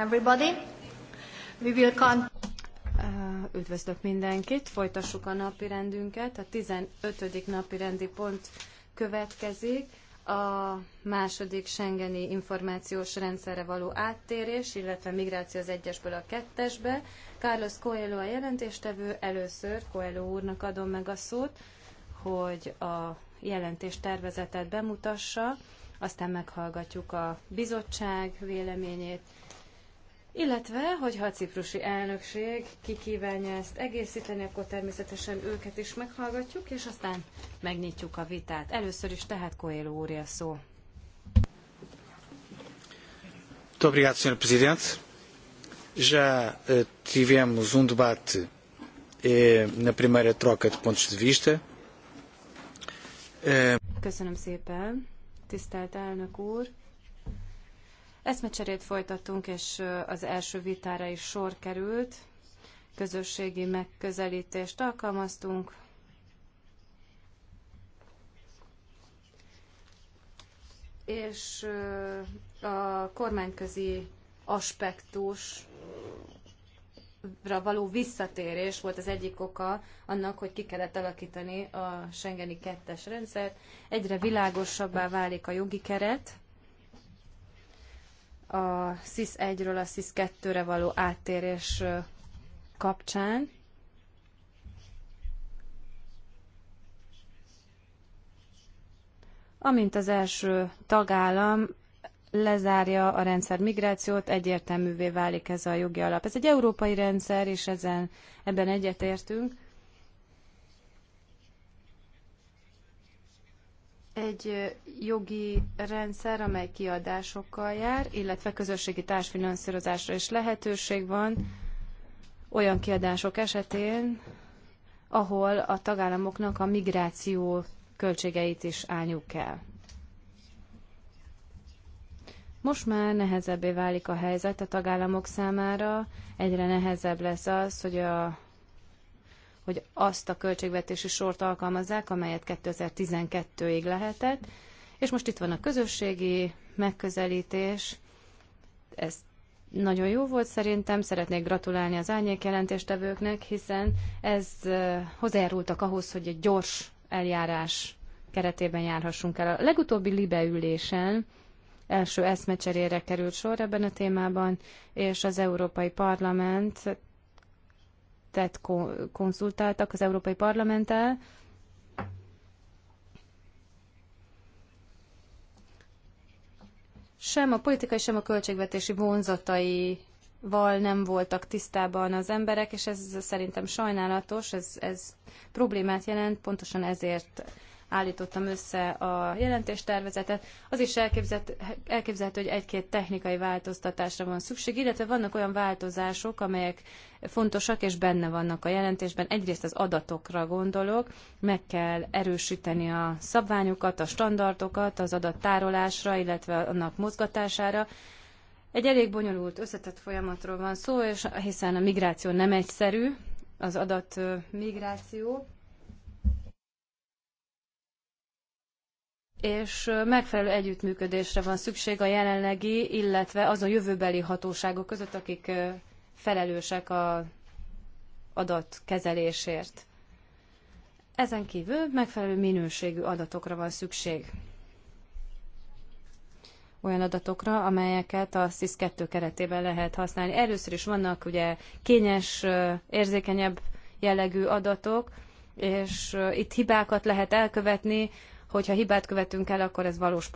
everybody. We will Üdvözlök mindenkit, folytassuk a napi rendünket. A 15. napi rendi pont következik. A második Schengeni információs rendszerre való áttérés, illetve migráció az egyesből a kettesbe. Carlos Coelho a jelentéstevő, először Coelho úrnak adom meg a szót, hogy a jelentés tervezetet bemutassa, aztán meghallgatjuk a bizottság véleményét, illetve, hogyha a ciprusi elnökség kikívánja ezt egészíteni, akkor természetesen őket is meghallgatjuk, és aztán megnyitjuk a vitát. Először is tehát Coelho úr a szó. Obrigado, Sr. Presidente. Já e, tivemos um debate na primeira troca de pontos de vista. Köszönöm szépen, tisztelt elnök úr. Eszmecserét folytattunk, és az első vitára is sor került. Közösségi megközelítést alkalmaztunk. És a kormányközi aspektus való visszatérés volt az egyik oka annak, hogy ki kellett alakítani a Schengeni kettes rendszert. Egyre világosabbá válik a jogi keret, a SIS 1-ről a SIS 2-re való áttérés kapcsán. Amint az első tagállam lezárja a rendszer migrációt, egyértelművé válik ez a jogi alap. Ez egy európai rendszer, és ezen, ebben egyetértünk. egy jogi rendszer, amely kiadásokkal jár, illetve közösségi társfinanszírozásra is lehetőség van olyan kiadások esetén, ahol a tagállamoknak a migráció költségeit is állniuk kell. Most már nehezebbé válik a helyzet a tagállamok számára, egyre nehezebb lesz az, hogy a hogy azt a költségvetési sort alkalmazzák, amelyet 2012-ig lehetett. És most itt van a közösségi megközelítés. Ez nagyon jó volt szerintem, szeretnék gratulálni az árnyék jelentéstevőknek, hiszen ez hozzájárultak ahhoz, hogy egy gyors eljárás keretében járhassunk el. A legutóbbi libeülésen ülésen első eszmecserére került sor ebben a témában, és az Európai Parlament tett konzultáltak az Európai Parlamenttel. Sem a politikai, sem a költségvetési vonzatai val nem voltak tisztában az emberek, és ez szerintem sajnálatos, ez, ez problémát jelent, pontosan ezért állítottam össze a jelentéstervezetet. Az is elképzelhető, hogy egy-két technikai változtatásra van szükség, illetve vannak olyan változások, amelyek fontosak és benne vannak a jelentésben. Egyrészt az adatokra gondolok, meg kell erősíteni a szabványokat, a standardokat, az adattárolásra, illetve annak mozgatására. Egy elég bonyolult, összetett folyamatról van szó, és hiszen a migráció nem egyszerű, az adat migráció, és megfelelő együttműködésre van szükség a jelenlegi, illetve azon jövőbeli hatóságok között, akik felelősek a adatkezelésért. Ezen kívül megfelelő minőségű adatokra van szükség. Olyan adatokra, amelyeket a SIS-2 keretében lehet használni. Először is vannak ugye kényes, érzékenyebb jellegű adatok, és itt hibákat lehet elkövetni, hogyha hibát követünk el, akkor ez valós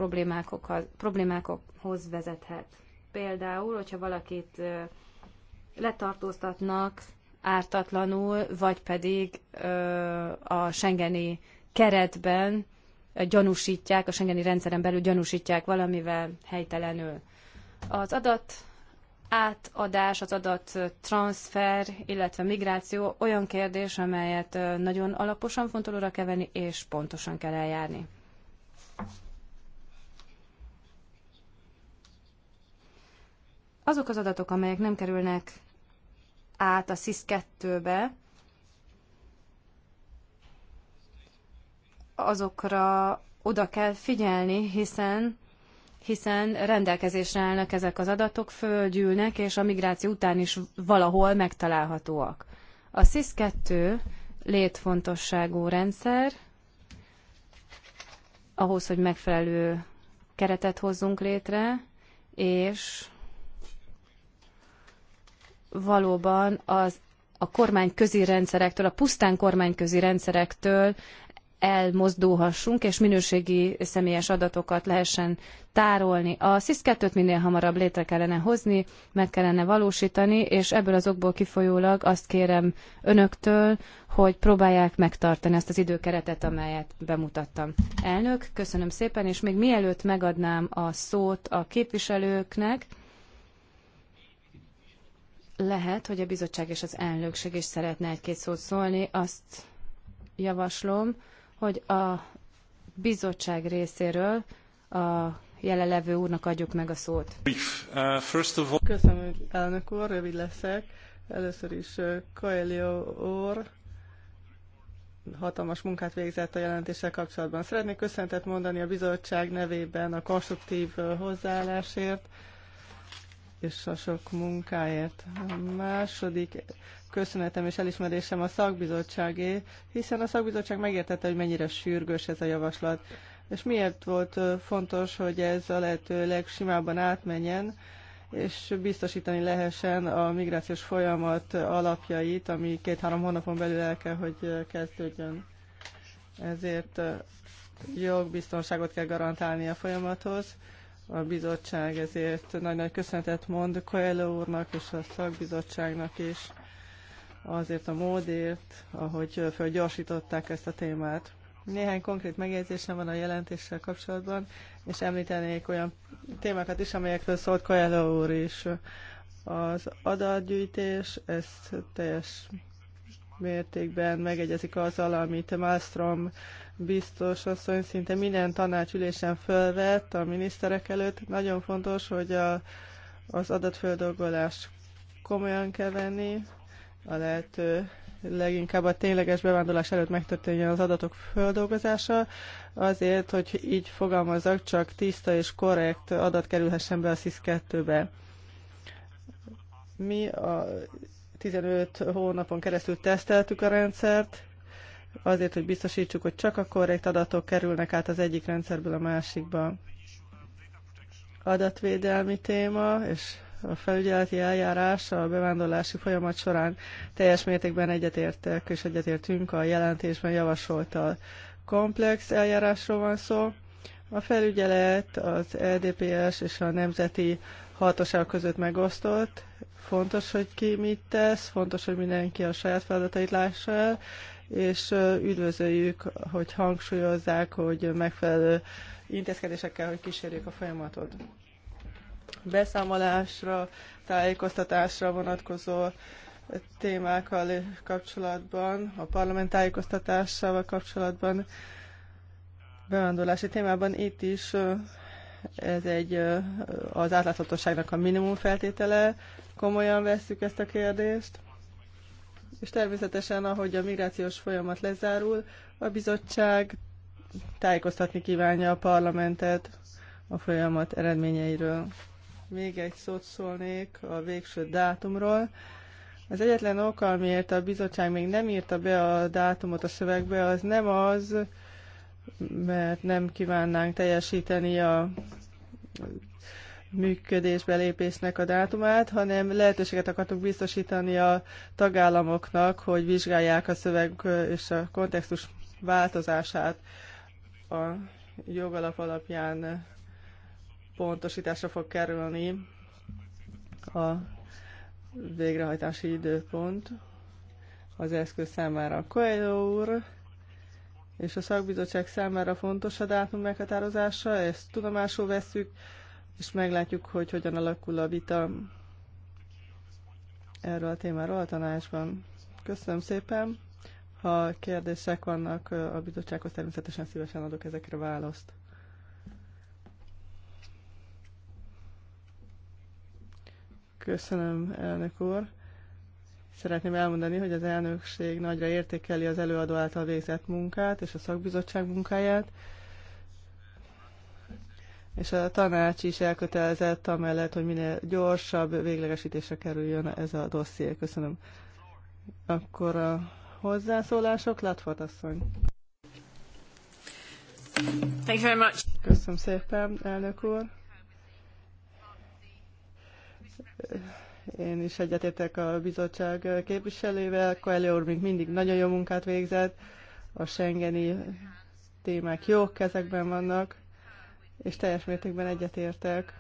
problémákhoz, vezethet. Például, hogyha valakit letartóztatnak ártatlanul, vagy pedig a Schengeni keretben gyanúsítják, a Schengeni rendszeren belül gyanúsítják valamivel helytelenül. Az adat átadás, az adat transfer, illetve migráció olyan kérdés, amelyet nagyon alaposan fontolóra kell venni, és pontosan kell eljárni. Azok az adatok, amelyek nem kerülnek át a SIS-2-be, azokra oda kell figyelni, hiszen hiszen rendelkezésre állnak ezek az adatok, földgyűlnek, és a migráció után is valahol megtalálhatóak. A SIS-2 létfontosságú rendszer, ahhoz, hogy megfelelő keretet hozzunk létre, és valóban az a kormányközi rendszerektől, a pusztán kormányközi rendszerektől elmozdulhassunk, és minőségi személyes adatokat lehessen tárolni. A SZISZ 2 minél hamarabb létre kellene hozni, meg kellene valósítani, és ebből az okból kifolyólag azt kérem önöktől, hogy próbálják megtartani ezt az időkeretet, amelyet bemutattam. Elnök, köszönöm szépen, és még mielőtt megadnám a szót a képviselőknek, lehet, hogy a bizottság és az elnökség is szeretne egy-két szót szólni, azt javaslom, hogy a bizottság részéről a jelenlevő úrnak adjuk meg a szót. Uh, Köszönöm, elnök úr, rövid leszek. Először is uh, Coelho úr hatalmas munkát végzett a jelentéssel kapcsolatban. Szeretnék köszöntet mondani a bizottság nevében a konstruktív uh, hozzáállásért, és a sok munkáért. A második köszönetem és elismerésem a szakbizottságé, hiszen a szakbizottság megértette, hogy mennyire sürgős ez a javaslat, és miért volt fontos, hogy ez a lehető legsimábban átmenjen, és biztosítani lehessen a migrációs folyamat alapjait, ami két-három hónapon belül el kell, hogy kezdődjön. Ezért jogbiztonságot kell garantálni a folyamathoz a bizottság ezért nagy-nagy köszönetet mond Coelho úrnak és a szakbizottságnak is azért a módért, ahogy felgyorsították ezt a témát. Néhány konkrét megjegyzésem van a jelentéssel kapcsolatban, és említenék olyan témákat is, amelyekről szólt Coelho úr is. Az adatgyűjtés, ez teljes mértékben megegyezik azzal, amit Malmström biztos asszony szinte minden tanácsülésen fölvett a miniszterek előtt. Nagyon fontos, hogy a, az adatföldolgolás komolyan kell venni, a lehető leginkább a tényleges bevándorlás előtt megtörténjen az adatok földolgozása, azért, hogy így fogalmazok, csak tiszta és korrekt adat kerülhessen be a SZIS-2-be. Mi a 15 hónapon keresztül teszteltük a rendszert, azért, hogy biztosítsuk, hogy csak a korrekt adatok kerülnek át az egyik rendszerből a másikba. Adatvédelmi téma és a felügyeleti eljárás a bevándorlási folyamat során teljes mértékben egyetértek és egyetértünk a jelentésben javasolt a komplex eljárásról van szó. A felügyelet az LDPS e és a nemzeti hatóság között megosztott, Fontos, hogy ki mit tesz, fontos, hogy mindenki a saját feladatait lássa el, és üdvözöljük, hogy hangsúlyozzák, hogy megfelelő intézkedésekkel, hogy kísérjük a folyamatot. Beszámolásra, tájékoztatásra vonatkozó témákkal kapcsolatban, a parlament tájékoztatásával kapcsolatban, bevándorlási témában itt is ez egy az átláthatóságnak a minimum feltétele, komolyan vesszük ezt a kérdést, és természetesen, ahogy a migrációs folyamat lezárul, a bizottság tájékoztatni kívánja a parlamentet a folyamat eredményeiről. Még egy szót szólnék a végső dátumról. Az egyetlen ok, amiért a bizottság még nem írta be a dátumot a szövegbe, az nem az, mert nem kívánnánk teljesíteni a működésbe lépésnek a dátumát, hanem lehetőséget akartunk biztosítani a tagállamoknak, hogy vizsgálják a szöveg és a kontextus változását a jogalap alapján pontosításra fog kerülni a végrehajtási időpont az eszköz számára. Coelho úr és a szakbizottság számára fontos a dátum meghatározása, ezt tudomásul veszük, és meglátjuk, hogy hogyan alakul a vita erről a témáról a tanácsban. Köszönöm szépen! Ha kérdések vannak a bizottsághoz, természetesen szívesen adok ezekre választ. Köszönöm, elnök úr! Szeretném elmondani, hogy az elnökség nagyra értékeli az előadó által végzett munkát és a szakbizottság munkáját és a tanács is elkötelezett amellett, hogy minél gyorsabb véglegesítésre kerüljön ez a dosszié. Köszönöm. Akkor a hozzászólások, Latford asszony. Thank you very much. Köszönöm szépen, elnök úr. Én is egyetértek a bizottság képviselővel. Coelho úr még mindig nagyon jó munkát végzett. A Schengeni témák jó kezekben vannak és teljes mértékben egyetértek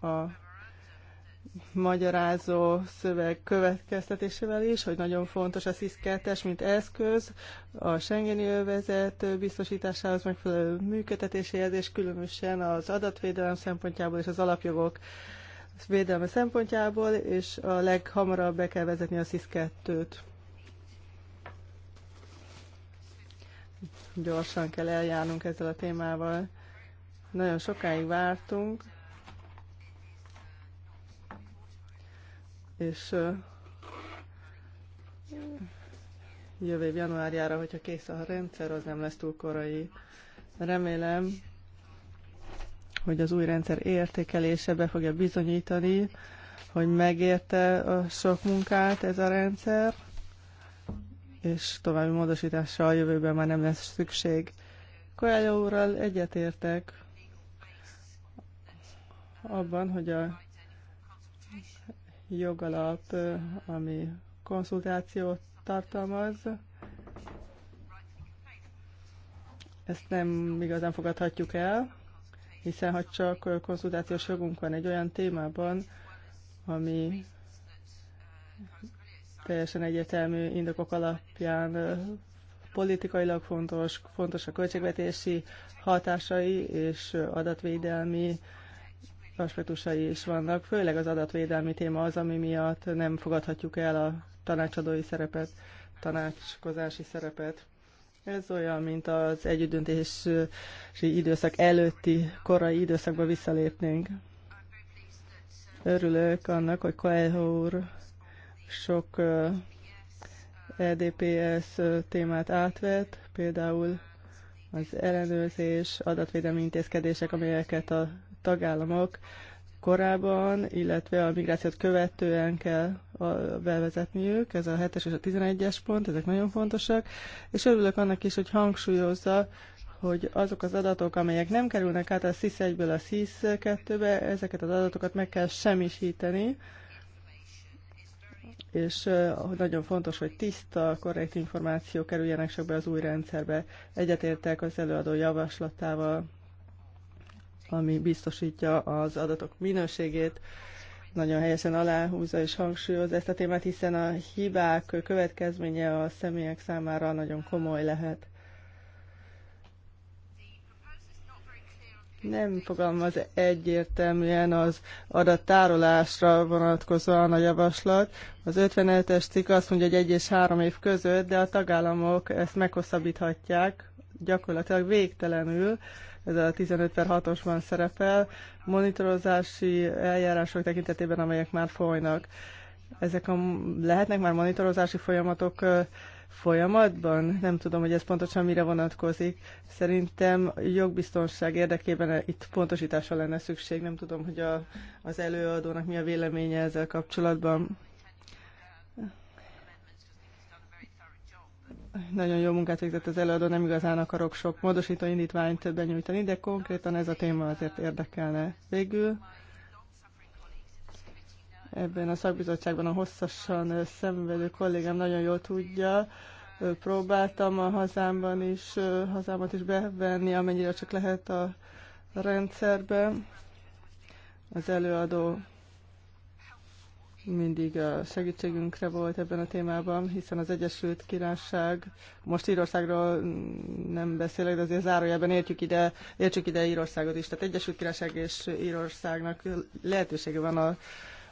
a magyarázó szöveg következtetésével is, hogy nagyon fontos a SZISZ 2 mint eszköz a Schengeni övezet biztosításához megfelelő működtetéséhez, és különösen az adatvédelem szempontjából és az alapjogok védelme szempontjából, és a leghamarabb be kell vezetni a SZISZ 2-t. gyorsan kell eljárnunk ezzel a témával. Nagyon sokáig vártunk, és jövő év januárjára, hogyha kész a rendszer, az nem lesz túl korai. Remélem, hogy az új rendszer értékelése be fogja bizonyítani, hogy megérte a sok munkát ez a rendszer, és további módosításra a jövőben már nem lesz szükség. Koelho úrral egyetértek abban, hogy a jogalap, ami konszultációt tartalmaz, ezt nem igazán fogadhatjuk el, hiszen ha csak konszultációs jogunk van egy olyan témában, ami teljesen egyetemű indokok alapján politikailag fontos, fontos a költségvetési hatásai és adatvédelmi aspektusai is vannak. Főleg az adatvédelmi téma az, ami miatt nem fogadhatjuk el a tanácsadói szerepet, tanácskozási szerepet. Ez olyan, mint az együttdöntési időszak előtti korai időszakba visszalépnénk. Örülök annak, hogy Coelho úr sok EDPS témát átvett, például az ellenőrzés, adatvédelmi intézkedések, amelyeket a tagállamok korábban, illetve a migrációt követően kell bevezetniük, ez a 7-es és a 11-es pont, ezek nagyon fontosak, és örülök annak is, hogy hangsúlyozza, hogy azok az adatok, amelyek nem kerülnek át a SIS-1-ből a SIS-2-be, ezeket az adatokat meg kell semmisíteni, és nagyon fontos, hogy tiszta, korrekt információ kerüljenek csak be az új rendszerbe. Egyetértek az előadó javaslatával, ami biztosítja az adatok minőségét, nagyon helyesen aláhúzza és hangsúlyozza ezt a témát, hiszen a hibák következménye a személyek számára nagyon komoly lehet. nem fogalmaz egyértelműen az adattárolásra vonatkozóan a javaslat. Az 55-es cikk azt mondja, hogy egy és három év között, de a tagállamok ezt meghosszabbíthatják gyakorlatilag végtelenül, ez a 15 per 6-osban szerepel, monitorozási eljárások tekintetében, amelyek már folynak. Ezek a, lehetnek már monitorozási folyamatok folyamatban. Nem tudom, hogy ez pontosan mire vonatkozik. Szerintem jogbiztonság érdekében itt pontosításra lenne szükség. Nem tudom, hogy a, az előadónak mi a véleménye ezzel kapcsolatban. Nagyon jó munkát végzett az előadó, nem igazán akarok sok módosító indítványt benyújtani, de konkrétan ez a téma azért érdekelne. Végül ebben a szakbizottságban a hosszasan szenvedő kollégám nagyon jól tudja, próbáltam a hazámban is, hazámat is bevenni, amennyire csak lehet a rendszerbe. Az előadó mindig a segítségünkre volt ebben a témában, hiszen az Egyesült Királyság, most Írországról nem beszélek, de azért zárójelben értjük ide, értjük ide Írországot is. Tehát Egyesült Királyság és Írországnak lehetősége van a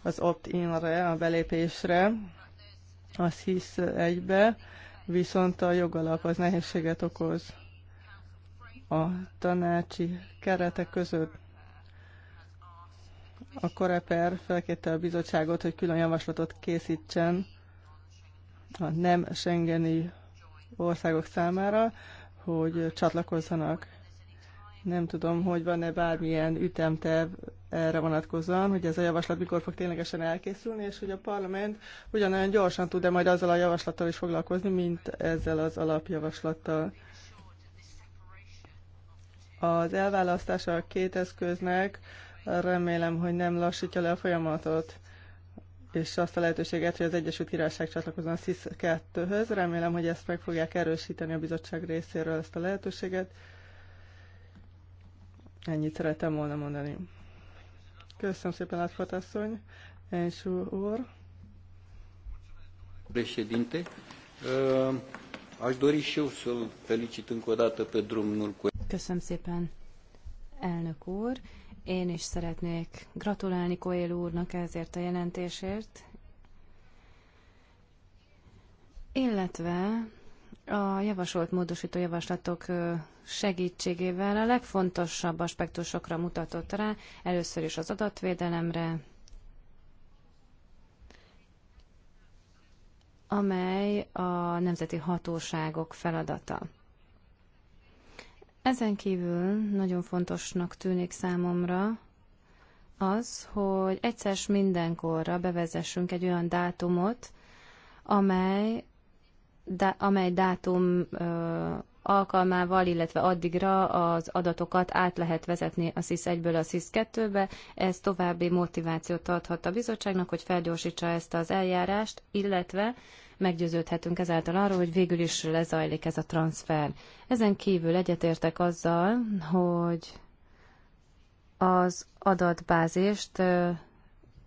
az opt-inre, a belépésre, az hisz egybe, viszont a jogalap az nehézséget okoz a tanácsi keretek között. A Koreper felkérte a bizottságot, hogy külön javaslatot készítsen a nem Schengeni országok számára, hogy csatlakozzanak nem tudom, hogy van-e bármilyen ütemterv erre vonatkozóan, hogy ez a javaslat mikor fog ténylegesen elkészülni, és hogy a parlament ugyanolyan gyorsan tud-e majd azzal a javaslattal is foglalkozni, mint ezzel az alapjavaslattal. Az elválasztása a két eszköznek remélem, hogy nem lassítja le a folyamatot és azt a lehetőséget, hogy az Egyesült Királyság csatlakozzon a SIS 2-höz. Remélem, hogy ezt meg fogják erősíteni a bizottság részéről ezt a lehetőséget, Ennyit szerettem volna mondani. Köszönöm szépen, Átfatasszony. asszony. úr. Președinte, aș dori și eu să-l felicit încă o dată pe drumul cu... Köszönöm szépen, elnök úr. Én is szeretnék gratulálni Koél úrnak ezért a jelentésért, illetve a javasolt módosító javaslatok segítségével a legfontosabb aspektusokra mutatott rá, először is az adatvédelemre, amely a nemzeti hatóságok feladata. Ezen kívül nagyon fontosnak tűnik számomra az, hogy egyszer mindenkorra bevezessünk egy olyan dátumot, amely de amely dátum alkalmával, illetve addigra az adatokat át lehet vezetni a SZISZ 1-ből a SZISZ 2-be. Ez további motivációt adhat a bizottságnak, hogy felgyorsítsa ezt az eljárást, illetve meggyőződhetünk ezáltal arról, hogy végül is lezajlik ez a transfer. Ezen kívül egyetértek azzal, hogy az adatbázist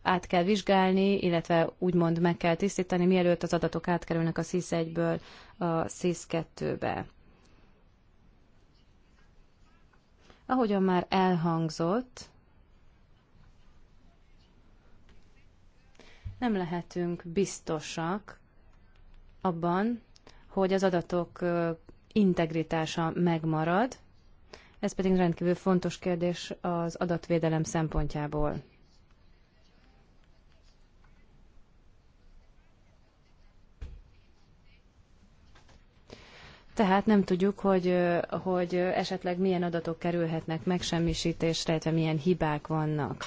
át kell vizsgálni, illetve úgymond meg kell tisztítani, mielőtt az adatok átkerülnek a SIS-1-ből a SIS-2-be. Ahogyan már elhangzott, nem lehetünk biztosak abban, hogy az adatok integritása megmarad, ez pedig rendkívül fontos kérdés az adatvédelem szempontjából. tehát nem tudjuk, hogy, hogy esetleg milyen adatok kerülhetnek megsemmisítésre, illetve milyen hibák vannak.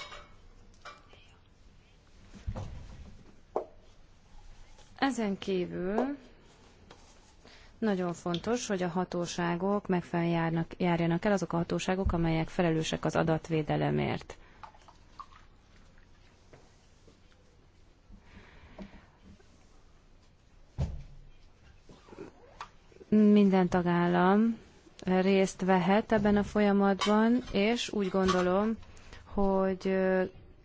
Ezen kívül nagyon fontos, hogy a hatóságok megfelelően járjanak el azok a hatóságok, amelyek felelősek az adatvédelemért. minden tagállam részt vehet ebben a folyamatban, és úgy gondolom, hogy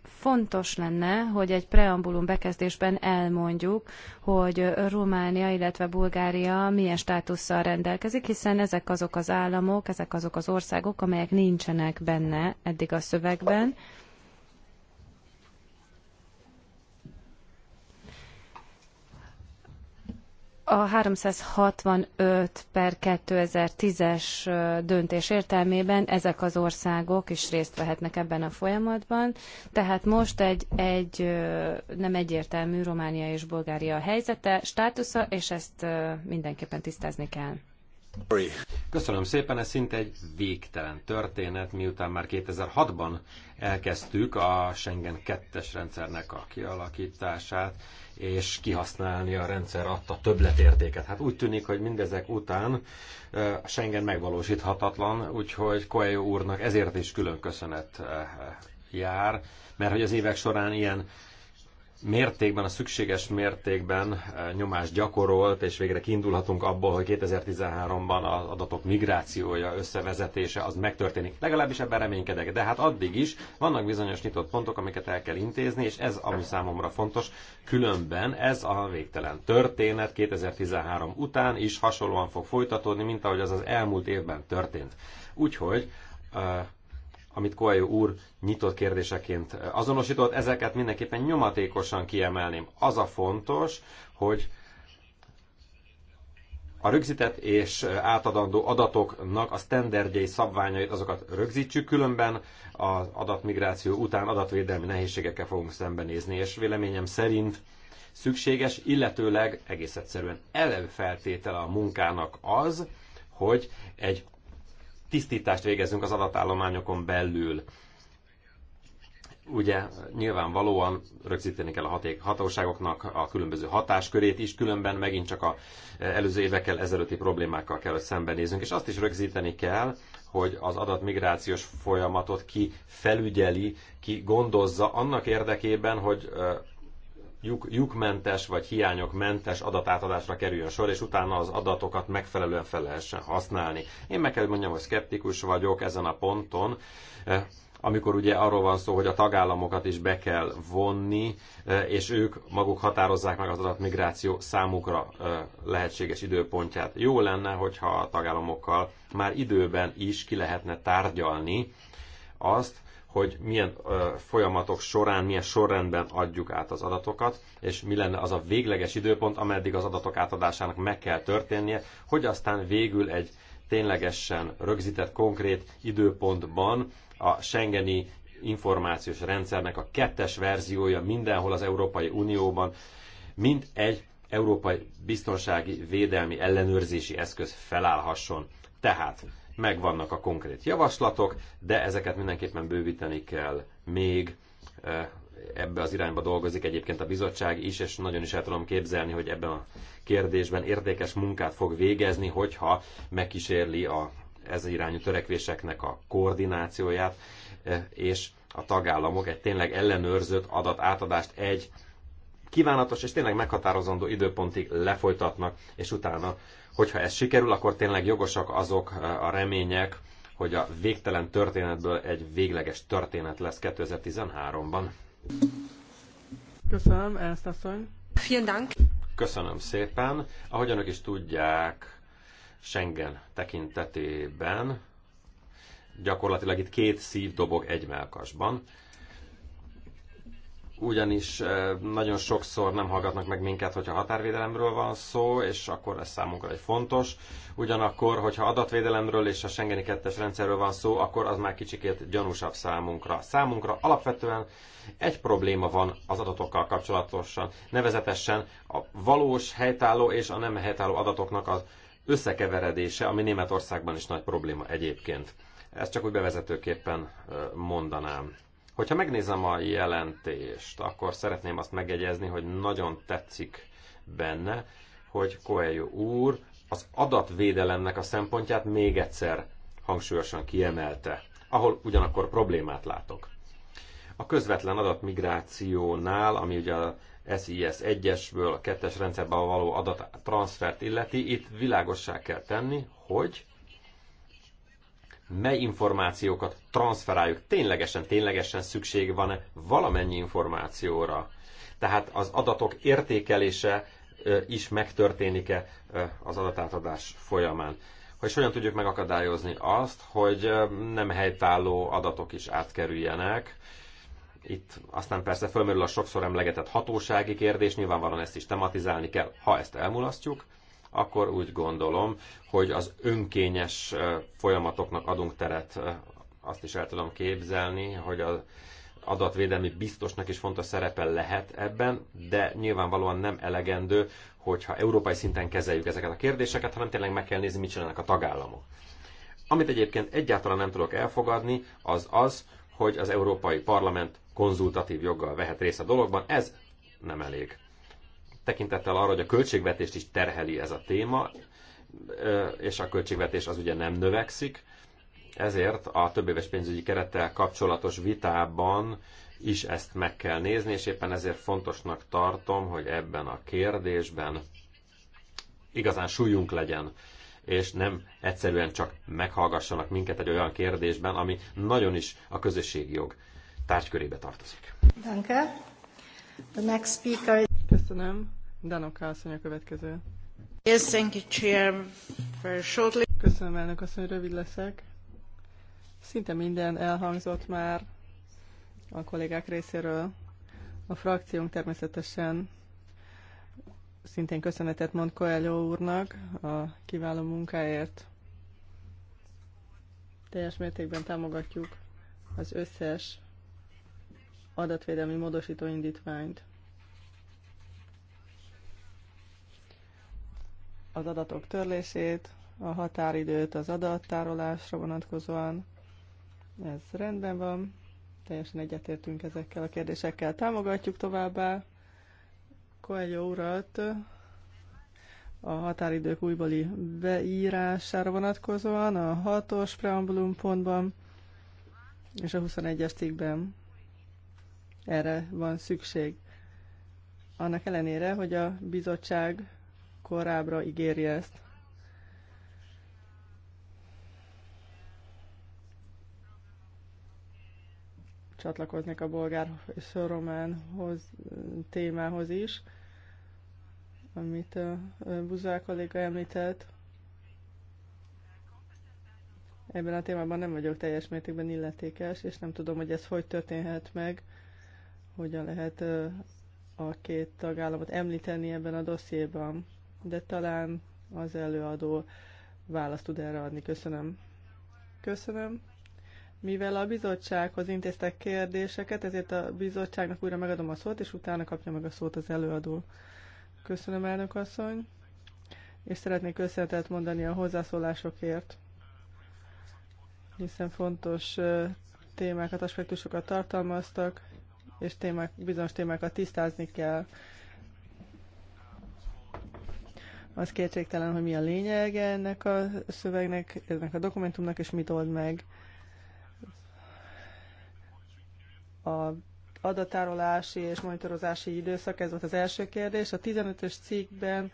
fontos lenne, hogy egy preambulum bekezdésben elmondjuk, hogy Románia, illetve Bulgária milyen státusszal rendelkezik, hiszen ezek azok az államok, ezek azok az országok, amelyek nincsenek benne eddig a szövegben. a 365 per 2010-es döntés értelmében ezek az országok is részt vehetnek ebben a folyamatban, tehát most egy, egy nem egyértelmű Románia és Bulgária helyzete, státusza, és ezt mindenképpen tisztázni kell. Köszönöm szépen, ez szinte egy végtelen történet, miután már 2006-ban elkezdtük a Schengen 2-es rendszernek a kialakítását, és kihasználni a rendszer adta többletértéket. Hát úgy tűnik, hogy mindezek után a Schengen megvalósíthatatlan, úgyhogy Coelho úrnak ezért is külön köszönet jár, mert hogy az évek során ilyen mértékben, a szükséges mértékben eh, nyomást gyakorolt, és végre kiindulhatunk abból, hogy 2013-ban az adatok migrációja, összevezetése az megtörténik. Legalábbis ebben reménykedek. De hát addig is vannak bizonyos nyitott pontok, amiket el kell intézni, és ez, ami számomra fontos, különben ez a végtelen történet 2013 után is hasonlóan fog folytatódni, mint ahogy az az elmúlt évben történt. Úgyhogy eh, amit Coelho úr nyitott kérdéseként azonosított, ezeket mindenképpen nyomatékosan kiemelném. Az a fontos, hogy a rögzített és átadandó adatoknak a standardjai, szabványait, azokat rögzítsük, különben az adatmigráció után adatvédelmi nehézségekkel fogunk szembenézni, és véleményem szerint szükséges, illetőleg egész egyszerűen előfeltétele a munkának az, hogy egy tisztítást végezzünk az adatállományokon belül. Ugye nyilvánvalóan rögzíteni kell a haték, hatóságoknak a különböző hatáskörét is, különben megint csak a e, előző évekkel ezelőtti problémákkal kell, hogy szembenézünk, és azt is rögzíteni kell, hogy az adatmigrációs folyamatot ki felügyeli, ki gondozza annak érdekében, hogy e, lyuk, lyukmentes vagy hiányokmentes adatátadásra kerüljön sor, és utána az adatokat megfelelően fel lehessen használni. Én meg kell mondjam, hogy szkeptikus vagyok ezen a ponton, eh, amikor ugye arról van szó, hogy a tagállamokat is be kell vonni, eh, és ők maguk határozzák meg az adatmigráció számukra eh, lehetséges időpontját. Jó lenne, hogyha a tagállamokkal már időben is ki lehetne tárgyalni azt, hogy milyen ö, folyamatok során, milyen sorrendben adjuk át az adatokat, és mi lenne az a végleges időpont, ameddig az adatok átadásának meg kell történnie, hogy aztán végül egy ténylegesen rögzített konkrét időpontban a Schengeni információs rendszernek a kettes verziója mindenhol az Európai Unióban, mint egy európai biztonsági védelmi ellenőrzési eszköz felállhasson. Tehát megvannak a konkrét javaslatok, de ezeket mindenképpen bővíteni kell még. Eh, ebbe az irányba dolgozik egyébként a bizottság is, és nagyon is el tudom képzelni, hogy ebben a kérdésben értékes munkát fog végezni, hogyha megkísérli a ez irányú törekvéseknek a koordinációját, eh, és a tagállamok egy tényleg ellenőrzött adatátadást egy kívánatos és tényleg meghatározandó időpontig lefolytatnak, és utána Hogyha ez sikerül, akkor tényleg jogosak azok eh, a remények, hogy a végtelen történetből egy végleges történet lesz 2013-ban. Köszönöm, Ernst asszony. Köszönöm szépen. Ahogy önök is tudják, Schengen tekintetében gyakorlatilag itt két szív dobog egy melkasban ugyanis nagyon sokszor nem hallgatnak meg minket, hogyha határvédelemről van szó, és akkor ez számunkra egy fontos. Ugyanakkor, hogyha adatvédelemről és a Schengeni kettes rendszerről van szó, akkor az már kicsikét gyanúsabb számunkra. Számunkra alapvetően egy probléma van az adatokkal kapcsolatosan, nevezetesen a valós helytálló és a nem helytálló adatoknak az összekeveredése, ami Németországban is nagy probléma egyébként. Ezt csak úgy bevezetőképpen mondanám. Hogyha megnézem a jelentést, akkor szeretném azt megjegyezni, hogy nagyon tetszik benne, hogy Coelho úr az adatvédelemnek a szempontját még egyszer hangsúlyosan kiemelte, ahol ugyanakkor problémát látok. A közvetlen adatmigrációnál, ami ugye a SIS 1-esből a 2-es rendszerben való adattranszfert illeti, itt világossá kell tenni, hogy mely információkat transferáljuk. Ténylegesen, ténylegesen szükség van-e valamennyi információra? Tehát az adatok értékelése is megtörténik-e az adatátadás folyamán? Hogy hogyan tudjuk megakadályozni azt, hogy nem helytálló adatok is átkerüljenek, itt aztán persze fölmerül a sokszor emlegetett hatósági kérdés, nyilvánvalóan ezt is tematizálni kell, ha ezt elmulasztjuk akkor úgy gondolom, hogy az önkényes folyamatoknak adunk teret. Azt is el tudom képzelni, hogy az adatvédelmi biztosnak is fontos szerepe lehet ebben, de nyilvánvalóan nem elegendő, hogyha európai szinten kezeljük ezeket a kérdéseket, hanem tényleg meg kell nézni, mit csinálnak a tagállamok. Amit egyébként egyáltalán nem tudok elfogadni, az az, hogy az Európai Parlament konzultatív joggal vehet részt a dologban. Ez nem elég tekintettel arra, hogy a költségvetést is terheli ez a téma, és a költségvetés az ugye nem növekszik, ezért a többéves pénzügyi kerettel kapcsolatos vitában is ezt meg kell nézni, és éppen ezért fontosnak tartom, hogy ebben a kérdésben igazán súlyunk legyen, és nem egyszerűen csak meghallgassanak minket egy olyan kérdésben, ami nagyon is a közösségi jog tárgykörébe tartozik. Danke. The next speaker is... Köszönöm. Danoka asszony a következő. Yes, thank you, Chair. Very shortly. Köszönöm, elnök asszony, rövid leszek. Szinte minden elhangzott már a kollégák részéről. A frakciónk természetesen szintén köszönetet mond Coelho úrnak a kiváló munkáért. Teljes mértékben támogatjuk az összes adatvédelmi módosító indítványt. az adatok törlését, a határidőt az adattárolásra vonatkozóan. Ez rendben van, teljesen egyetértünk ezekkel a kérdésekkel. Támogatjuk továbbá Koelho urat a határidők újbali beírására vonatkozóan a 6-os preambulum pontban és a 21-es cikkben erre van szükség. Annak ellenére, hogy a bizottság korábbra ígéri ezt. Csatlakoznék a bolgár és románhoz témához is, amit a Buzák kolléga említett. Ebben a témában nem vagyok teljes mértékben illetékes, és nem tudom, hogy ez hogy történhet meg, hogyan lehet a két tagállamot említeni ebben a dossziéban de talán az előadó választ tud erre adni. Köszönöm. Köszönöm. Mivel a bizottsághoz intéztek kérdéseket, ezért a bizottságnak újra megadom a szót, és utána kapja meg a szót az előadó. Köszönöm, elnök asszony, és szeretnék köszönetet mondani a hozzászólásokért, hiszen fontos témákat, aspektusokat tartalmaztak, és témák, bizonyos témákat tisztázni kell. Az kétségtelen, hogy mi a lényege ennek a szövegnek, ennek a dokumentumnak, és mit old meg. A adatárolási és monitorozási időszak, ez volt az első kérdés. A 15-ös cikkben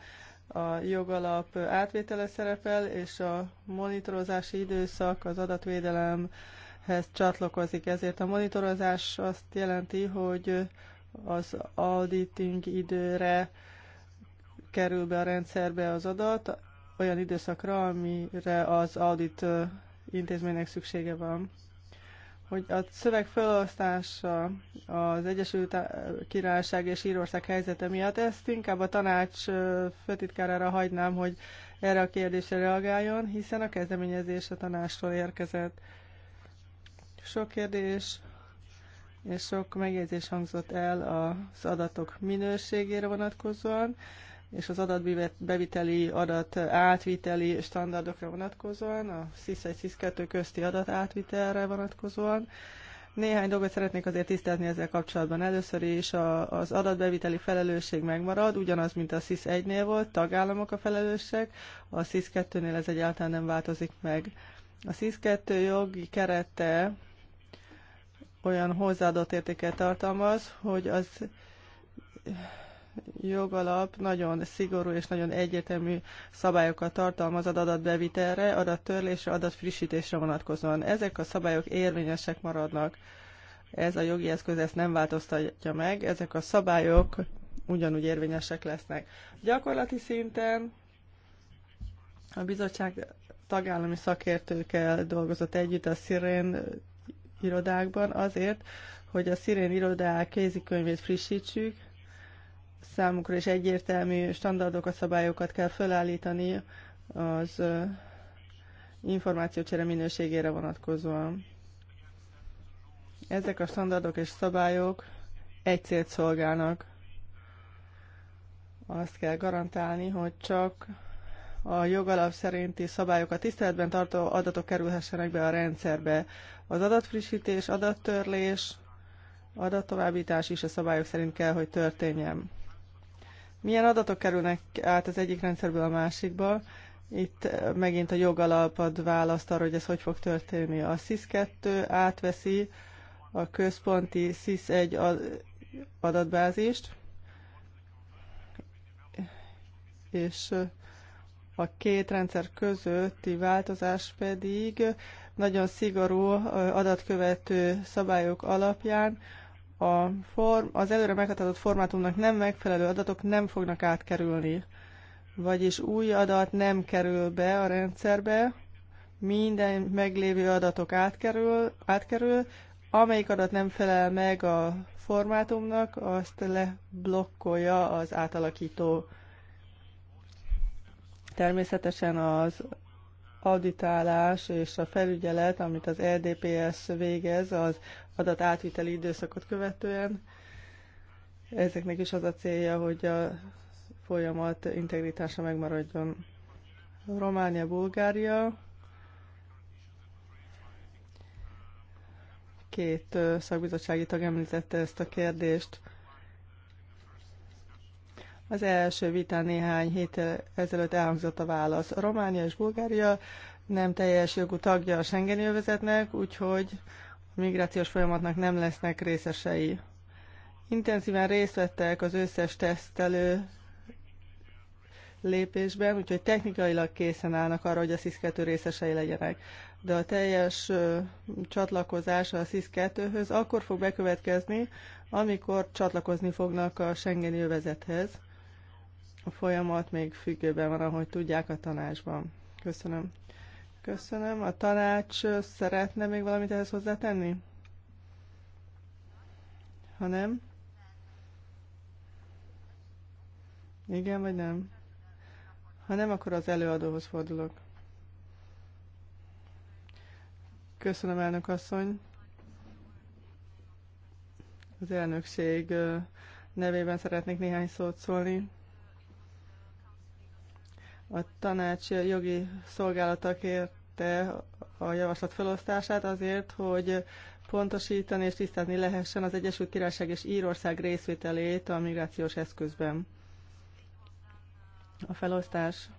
a jogalap átvétele szerepel, és a monitorozási időszak az adatvédelemhez csatlakozik. Ezért a monitorozás azt jelenti, hogy az auditing időre kerül be a rendszerbe az adat olyan időszakra, amire az audit intézménynek szüksége van. Hogy a szöveg felosztása az Egyesült Királyság és Írország helyzete miatt, ezt inkább a tanács főtitkárára hagynám, hogy erre a kérdésre reagáljon, hiszen a kezdeményezés a tanástól érkezett. Sok kérdés és sok megjegyzés hangzott el az adatok minőségére vonatkozóan és az adatbeviteli, adat átviteli standardokra vonatkozóan, a SIS 1 SIS 2 közti adat átvitelre vonatkozóan. Néhány dolgot szeretnék azért tisztázni ezzel kapcsolatban. Először is a, az adatbeviteli felelősség megmarad, ugyanaz, mint a SIS 1-nél volt, tagállamok a felelősek, a SIS 2-nél ez egyáltalán nem változik meg. A SIS 2 jogi kerete olyan hozzáadott értéket tartalmaz, hogy az jogalap nagyon szigorú és nagyon egyetemű szabályokat tartalmaz az adatbevitelre, adattörlésre, adatfrissítésre vonatkozóan. Ezek a szabályok érvényesek maradnak. Ez a jogi eszköz ezt nem változtatja meg, ezek a szabályok ugyanúgy érvényesek lesznek. Gyakorlati szinten a bizottság tagállami szakértőkkel dolgozott együtt a Szirén irodákban azért, hogy a Szirén irodák kézikönyvét frissítsük, számukra is egyértelmű standardokat, szabályokat kell felállítani az információcsere minőségére vonatkozóan. Ezek a standardok és szabályok egy célt szolgálnak. Azt kell garantálni, hogy csak a jogalap szerinti szabályokat tiszteletben tartó adatok kerülhessenek be a rendszerbe. Az adatfrissítés, adattörlés, adattovábbítás is a szabályok szerint kell, hogy történjen. Milyen adatok kerülnek át az egyik rendszerből a másikba? Itt eh, megint a jogalapad választ arra, hogy ez hogy fog történni. A SIS-2 átveszi a központi SIS-1 adatbázist, és eh, a két rendszer közötti változás pedig nagyon szigorú eh, adatkövető szabályok alapján a form, az előre meghatározott formátumnak nem megfelelő adatok nem fognak átkerülni. Vagyis új adat nem kerül be a rendszerbe, minden meglévő adatok átkerül, átkerül amelyik adat nem felel meg a formátumnak, azt leblokkolja az átalakító. Természetesen az auditálás és a felügyelet, amit az LDPS e végez, az átviteli időszakot követően. Ezeknek is az a célja, hogy a folyamat integritása megmaradjon. Románia, Bulgária két szakbizottsági tag említette ezt a kérdést. Az első vitán néhány hét ezelőtt elhangzott a válasz. Románia és Bulgária nem teljes jogú tagja a Schengeni övezetnek, úgyhogy migrációs folyamatnak nem lesznek részesei. Intenzíven részt vettek az összes tesztelő lépésben, úgyhogy technikailag készen állnak arra, hogy a SZISZ-2 részesei legyenek. De a teljes csatlakozása a SZISZ-2-höz akkor fog bekövetkezni, amikor csatlakozni fognak a Schengen jövezethez. A folyamat még függőben van, ahogy tudják a tanácsban. Köszönöm. Köszönöm. A tanács szeretne még valamit ehhez hozzátenni? Ha nem? Igen, vagy nem? Ha nem, akkor az előadóhoz fordulok. Köszönöm, elnök asszony. Az elnökség nevében szeretnék néhány szót szólni. A tanács jogi szolgálata kérte a javaslat felosztását azért, hogy pontosítani és tisztázni lehessen az Egyesült Királyság és Írország részvételét a migrációs eszközben. A felosztás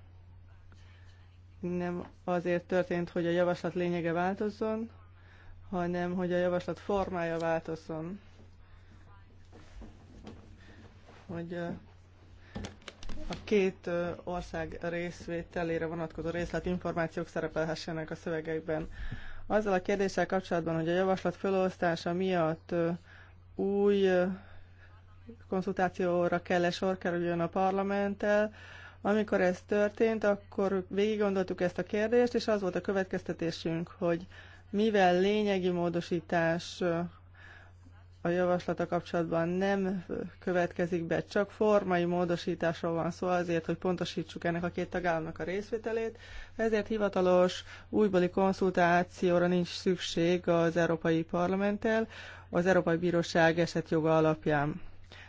nem azért történt, hogy a javaslat lényege változzon, hanem hogy a javaslat formája változzon. Hogy a két ország részvételére vonatkozó részletinformációk szerepelhessenek a szövegekben. Azzal a kérdéssel kapcsolatban, hogy a javaslat felosztása miatt új konzultációra kell -e sor kerüljön a parlamenttel, amikor ez történt, akkor végig gondoltuk ezt a kérdést, és az volt a következtetésünk, hogy mivel lényegi módosítás a javaslata kapcsolatban nem következik be, csak formai módosításról van szó azért, hogy pontosítsuk ennek a két tagállamnak a részvételét, ezért hivatalos újbali konszultációra nincs szükség az Európai Parlamenttel, az Európai Bíróság esetjoga alapján.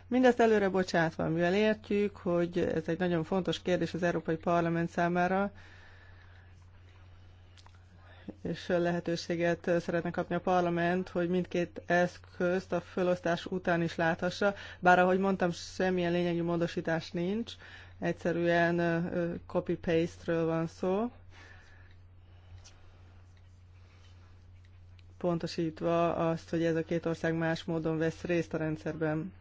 Mindezt előre bocsátva, mivel értjük, hogy ez egy nagyon fontos kérdés az Európai Parlament számára, és lehetőséget szeretne kapni a parlament, hogy mindkét eszközt a fölosztás után is láthassa. Bár ahogy mondtam, semmilyen lényegű módosítás nincs, egyszerűen copy-paste-ről van szó. Pontosítva azt, hogy ez a két ország más módon vesz részt a rendszerben.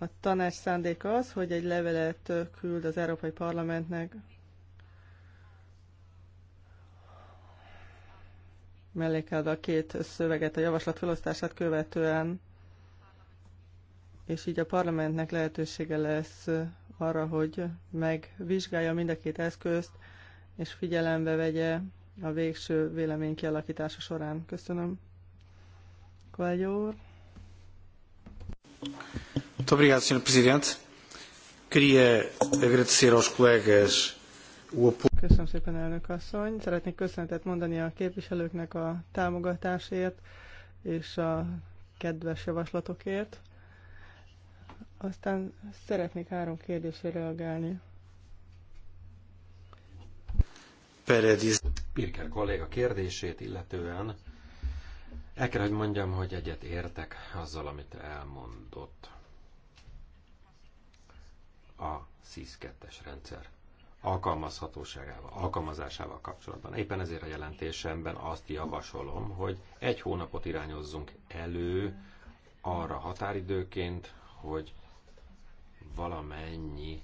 A tanács szándéka az, hogy egy levelet küld az Európai Parlamentnek mellékelve a két szöveget a javaslat felosztását követően, és így a parlamentnek lehetősége lesz arra, hogy megvizsgálja mind a két eszközt, és figyelembe vegye a végső vélemény kialakítása során. Köszönöm. Kovágyó úr. Muito obrigado, Sr. Presidente. Queria agradecer aos colegas Köszönöm szépen, elnök asszony. Szeretnék köszönetet mondani a képviselőknek a támogatásért és a kedves javaslatokért. Aztán szeretnék három kérdésre reagálni. Peredis Pirker kolléga kérdését illetően el kell, hogy mondjam, hogy egyet értek azzal, amit elmondott a SZIS-2-es rendszer alkalmazhatóságával, alkalmazásával kapcsolatban. Éppen ezért a jelentésemben azt javasolom, hogy egy hónapot irányozzunk elő arra határidőként, hogy valamennyi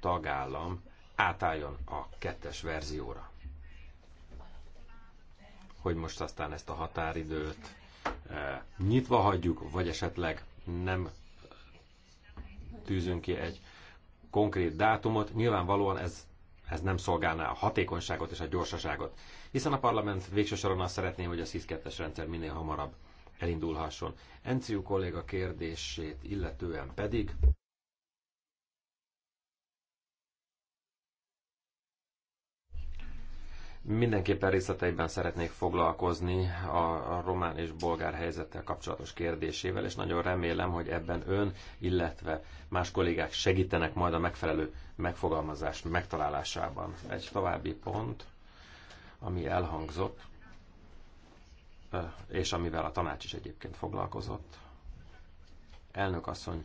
tagállam átálljon a kettes verzióra. Hogy most aztán ezt a határidőt eh, nyitva hagyjuk, vagy esetleg nem tűzünk ki egy konkrét dátumot, nyilvánvalóan ez, ez nem szolgálná a hatékonyságot és a gyorsaságot. Hiszen a parlament végső soron azt szeretné, hogy a SZISZ 2 rendszer minél hamarabb elindulhasson. Enciu kolléga kérdését illetően pedig Mindenképpen részleteiben szeretnék foglalkozni a, román és bolgár helyzettel kapcsolatos kérdésével, és nagyon remélem, hogy ebben ön, illetve más kollégák segítenek majd a megfelelő megfogalmazás megtalálásában. Egy további pont, ami elhangzott, és amivel a tanács is egyébként foglalkozott. Elnök asszony,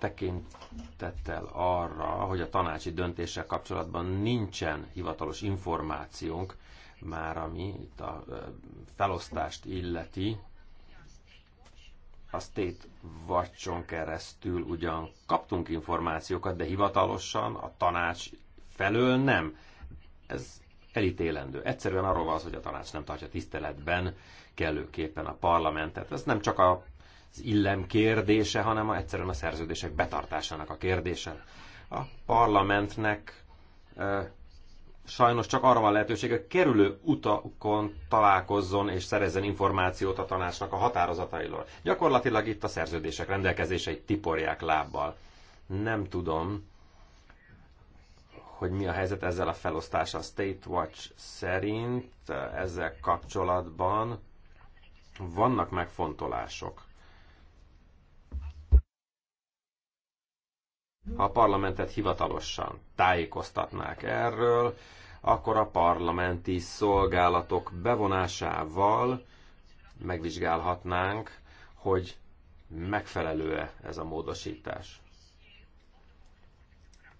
tekintettel arra, hogy a tanácsi döntéssel kapcsolatban nincsen hivatalos információnk, már ami itt a felosztást illeti, a State Watch-on keresztül ugyan kaptunk információkat, de hivatalosan a tanács felől nem. Ez elítélendő. Egyszerűen arról van az, hogy a tanács nem tartja tiszteletben kellőképpen a parlamentet. Ez nem csak a illem kérdése, hanem a, egyszerűen a szerződések betartásának a kérdése. A parlamentnek e, sajnos csak arra van lehetőség, hogy kerülő utakon találkozzon és szerezzen információt a tanácsnak a határozatairól. Gyakorlatilag itt a szerződések rendelkezéseit tiporják lábbal. Nem tudom, hogy mi a helyzet ezzel a felosztással. State Watch szerint ezzel kapcsolatban vannak megfontolások. Ha a parlamentet hivatalosan tájékoztatnák erről, akkor a parlamenti szolgálatok bevonásával megvizsgálhatnánk, hogy megfelelő-e ez a módosítás.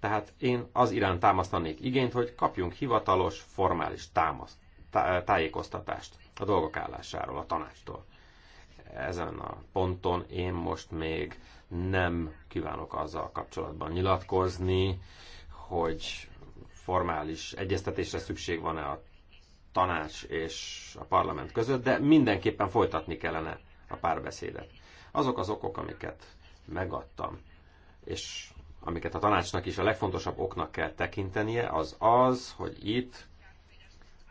Tehát én az irán támasztanék igényt, hogy kapjunk hivatalos, formális támaszt, tá, tájékoztatást a dolgok állásáról, a tanácstól ezen a ponton én most még nem kívánok azzal kapcsolatban nyilatkozni, hogy formális egyeztetésre szükség van-e a tanács és a parlament között, de mindenképpen folytatni kellene a párbeszédet. Azok az okok, amiket megadtam, és amiket a tanácsnak is a legfontosabb oknak kell tekintenie, az az, hogy itt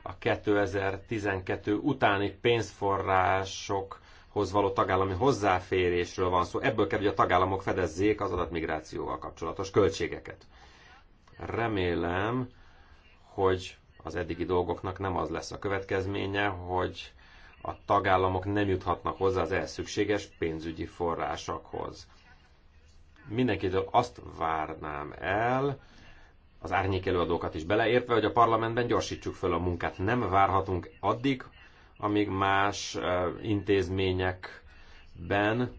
a 2012 utáni pénzforrások adatokhoz való tagállami hozzáférésről van szó. Ebből kell, hogy a tagállamok fedezzék az adatmigrációval kapcsolatos költségeket. Remélem, hogy az eddigi dolgoknak nem az lesz a következménye, hogy a tagállamok nem juthatnak hozzá az ehhez szükséges pénzügyi forrásokhoz. Mindenkitől azt várnám el, az árnyék előadókat is beleértve, hogy a parlamentben gyorsítsuk föl a munkát. Nem várhatunk addig, amíg más intézményekben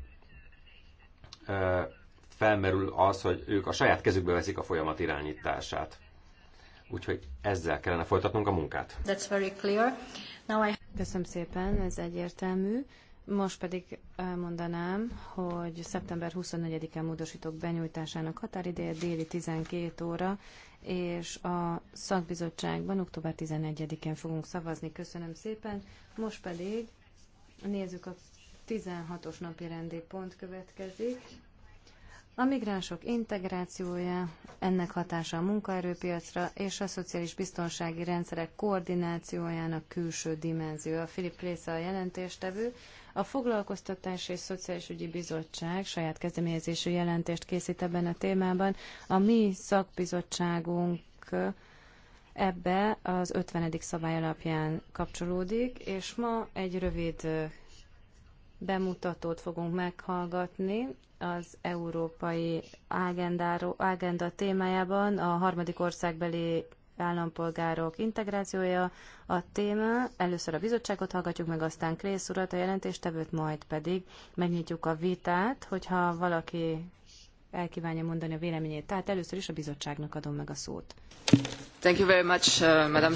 felmerül az, hogy ők a saját kezükbe veszik a folyamat irányítását. Úgyhogy ezzel kellene folytatnunk a munkát. That's very clear. Now I... Köszönöm szépen, ez egyértelmű. Most pedig elmondanám, hogy szeptember 24-en módosítók benyújtásának határideje déli 12 óra, és a szakbizottságban október 11-én fogunk szavazni. Köszönöm szépen. Most pedig nézzük a 16-os napi rendi pont következik. A migránsok integrációja, ennek hatása a munkaerőpiacra és a szociális biztonsági rendszerek koordinációjának külső dimenzió. A Filip Része a jelentéstevő. A Foglalkoztatási és Szociális Ügyi Bizottság saját kezdeményezésű jelentést készít ebben a témában. A mi szakbizottságunk ebbe az 50. szabály alapján kapcsolódik, és ma egy rövid bemutatót fogunk meghallgatni az európai ágendáról, ágenda témájában a harmadik országbeli állampolgárok integrációja a téma. Először a bizottságot hallgatjuk meg, aztán Krész urat, a jelentéstevőt, majd pedig megnyitjuk a vitát, hogyha valaki elkívánja mondani a véleményét. Tehát először is a bizottságnak adom meg a szót. Thank you very much, uh, madam.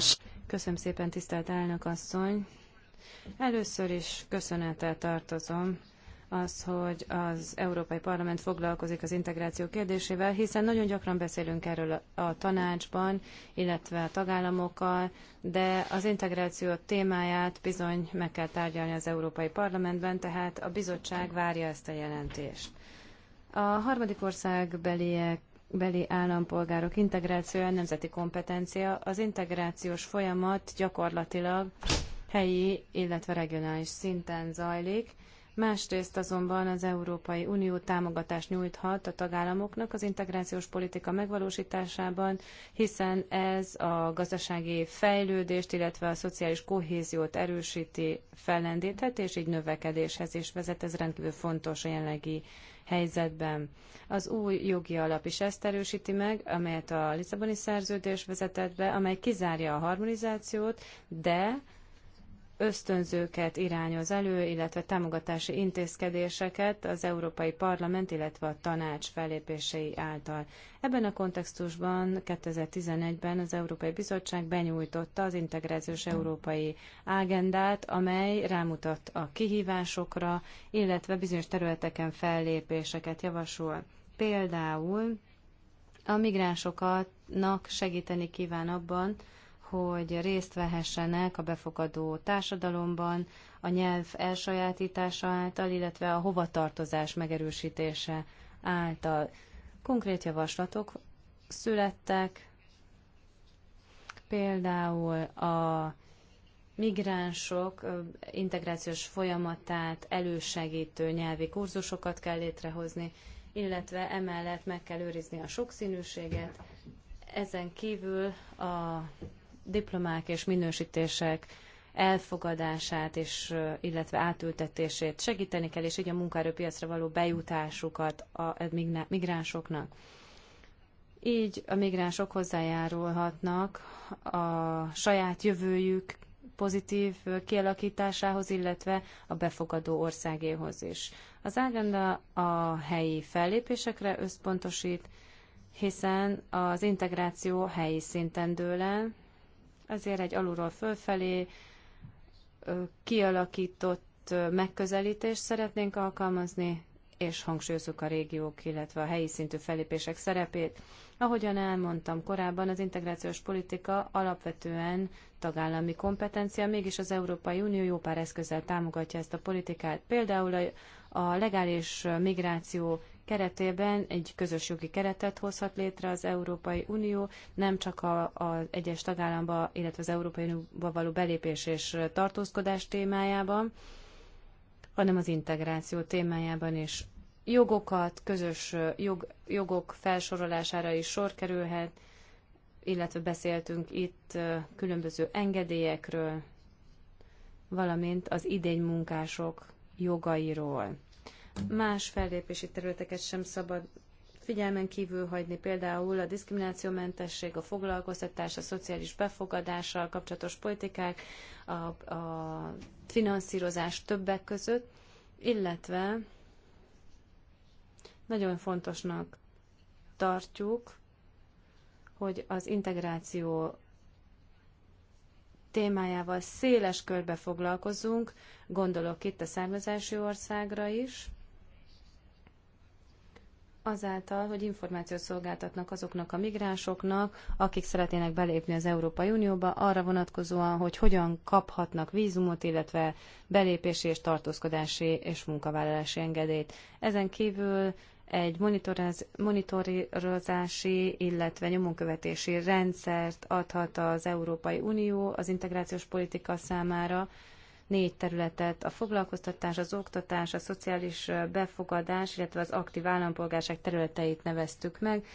Köszönöm szépen, tisztelt elnök asszony. Először is köszönettel tartozom az, hogy az Európai Parlament foglalkozik az integráció kérdésével, hiszen nagyon gyakran beszélünk erről a tanácsban, illetve a tagállamokkal, de az integráció témáját bizony meg kell tárgyalni az Európai Parlamentben, tehát a bizottság várja ezt a jelentést. A harmadik ország beliek beli állampolgárok integrációja nemzeti kompetencia. Az integrációs folyamat gyakorlatilag helyi, illetve regionális szinten zajlik, másrészt azonban az Európai Unió támogatást nyújthat a tagállamoknak az integrációs politika megvalósításában, hiszen ez a gazdasági fejlődést, illetve a szociális kohéziót erősíti, fellendíthet, és így növekedéshez is vezet. Ez rendkívül fontos a jelenlegi helyzetben. Az új jogi alap is ezt erősíti meg, amelyet a Lisszaboni szerződés vezetett be, amely kizárja a harmonizációt, de ösztönzőket irányoz elő, illetve támogatási intézkedéseket az Európai Parlament, illetve a tanács fellépései által. Ebben a kontextusban 2011-ben az Európai Bizottság benyújtotta az integrációs európai ágendát, amely rámutat a kihívásokra, illetve bizonyos területeken fellépéseket javasol. Például a migránsokat segíteni kíván abban, hogy részt vehessenek a befogadó társadalomban, a nyelv elsajátítása által, illetve a hovatartozás megerősítése által. Konkrét javaslatok születtek, például a migránsok integrációs folyamatát elősegítő nyelvi kurzusokat kell létrehozni, illetve emellett meg kell őrizni a sokszínűséget. Ezen kívül a diplomák és minősítések elfogadását és illetve átültetését segíteni kell, és így a munkaerőpiacra való bejutásukat a e, migránsoknak. Így a migránsok hozzájárulhatnak a saját jövőjük pozitív kialakításához, illetve a befogadó országéhoz is. Az ágenda a helyi fellépésekre összpontosít, hiszen az integráció helyi szinten dől el, ezért egy alulról fölfelé kialakított megközelítést szeretnénk alkalmazni, és hangsúlyozzuk a régiók, illetve a helyi szintű felépések szerepét. Ahogyan elmondtam korábban, az integrációs politika alapvetően tagállami kompetencia, mégis az Európai Unió jó pár eszközzel támogatja ezt a politikát. Például a legális migráció keretében egy közös jogi keretet hozhat létre az Európai Unió, nem csak az egyes tagállamba, illetve az Európai Unióba való belépés és tartózkodás témájában, hanem az integráció témájában is. Jogokat, közös jog, jogok felsorolására is sor kerülhet, illetve beszéltünk itt különböző engedélyekről, valamint az idénymunkások jogairól. Más fellépési területeket sem szabad figyelmen kívül hagyni, például a diszkriminációmentesség, a foglalkoztatás, a szociális befogadással kapcsolatos politikák, a, a finanszírozás többek között, illetve nagyon fontosnak tartjuk, hogy az integráció témájával széles körbe foglalkozunk, gondolok itt a származási országra is, azáltal, hogy információt szolgáltatnak azoknak a migránsoknak, akik szeretnének belépni az Európai Unióba, arra vonatkozóan, hogy hogyan kaphatnak vízumot, illetve belépési és tartózkodási és munkavállalási engedélyt. Ezen kívül egy monitorozási, illetve nyomonkövetési rendszert adhat az Európai Unió az integrációs politika számára, négy területet, a foglalkoztatás, az oktatás, a szociális befogadás, illetve az aktív állampolgárság területeit neveztük meg.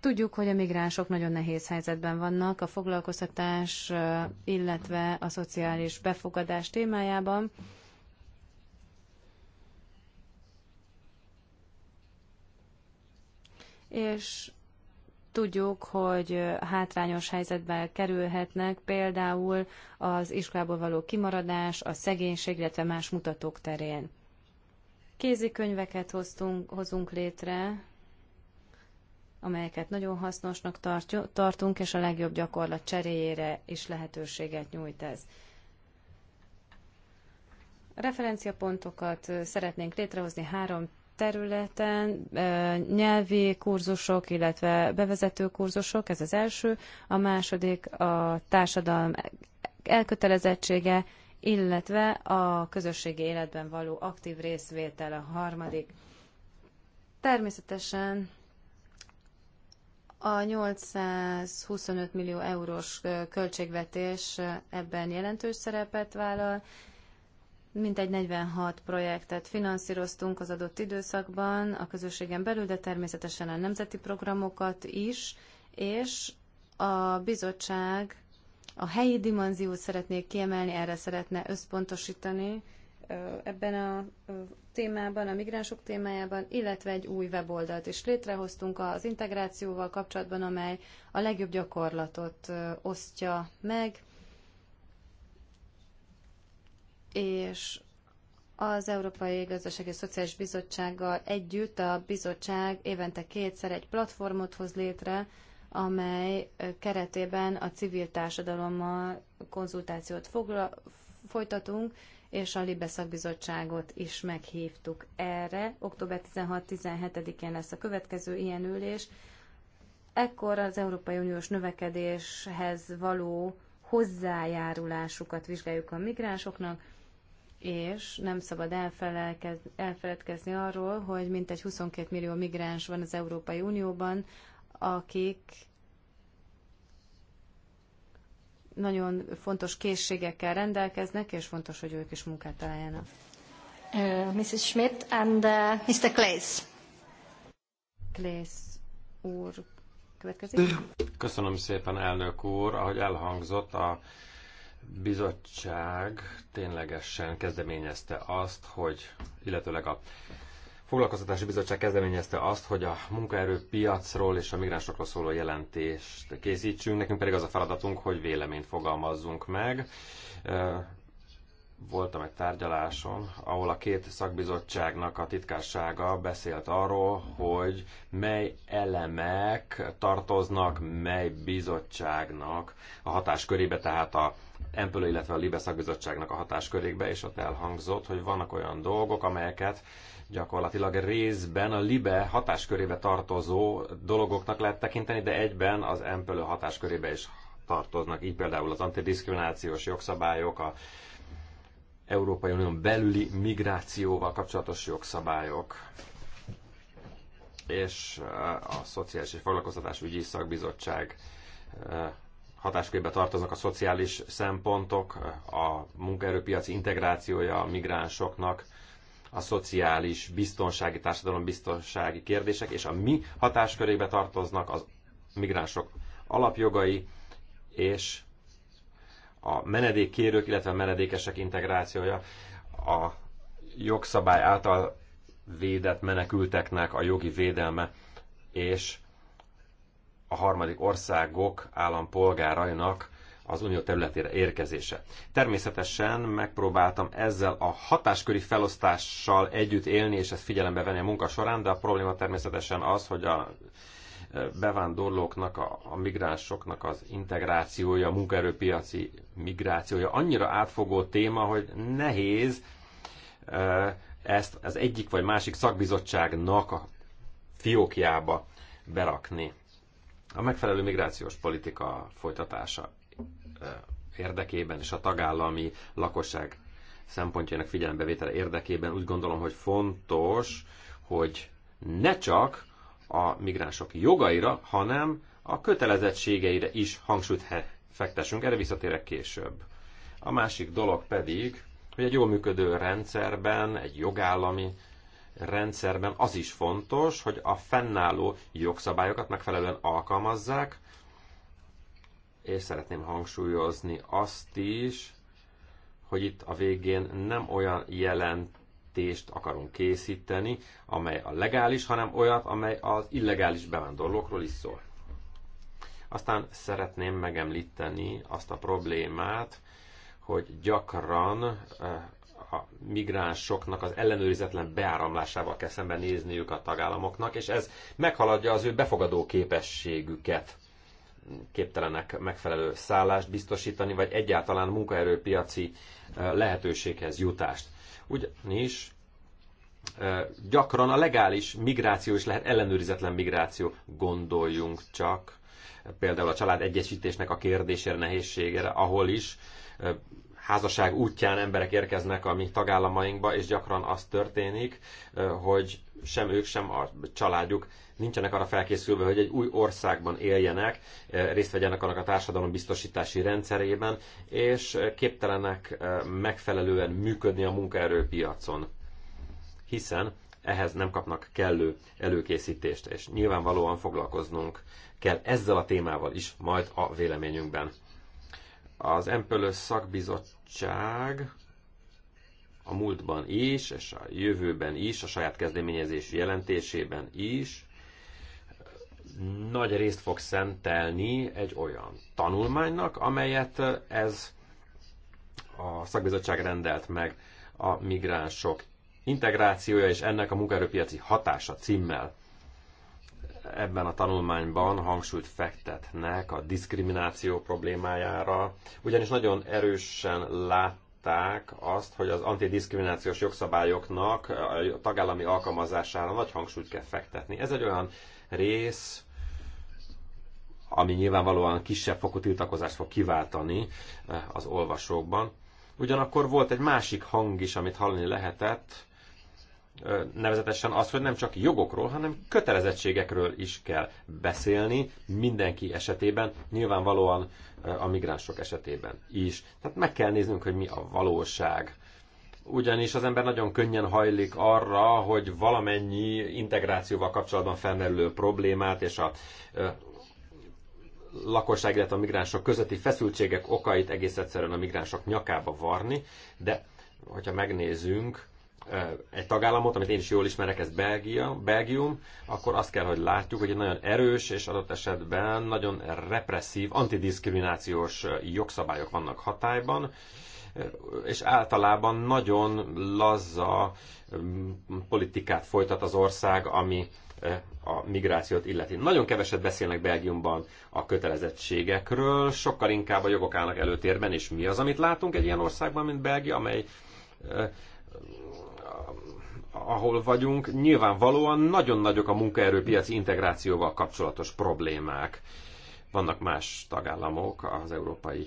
Tudjuk, hogy a migránsok nagyon nehéz helyzetben vannak a foglalkoztatás, illetve a szociális befogadás témájában. És Tudjuk, hogy hátrányos helyzetben kerülhetnek például az iskolából való kimaradás, a szegénység, illetve más mutatók terén. Kézikönyveket hoztunk, hozunk létre, amelyeket nagyon hasznosnak tartunk, és a legjobb gyakorlat cseréjére is lehetőséget nyújt ez. Referenciapontokat szeretnénk létrehozni három területen, nyelvi kurzusok, illetve bevezető kurzusok, ez az első. A második a társadalom elkötelezettsége, illetve a közösségi életben való aktív részvétel a harmadik. Természetesen a 825 millió eurós költségvetés ebben jelentős szerepet vállal, Mintegy 46 projektet finanszíroztunk az adott időszakban a közösségen belül, de természetesen a nemzeti programokat is, és a bizottság a helyi dimenziót szeretnék kiemelni, erre szeretne összpontosítani ebben a témában, a migránsok témájában, illetve egy új weboldalt is létrehoztunk az integrációval kapcsolatban, amely a legjobb gyakorlatot osztja meg, és az Európai Gazdasági és Szociális Bizottsággal együtt a bizottság évente kétszer egy platformot hoz létre, amely keretében a civil társadalommal konzultációt fogla, folytatunk, és a Libe szakbizottságot is meghívtuk erre. Október 16-17-én lesz a következő ilyen ülés. Ekkor az Európai Uniós növekedéshez való hozzájárulásukat vizsgáljuk a migránsoknak, és nem szabad elfeledkezni arról, hogy mintegy 22 millió migráns van az Európai Unióban, akik nagyon fontos készségekkel rendelkeznek, és fontos, hogy ők is munkát találjanak. Uh, Mrs. Schmidt and uh, Mr. Claes. Claes úr következik. Köszönöm szépen, elnök úr. Ahogy elhangzott, a bizottság ténylegesen kezdeményezte azt, hogy, illetőleg a Foglalkoztatási Bizottság kezdeményezte azt, hogy a munkaerőpiacról és a migránsokról szóló jelentést készítsünk, nekünk pedig az a feladatunk, hogy véleményt fogalmazzunk meg voltam egy tárgyaláson, ahol a két szakbizottságnak a titkársága beszélt arról, hogy mely elemek tartoznak mely bizottságnak a hatáskörébe, tehát a Empölő, illetve a Libe szakbizottságnak a hatáskörébe, és ott elhangzott, hogy vannak olyan dolgok, amelyeket gyakorlatilag részben a LIBE hatáskörébe tartozó dologoknak lehet tekinteni, de egyben az Empölő hatáskörébe is tartoznak, így például az antidiskriminációs jogszabályok, a Európai Unión belüli migrációval kapcsolatos jogszabályok és eh, a Szociális és Foglalkoztatásügyi Szakbizottság eh, hatáskörébe tartoznak a szociális szempontok, eh, a munkaerőpiaci integrációja a migránsoknak, a szociális biztonsági, biztonsági kérdések, és a mi hatáskörébe tartoznak az migránsok alapjogai és a menedékkérők, illetve a menedékesek integrációja a jogszabály által védett menekülteknek a jogi védelme és a harmadik országok állampolgárainak az unió területére érkezése. Természetesen megpróbáltam ezzel a hatásköri felosztással együtt élni, és ezt figyelembe venni a munka során, de a probléma természetesen az, hogy a bevándorlóknak, a, a migránsoknak az integrációja, a munkaerőpiaci migrációja annyira átfogó téma, hogy nehéz ezt az egyik vagy másik szakbizottságnak a fiókjába berakni. A megfelelő migrációs politika folytatása érdekében és a tagállami lakosság szempontjának figyelembevétele érdekében úgy gondolom, hogy fontos, hogy ne csak a migránsok jogaira, hanem a kötelezettségeire is hangsúlyt fektessünk. Erre visszatérek később. A másik dolog pedig, hogy egy jól működő rendszerben, egy jogállami rendszerben az is fontos, hogy a fennálló jogszabályokat megfelelően alkalmazzák, és szeretném hangsúlyozni azt is, hogy itt a végén nem olyan jelent jelentést akarunk készíteni, amely a legális, hanem olyat, amely az illegális bevándorlókról is szól. Aztán szeretném megemlíteni azt a problémát, hogy gyakran eh, a migránsoknak az ellenőrizetlen beáramlásával kell szembenézniük a tagállamoknak, és ez meghaladja az ő befogadó képességüket képtelenek megfelelő szállást biztosítani, vagy egyáltalán munkaerőpiaci eh, lehetőséghez jutást ugyanis gyakran a legális migráció is lehet ellenőrizetlen migráció, gondoljunk csak például a család egyesítésnek a kérdésére, nehézségére, ahol is házasság útján emberek érkeznek a mi tagállamainkba, és gyakran az történik, hogy sem ők, sem a családjuk nincsenek arra felkészülve, hogy egy új országban éljenek, eh, részt vegyenek annak a társadalom biztosítási rendszerében, és eh, képtelenek eh, megfelelően működni a munkaerőpiacon. Hiszen ehhez nem kapnak kellő előkészítést, és nyilvánvalóan foglalkoznunk kell ezzel a témával is majd a véleményünkben. Az Empölös szakbizottság a múltban is, és a jövőben is, a saját kezdeményezési jelentésében is nagy részt fog szentelni egy olyan tanulmánynak, amelyet ez a szakbizottság rendelt meg a migránsok integrációja és ennek a munkaerőpiaci hatása címmel. Ebben a tanulmányban hangsúlyt fektetnek a diszkrimináció problémájára, ugyanis nagyon erősen lát látták azt, hogy az antidiszkriminációs jogszabályoknak a tagállami alkalmazására nagy hangsúlyt kell fektetni. Ez egy olyan rész, ami nyilvánvalóan kisebb fokú tiltakozást fog kiváltani eh, az olvasókban. Ugyanakkor volt egy másik hang is, amit hallani lehetett, eh, nevezetesen az, hogy nem csak jogokról, hanem kötelezettségekről is kell beszélni mindenki esetében. Nyilvánvalóan a migránsok esetében is. Tehát meg kell néznünk, hogy mi a valóság. Ugyanis az ember nagyon könnyen hajlik arra, hogy valamennyi integrációval kapcsolatban felmerülő problémát és a lakosság, illetve a migránsok közötti feszültségek okait egész egyszerűen a migránsok nyakába varni, de hogyha megnézzünk, egy tagállamot, amit én is jól ismerek, ez Belgia, Belgium, akkor azt kell, hogy látjuk, hogy egy nagyon erős és adott esetben nagyon represszív, antidiszkriminációs jogszabályok vannak hatályban, és általában nagyon lazza politikát folytat az ország, ami a migrációt illeti. Nagyon keveset beszélnek Belgiumban a kötelezettségekről, sokkal inkább a jogok állnak előtérben, és mi az, amit látunk egy ilyen országban, mint Belgia, amely ahol vagyunk, nyilvánvalóan nagyon nagyok a munkaerőpiaci integrációval kapcsolatos problémák. Vannak más tagállamok az Európai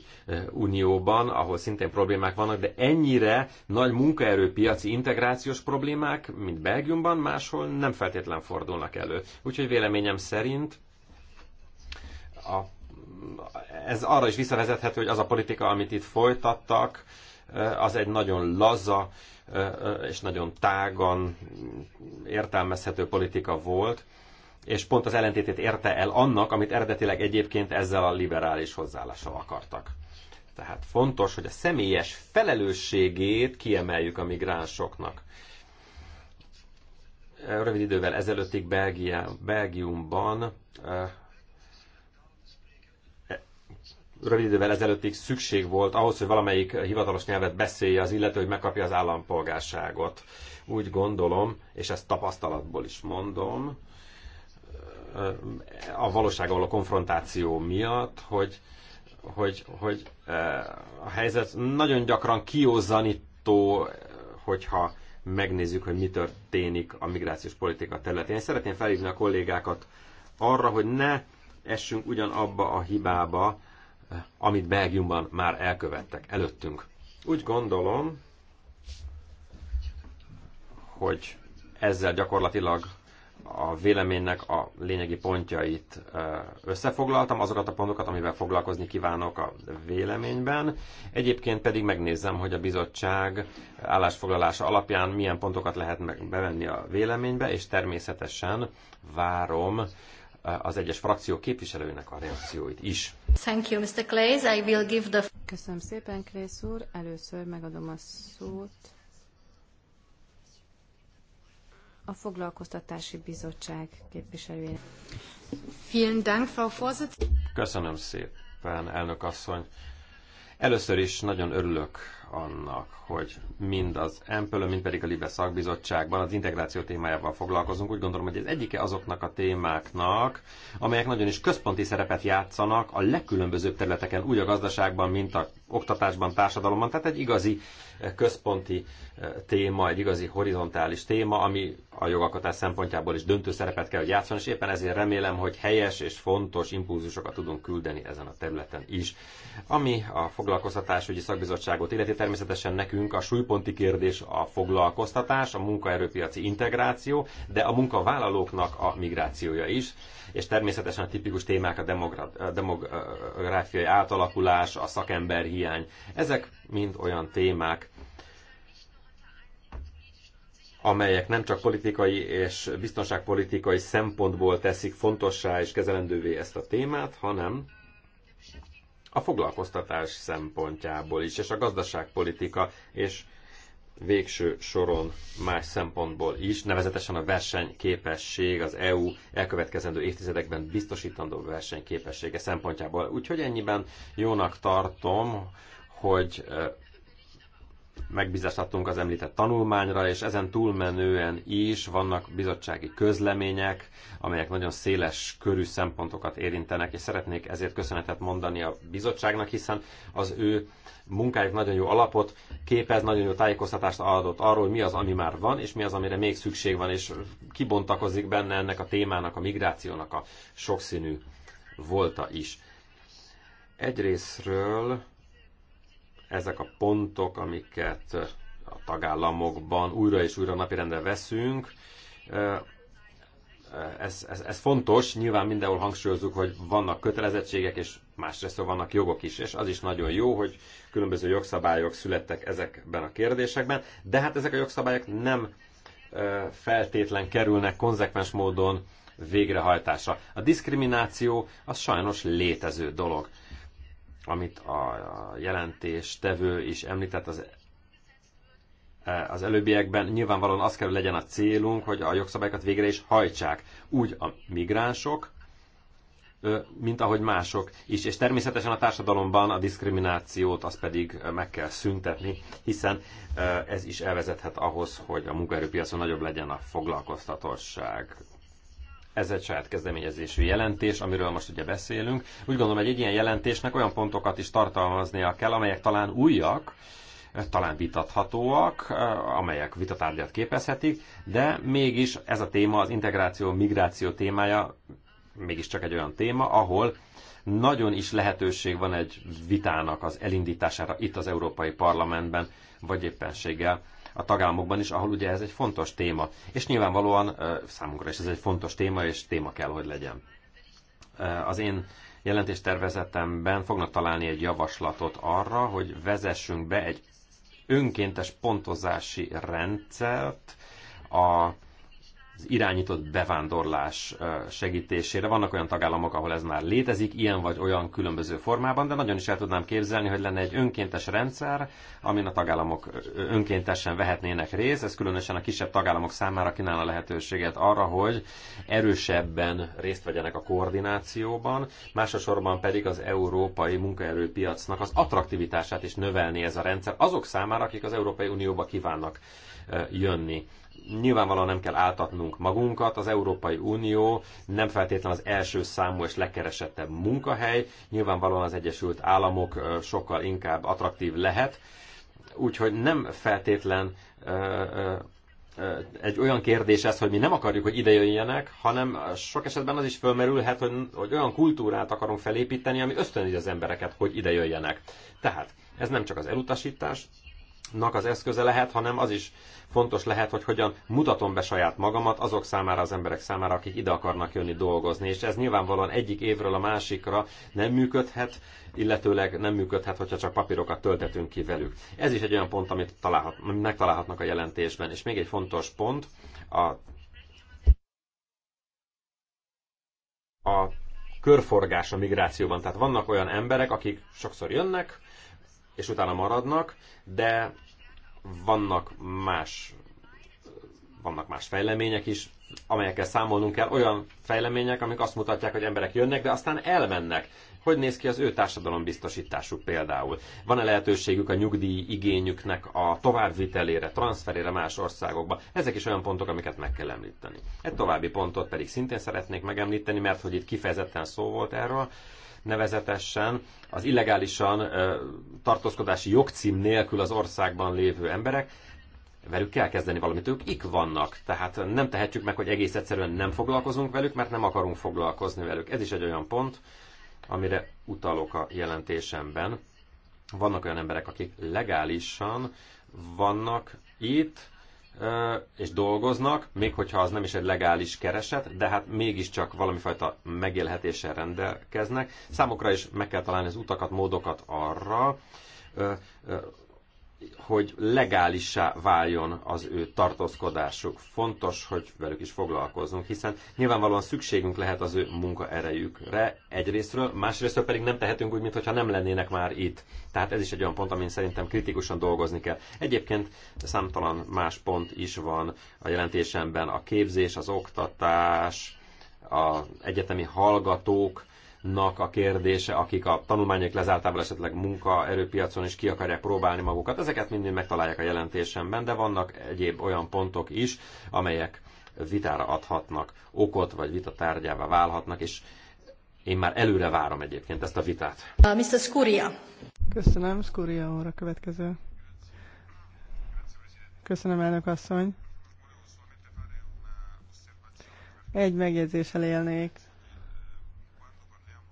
Unióban, ahol szintén problémák vannak, de ennyire nagy munkaerőpiaci integrációs problémák, mint Belgiumban, máshol nem feltétlen fordulnak elő. Úgyhogy véleményem szerint a, ez arra is visszavezethető, hogy az a politika, amit itt folytattak, az egy nagyon laza, és nagyon tágan értelmezhető politika volt, és pont az ellentétét érte el annak, amit eredetileg egyébként ezzel a liberális hozzáállással akartak. Tehát fontos, hogy a személyes felelősségét kiemeljük a migránsoknak. Rövid idővel ezelőttig Belgia, Belgiumban rövid idővel ezelőttig szükség volt ahhoz, hogy valamelyik hivatalos nyelvet beszélje az illető, hogy megkapja az állampolgárságot. Úgy gondolom, és ezt tapasztalatból is mondom, a valósággal való konfrontáció miatt, hogy, hogy, hogy eh, a helyzet nagyon gyakran kiózanító, hogyha megnézzük, hogy mi történik a migrációs politika területén. Én szeretném felhívni a kollégákat arra, hogy ne essünk ugyanabba a hibába, amit Belgiumban már elkövettek előttünk. Úgy gondolom, hogy ezzel gyakorlatilag a véleménynek a lényegi pontjait összefoglaltam, azokat a pontokat, amivel foglalkozni kívánok a véleményben. Egyébként pedig megnézem, hogy a bizottság állásfoglalása alapján milyen pontokat lehet bevenni a véleménybe, és természetesen várom az egyes frakció képviselőinek a reakcióit is. Thank you, Mr. I will give the... Köszönöm szépen, Klaes úr. Először megadom a szót a Foglalkoztatási Bizottság képviselőjének. Vielen Dank, Frau Vorsitzende. Köszönöm szépen, elnök asszony. Először is nagyon örülök annak, hogy mind az empl mind pedig a Libe szakbizottságban az integráció témájával foglalkozunk. Úgy gondolom, hogy ez egyike azoknak a témáknak, amelyek nagyon is központi szerepet játszanak a legkülönbözőbb területeken, úgy a gazdaságban, mint a oktatásban, társadalomban, tehát egy igazi központi eh, téma, egy igazi horizontális téma, ami a jogalkotás szempontjából is döntő szerepet kell, hogy játszon, és éppen ezért remélem, hogy helyes és fontos impulzusokat tudunk küldeni ezen a területen is. Ami a foglalkoztatásügyi szakbizottságot illeti, természetesen nekünk a súlyponti kérdés a foglalkoztatás, a munkaerőpiaci integráció, de a munkavállalóknak a migrációja is és természetesen a tipikus témák a, a demográfiai átalakulás, a szakember hiány. Ezek mind olyan témák, amelyek nem csak politikai és biztonságpolitikai szempontból teszik fontossá és kezelendővé ezt a témát, hanem a foglalkoztatás szempontjából is, és a gazdaságpolitika és végső soron más szempontból is, nevezetesen a versenyképesség, az EU elkövetkezendő évtizedekben biztosítandó versenyképessége szempontjából. Úgyhogy ennyiben jónak tartom, hogy megbízást az említett tanulmányra, és ezen túlmenően is vannak bizottsági közlemények, amelyek nagyon széles körű szempontokat érintenek, és szeretnék ezért köszönetet mondani a bizottságnak, hiszen az ő munkájuk nagyon jó alapot képez, nagyon jó tájékoztatást adott arról, hogy mi az, ami már van, és mi az, amire még szükség van, és kibontakozik benne ennek a témának, a migrációnak a sokszínű volta is. Egyrésztről ezek a pontok, amiket a tagállamokban újra és újra napirendre veszünk, ez, ez, ez fontos, nyilván mindenhol hangsúlyozzuk, hogy vannak kötelezettségek, és másrészt szóval vannak jogok is, és az is nagyon jó, hogy különböző jogszabályok születtek ezekben a kérdésekben, de hát ezek a jogszabályok nem feltétlen kerülnek konzekvens módon végrehajtásra. A diszkrimináció az sajnos létező dolog amit a jelentés tevő is említett az, e, az előbbiekben, nyilvánvalóan az kell, hogy legyen a célunk, hogy a jogszabályokat végre is hajtsák. Úgy a migránsok, mint ahogy mások is. És természetesen a társadalomban a diszkriminációt az pedig meg kell szüntetni, hiszen ez is elvezethet ahhoz, hogy a munkaerőpiacon nagyobb legyen a foglalkoztatottság ez egy saját kezdeményezésű jelentés, amiről most ugye beszélünk. Úgy gondolom, hogy egy ilyen jelentésnek olyan pontokat is tartalmaznia kell, amelyek talán újak, talán vitathatóak, amelyek vitatárgyat képezhetik, de mégis ez a téma, az integráció, migráció témája mégiscsak egy olyan téma, ahol nagyon is lehetőség van egy vitának az elindítására itt az Európai Parlamentben, vagy éppenséggel a tagállamokban is, ahol ugye ez egy fontos téma. És nyilvánvalóan számunkra is ez egy fontos téma, és téma kell, hogy legyen. Az én jelentéstervezetemben fognak találni egy javaslatot arra, hogy vezessünk be egy önkéntes pontozási rendszert a irányított bevándorlás segítésére. Vannak olyan tagállamok, ahol ez már létezik, ilyen vagy olyan különböző formában, de nagyon is el tudnám képzelni, hogy lenne egy önkéntes rendszer, amin a tagállamok önkéntesen vehetnének részt. Ez különösen a kisebb tagállamok számára kínálna lehetőséget arra, hogy erősebben részt vegyenek a koordinációban, másosorban pedig az európai munkaerőpiacnak az attraktivitását is növelni ez a rendszer azok számára, akik az Európai Unióba kívánnak jönni nyilvánvalóan nem kell áltatnunk magunkat, az Európai Unió nem feltétlen az első számú és legkeresettebb munkahely, nyilvánvalóan az Egyesült Államok sokkal inkább attraktív lehet, úgyhogy nem feltétlen egy olyan kérdés ez, hogy mi nem akarjuk, hogy ide jöjjenek, hanem sok esetben az is fölmerülhet, hogy, hogy olyan kultúrát akarunk felépíteni, ami ösztönzi az embereket, hogy ide jöjjenek. Tehát ez nem csak az elutasítás, nak az eszköze lehet, hanem az is fontos lehet, hogy hogyan mutatom be saját magamat azok számára, az emberek számára, akik ide akarnak jönni dolgozni. És ez nyilvánvalóan egyik évről a másikra nem működhet, illetőleg nem működhet, hogyha csak papírokat töltetünk ki velük. Ez is egy olyan pont, amit találhat, megtalálhatnak a jelentésben. És még egy fontos pont, a, a körforgás a migrációban. Tehát vannak olyan emberek, akik sokszor jönnek, és utána maradnak, de vannak más, vannak más fejlemények is, amelyekkel számolnunk kell, olyan fejlemények, amik azt mutatják, hogy emberek jönnek, de aztán elmennek. Hogy néz ki az ő biztosításuk például? Van-e lehetőségük a nyugdíj igényüknek a továbbvitelére, transferére más országokba? Ezek is olyan pontok, amiket meg kell említeni. Egy további pontot pedig szintén szeretnék megemlíteni, mert hogy itt kifejezetten szó volt erről, nevezetesen az illegálisan tartózkodási jogcím nélkül az országban lévő emberek, velük kell kezdeni valamit, ők ik vannak, tehát nem tehetjük meg, hogy egész egyszerűen nem foglalkozunk velük, mert nem akarunk foglalkozni velük. Ez is egy olyan pont, amire utalok a jelentésemben. Vannak olyan emberek, akik legálisan vannak itt, és dolgoznak, még hogyha az nem is egy legális kereset, de hát mégiscsak valamifajta megélhetéssel rendelkeznek. Számukra is meg kell találni az utakat, módokat arra, hogy legálissá váljon az ő tartózkodásuk. Fontos, hogy velük is foglalkozzunk, hiszen nyilvánvalóan szükségünk lehet az ő munkaerejükre egyrésztről, másrésztről pedig nem tehetünk úgy, mintha nem lennének már itt. Tehát ez is egy olyan pont, amin szerintem kritikusan dolgozni kell. Egyébként számtalan más pont is van a jelentésemben, a képzés, az oktatás, az egyetemi hallgatók, azoknak a kérdése, akik a tanulmányok lezártával esetleg munkaerőpiacon is ki akarják próbálni magukat. Ezeket mindig megtalálják a jelentésemben, de vannak egyéb olyan pontok is, amelyek vitára adhatnak okot, vagy vita tárgyává válhatnak, és én már előre várom egyébként ezt a vitát. Uh, Mr. Skuria. Köszönöm, Skuria óra következő. Köszönöm, elnök asszony. Egy megjegyzéssel élnék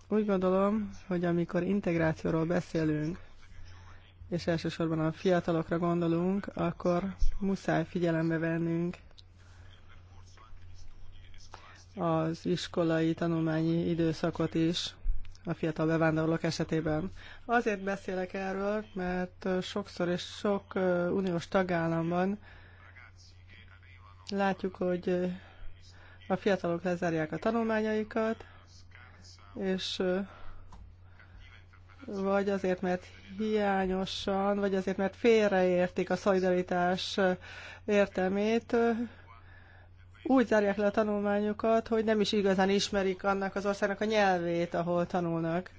úgy gondolom, hogy amikor integrációról beszélünk, és elsősorban a fiatalokra gondolunk, akkor muszáj figyelembe vennünk az iskolai tanulmányi időszakot is a fiatal bevándorlók esetében. Azért beszélek erről, mert sokszor és sok uniós tagállamban látjuk, hogy a fiatalok lezárják a tanulmányaikat, és vagy azért, mert hiányosan, vagy azért, mert félreértik a szolidaritás értelmét, úgy zárják le a tanulmányukat, hogy nem is igazán ismerik annak az országnak a nyelvét, ahol tanulnak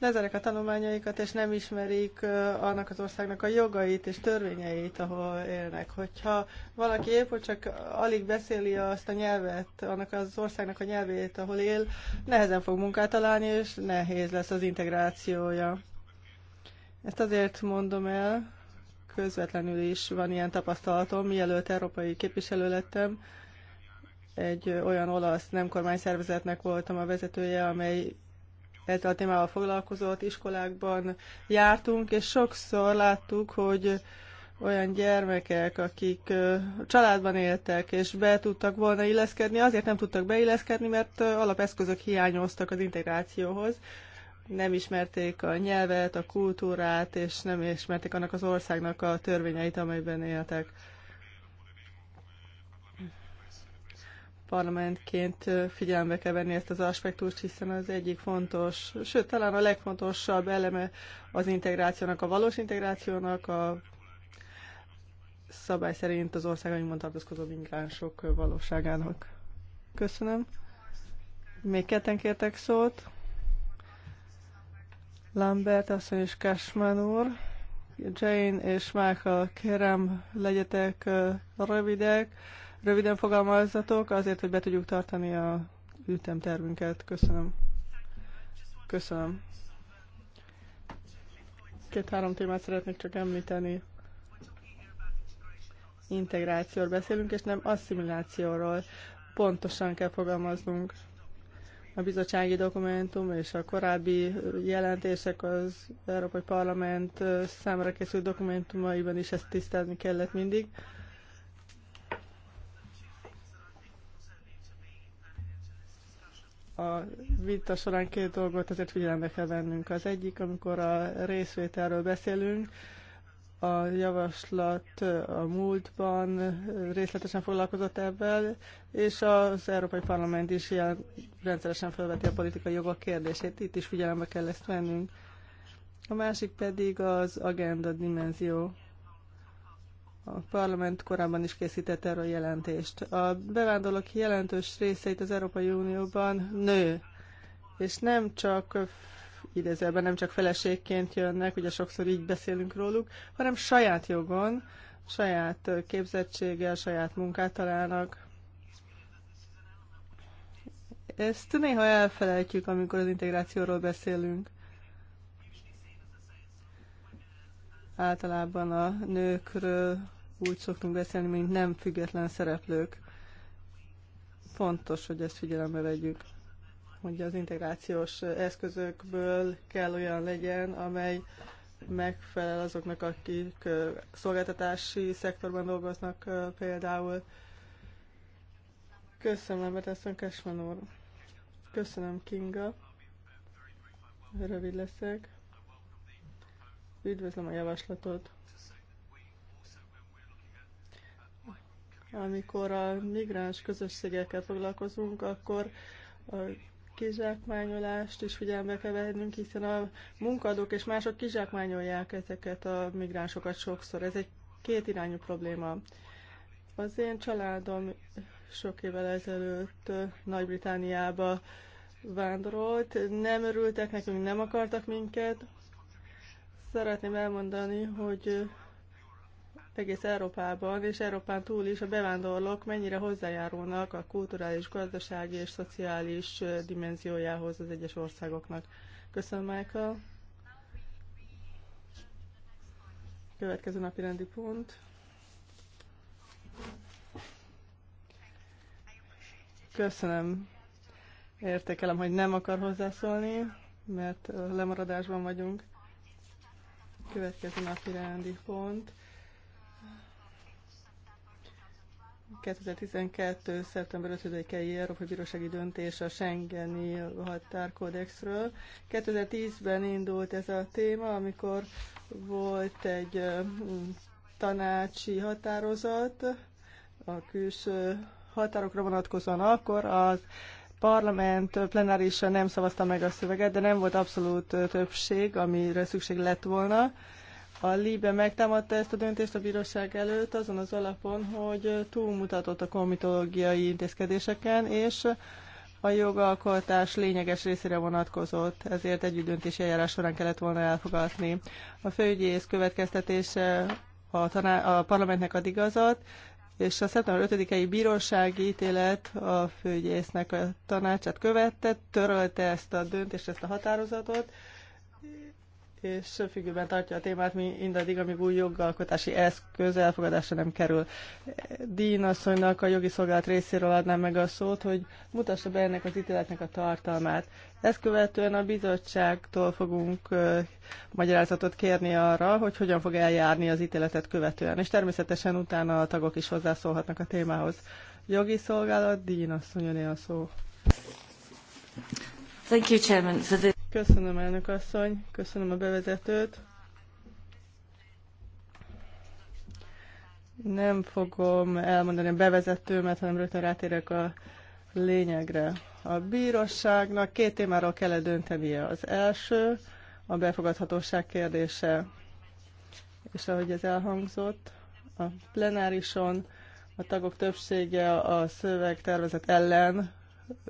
lezerek a tanulmányaikat, és nem ismerik annak az országnak a jogait és törvényeit, ahol élnek. Hogyha valaki épp, hogy csak alig beszéli azt a nyelvet, annak az országnak a nyelvét, ahol él, nehezen fog munkát találni, és nehéz lesz az integrációja. Ezt azért mondom el, közvetlenül is van ilyen tapasztalatom, mielőtt európai képviselő lettem, egy olyan olasz nem szervezetnek voltam a vezetője, amely ezzel a témával foglalkozott, iskolákban jártunk, és sokszor láttuk, hogy olyan gyermekek, akik családban éltek, és be tudtak volna illeszkedni, azért nem tudtak beilleszkedni, mert alapeszközök hiányoztak az integrációhoz. Nem ismerték a nyelvet, a kultúrát, és nem ismerték annak az országnak a törvényeit, amelyben éltek parlamentként figyelembe kell venni ezt az aspektust, hiszen az egyik fontos, sőt, talán a legfontosabb eleme az integrációnak, a valós integrációnak, a szabály szerint az országainkban tartózkodó migránsok valóságának. Köszönöm. Még ketten kértek szót. Lambert asszony és Cashman úr. Jane és Michael, kérem, legyetek rövidek röviden fogalmazatok, azért, hogy be tudjuk tartani a ütemtervünket. Köszönöm. Köszönöm. Két-három témát szeretnék csak említeni. Integrációról beszélünk, és nem asszimilációról. Pontosan kell fogalmaznunk. A bizottsági dokumentum és a korábbi jelentések az Európai Parlament számára készült dokumentumaiban is ezt tisztázni kellett mindig a vita során két dolgot azért figyelembe kell vennünk. Az egyik, amikor a részvételről beszélünk, a javaslat a múltban részletesen foglalkozott ebben, és az Európai Parlament is ilyen rendszeresen felveti a politikai jogok kérdését. Itt is figyelembe kell ezt vennünk. A másik pedig az agenda dimenzió. A parlament korábban is készített erről jelentést. A bevándorlók jelentős részeit az Európai Unióban nő, és nem csak idézőben nem csak feleségként jönnek, ugye sokszor így beszélünk róluk, hanem saját jogon, saját képzettséggel, saját munkát találnak. Ezt néha elfelejtjük, amikor az integrációról beszélünk. Általában a nőkről úgy szoktunk beszélni, mint nem független szereplők. Fontos, hogy ezt figyelembe vegyük, hogy az integrációs eszközökből kell olyan legyen, amely megfelel azoknak, akik szolgáltatási szektorban dolgoznak például. Köszönöm, Beteszön Kesman úr. Köszönöm, Kinga. Rövid leszek. Üdvözlöm a javaslatot. Amikor a migráns közösségekkel foglalkozunk, akkor a kizsákmányolást is figyelme kell vennünk, hiszen a munkadók és mások kizsákmányolják ezeket a migránsokat sokszor. Ez egy kétirányú probléma. Az én családom sok évvel ezelőtt Nagy-Britániába vándorolt, nem örültek nekünk, nem akartak minket. Szeretném elmondani, hogy egész Európában és Európán túl is a bevándorlók mennyire hozzájárulnak a kulturális, gazdasági és szociális dimenziójához az egyes országoknak. Köszönöm, Michael. Következő napi rendi pont. Köszönöm. Értékelem, hogy nem akar hozzászólni, mert lemaradásban vagyunk. Következő napi rendi pont. 2012. szeptember 5-i Európai Bírósági döntés a Schengeni határkódexről. 2010-ben indult ez a téma, amikor volt egy tanácsi határozat a külső határokra vonatkozóan akkor az parlament plenárisan nem szavazta meg a szöveget, de nem volt abszolút többség, amire szükség lett volna a Libe megtámadta ezt a döntést a bíróság előtt azon az alapon, hogy túlmutatott a komitológiai intézkedéseken, és a jogalkotás lényeges részére vonatkozott, ezért döntési eljárás során kellett volna elfogadni. A főügyész következtetése a, taná- a parlamentnek ad igazat, és a szeptember 5-i bírósági ítélet a főügyésznek a tanácsát követte, törölte ezt a döntést, ezt a határozatot, és függőben tartja a témát, mi mindaddig, amíg új jogalkotási eszköz elfogadásra nem kerül. Dín asszonynak a jogi szolgálat részéről adnám meg a szót, hogy mutassa be ennek az ítéletnek a tartalmát. Ezt követően a bizottságtól fogunk uh, magyarázatot kérni arra, hogy hogyan fog eljárni az ítéletet követően, és természetesen utána a tagok is hozzászólhatnak a témához. Jogi szolgálat, Dín asszonyoné a szó. Thank you, Chairman, for the... Köszönöm, elnök asszony, köszönöm a bevezetőt. Nem fogom elmondani a bevezetőmet, hanem rögtön rátérek a lényegre. A bíróságnak két témáról kellett döntenie. Az első a befogadhatóság kérdése, és ahogy ez elhangzott, a plenárison a tagok többsége a szövegtervezet ellen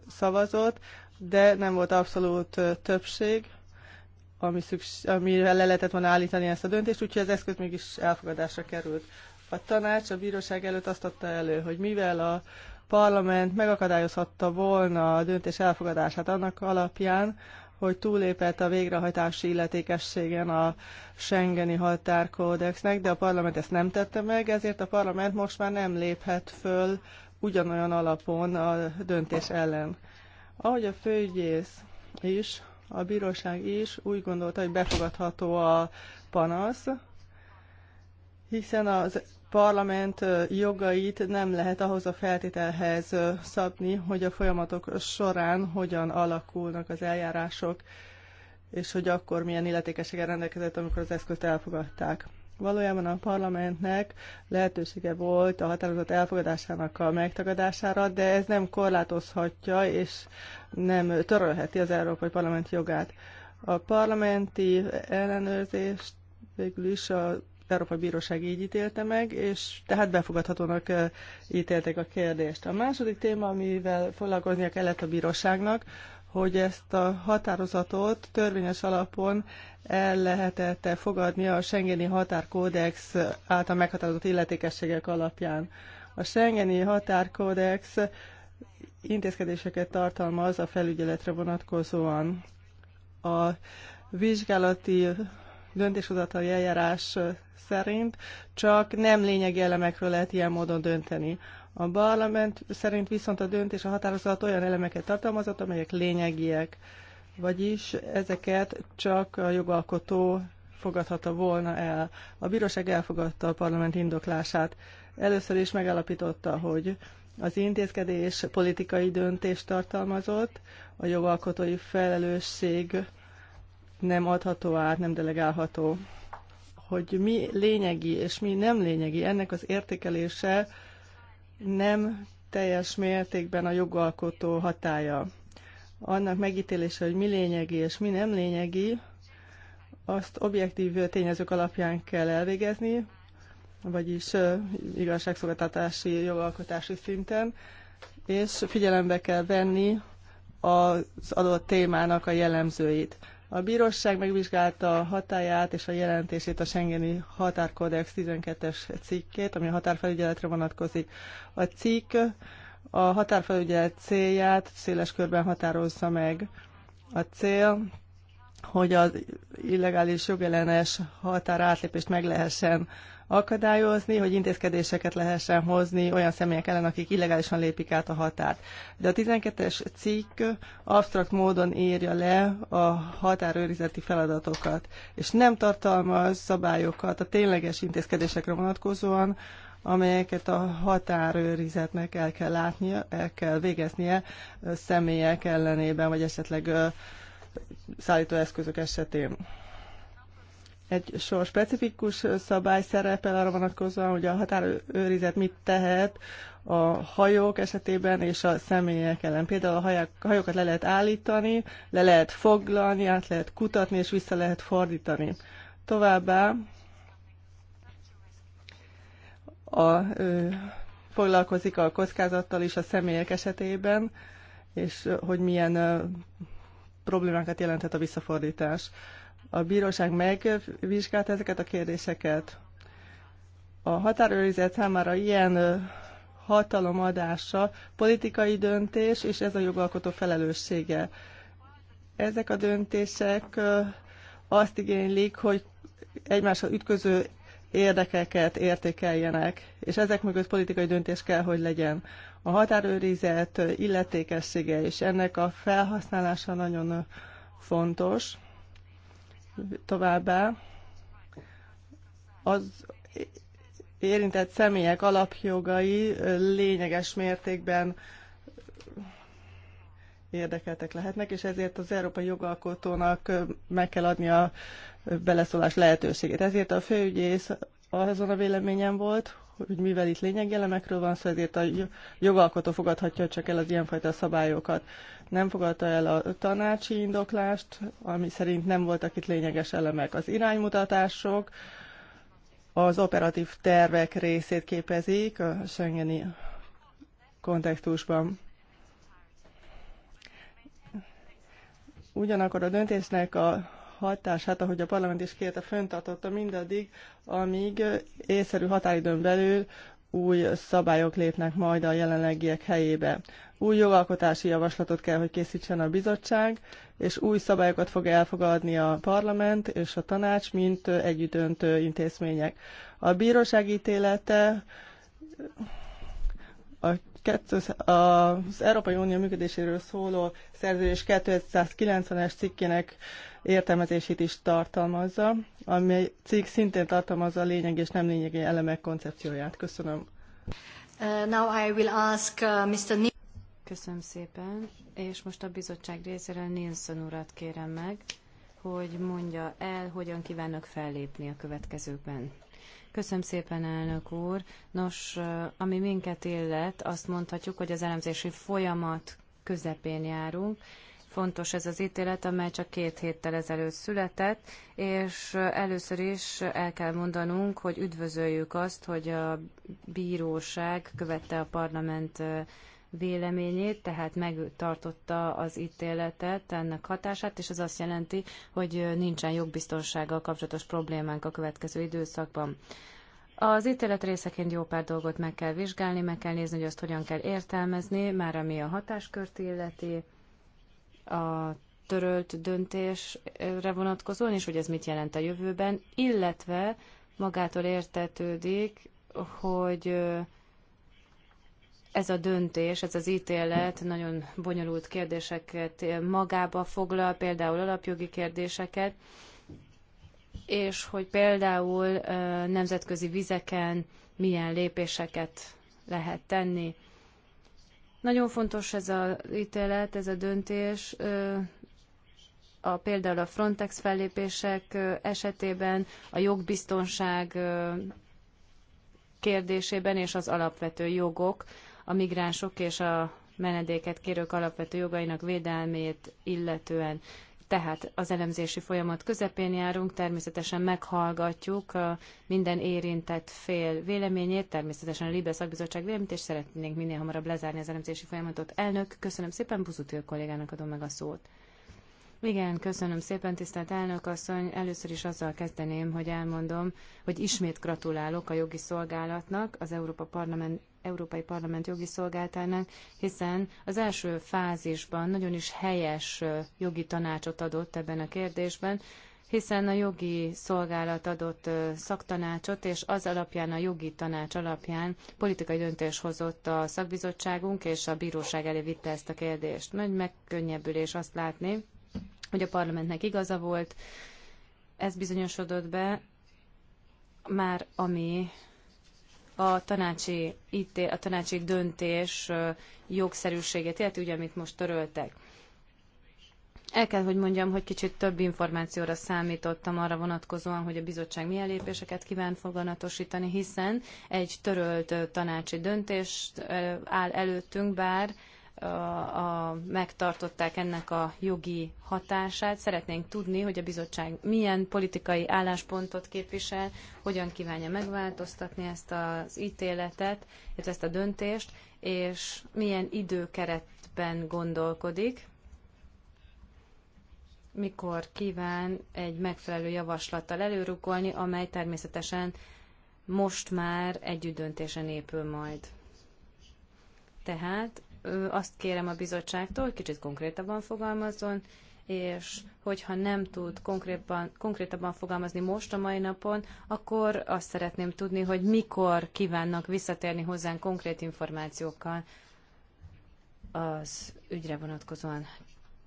szavazott, de nem volt abszolút többség, ami szükség, amire le lehetett volna állítani ezt a döntést, úgyhogy az eszköz mégis elfogadásra került. A tanács a bíróság előtt azt adta elő, hogy mivel a parlament megakadályozhatta volna a döntés elfogadását annak alapján, hogy túlépett a végrehajtási illetékességen a Schengeni határkódexnek, de a parlament ezt nem tette meg, ezért a parlament most már nem léphet föl ugyanolyan alapon a döntés ellen. Ahogy a főügyész is, a bíróság is úgy gondolta, hogy befogadható a panasz, hiszen az parlament jogait nem lehet ahhoz a feltételhez szabni, hogy a folyamatok során hogyan alakulnak az eljárások, és hogy akkor milyen illetékességgel rendelkezett, amikor az eszközt elfogadták. Valójában a parlamentnek lehetősége volt a határozat elfogadásának a megtagadására, de ez nem korlátozhatja és nem törölheti az Európai Parlament jogát. A parlamenti ellenőrzést végül is a Európai Bíróság így ítélte meg, és tehát befogadhatónak eh, ítélték a kérdést. A második téma, amivel foglalkoznia kellett a bíróságnak, hogy ezt a határozatot törvényes alapon el lehetett -e fogadni a Schengeni Határkódex által meghatározott illetékességek alapján. A Schengeni Határkódex intézkedéseket tartalmaz a felügyeletre vonatkozóan. A vizsgálati döntéshozatali eljárás szerint csak nem lényegi elemekről lehet ilyen módon dönteni. A parlament szerint viszont a döntés, a határozat olyan elemeket tartalmazott, amelyek lényegiek. Vagyis ezeket csak a jogalkotó fogadhatta volna el. A bíróság elfogadta a parlament indoklását. Először is megállapította, hogy az intézkedés politikai döntést tartalmazott, a jogalkotói felelősség nem adható át, nem delegálható. Hogy mi lényegi és mi nem lényegi, ennek az értékelése nem teljes mértékben a jogalkotó hatája annak megítélése, hogy mi lényegi és mi nem lényegi, azt objektív tényezők alapján kell elvégezni, vagyis igazságszolgáltatási, jogalkotási szinten, és figyelembe kell venni az adott témának a jellemzőit. A bíróság megvizsgálta a hatáját és a jelentését a Schengeni Határkódex 12-es cikkét, ami a határfelügyeletre vonatkozik. A cikk a határfelügyelet célját széles körben határozza meg. A cél, hogy az illegális jogellenes határátlépést meg lehessen akadályozni, hogy intézkedéseket lehessen hozni olyan személyek ellen, akik illegálisan lépik át a határt. De a 12-es cikk abstrakt módon írja le a határőrizeti feladatokat, és nem tartalmaz szabályokat a tényleges intézkedésekre vonatkozóan, amelyeket a határőrizetnek el kell látnia, el kell végeznie személyek ellenében, vagy esetleg szállítóeszközök esetén. Egy sor specifikus szabály szerepel arra vonatkozóan, hogy a határőrizet mit tehet a hajók esetében és a személyek ellen. Például a hajókat le lehet állítani, le lehet foglalni, át lehet kutatni és vissza lehet fordítani. Továbbá a, foglalkozik a kockázattal is a személyek esetében, és hogy milyen problémákat jelenthet a visszafordítás. A bíróság megvizsgálta ezeket a kérdéseket. A határőrizet számára ilyen hatalomadása politikai döntés, és ez a jogalkotó felelőssége. Ezek a döntések azt igénylik, hogy egymással ütköző érdekeket értékeljenek, és ezek mögött politikai döntés kell, hogy legyen. A határőrizet illetékessége és ennek a felhasználása nagyon fontos. Továbbá az érintett személyek alapjogai lényeges mértékben érdekeltek lehetnek, és ezért az európai jogalkotónak meg kell adni a beleszólás lehetőségét. Ezért a főügyész azon a véleményem volt, hogy mivel itt lényegelemekről van szó, ezért a jogalkotó fogadhatja csak el az ilyenfajta szabályokat. Nem fogadta el a tanácsi indoklást, ami szerint nem voltak itt lényeges elemek. Az iránymutatások az operatív tervek részét képezik a Schengeni kontextusban. Ugyanakkor a döntésnek a hatását, ahogy a parlament is kérte, föntartotta mindaddig, amíg észszerű határidőn belül új szabályok lépnek majd a jelenlegiek helyébe. Új jogalkotási javaslatot kell, hogy készítsen a bizottság, és új szabályokat fog elfogadni a parlament és a tanács, mint együttöntő intézmények. A bíróság ítélete a az Európai Unió működéséről szóló szerződés 290-es cikkének értelmezését is tartalmazza, ami cikk szintén tartalmazza a lényeg és nem lényegi elemek koncepcióját. Köszönöm. Uh, now I will ask, uh, Mr. Köszönöm szépen, és most a bizottság részéről Nilsson urat kérem meg, hogy mondja el, hogyan kívánok fellépni a következőkben. Köszönöm szépen, elnök úr. Nos, uh, ami minket illet, azt mondhatjuk, hogy az elemzési folyamat közepén járunk, fontos ez az ítélet, amely csak két héttel ezelőtt született, és először is el kell mondanunk, hogy üdvözöljük azt, hogy a bíróság követte a parlament véleményét, tehát megtartotta az ítéletet, ennek hatását, és ez azt jelenti, hogy nincsen jogbiztonsággal kapcsolatos problémánk a következő időszakban. Az ítélet részeként jó pár dolgot meg kell vizsgálni, meg kell nézni, hogy azt hogyan kell értelmezni, már ami a hatáskört illeti a törölt döntésre vonatkozóan, és hogy ez mit jelent a jövőben, illetve magától értetődik, hogy ez a döntés, ez az ítélet nagyon bonyolult kérdéseket magába foglal, például alapjogi kérdéseket, és hogy például nemzetközi vizeken milyen lépéseket lehet tenni. Nagyon fontos ez a ítélet, ez a döntés, a, például a Frontex fellépések esetében, a jogbiztonság kérdésében és az alapvető jogok, a migránsok és a menedéket kérők alapvető jogainak védelmét illetően. Tehát az elemzési folyamat közepén járunk, természetesen meghallgatjuk minden érintett fél véleményét, természetesen a Libe szakbizottság véleményét, és szeretnénk minél hamarabb lezárni az elemzési folyamatot. Elnök, köszönöm szépen, Buzutil kollégának adom meg a szót. Igen, köszönöm szépen, tisztelt elnök asszony. Először is azzal kezdeném, hogy elmondom, hogy ismét gratulálok a jogi szolgálatnak, az Európa Parlament Európai Parlament jogi szolgáltának, hiszen az első fázisban nagyon is helyes jogi tanácsot adott ebben a kérdésben, hiszen a jogi szolgálat adott szaktanácsot, és az alapján, a jogi tanács alapján politikai döntés hozott a szakbizottságunk, és a bíróság elé vitte ezt a kérdést. Nagy megkönnyebbülés azt látni, hogy a parlamentnek igaza volt, ez bizonyosodott be, már ami a tanácsi, ítél, a tanácsi döntés jogszerűségét illetve ugye, amit most töröltek. El kell, hogy mondjam, hogy kicsit több információra számítottam arra vonatkozóan, hogy a bizottság milyen lépéseket kíván foganatosítani, hiszen egy törölt tanácsi döntést áll előttünk, bár a, a, megtartották ennek a jogi hatását. Szeretnénk tudni, hogy a bizottság milyen politikai álláspontot képvisel, hogyan kívánja megváltoztatni ezt az ítéletet, illetve ezt a döntést, és milyen időkeretben gondolkodik, mikor kíván egy megfelelő javaslattal előrukolni, amely természetesen most már együtt döntésen épül majd. Tehát azt kérem a bizottságtól, hogy kicsit konkrétabban fogalmazzon, és hogyha nem tud konkrétban, konkrétabban fogalmazni most a mai napon, akkor azt szeretném tudni, hogy mikor kívánnak visszatérni hozzánk konkrét információkkal az ügyre vonatkozóan.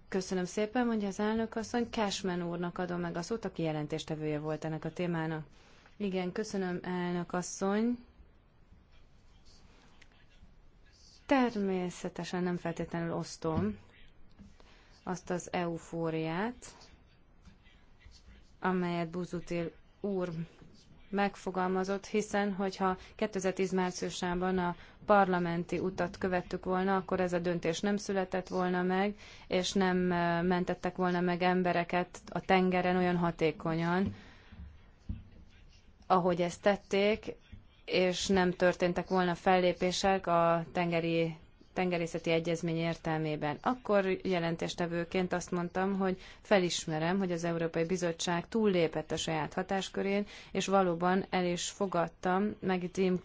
Köszönöm szépen, mondja az elnök asszony. Cashman úrnak adom meg a szót, aki jelentéstevője volt ennek a témának. Igen, köszönöm elnök asszony. Természetesen nem feltétlenül osztom azt az eufóriát, amelyet Buzutil úr megfogalmazott, hiszen hogyha 2010 márciusában a parlamenti utat követtük volna, akkor ez a döntés nem született volna meg, és nem mentettek volna meg embereket a tengeren olyan hatékonyan, ahogy ezt tették, és nem történtek volna fellépések a tengeri tengerészeti egyezmény értelmében. Akkor jelentéstevőként azt mondtam, hogy felismerem, hogy az Európai Bizottság túllépett a saját hatáskörén, és valóban el is fogadtam, meg itt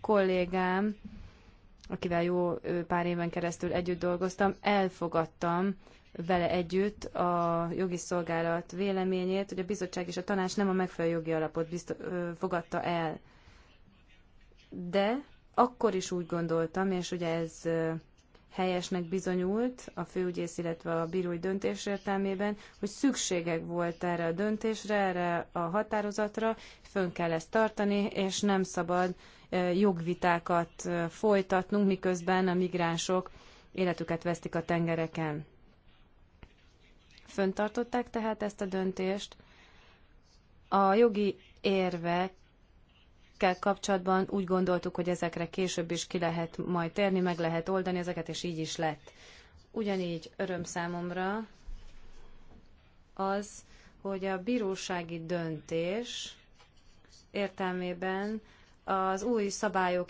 kollégám, akivel jó pár éven keresztül együtt dolgoztam, elfogadtam vele együtt a jogi szolgálat véleményét, hogy a bizottság és a tanács nem a megfelelő jogi alapot bizt- ö, fogadta el. De akkor is úgy gondoltam, és ugye ez ö, helyesnek bizonyult a főügyész, illetve a bírói döntés értelmében, hogy szükségek volt erre a döntésre, erre a határozatra, fönn kell ezt tartani, és nem szabad jogvitákat folytatnunk, miközben a migránsok életüket vesztik a tengereken. Föntartották tehát ezt a döntést. A jogi érvekkel kapcsolatban úgy gondoltuk, hogy ezekre később is ki lehet majd térni, meg lehet oldani ezeket, és így is lett. Ugyanígy öröm számomra az, hogy a bírósági döntés értelmében az új szabályok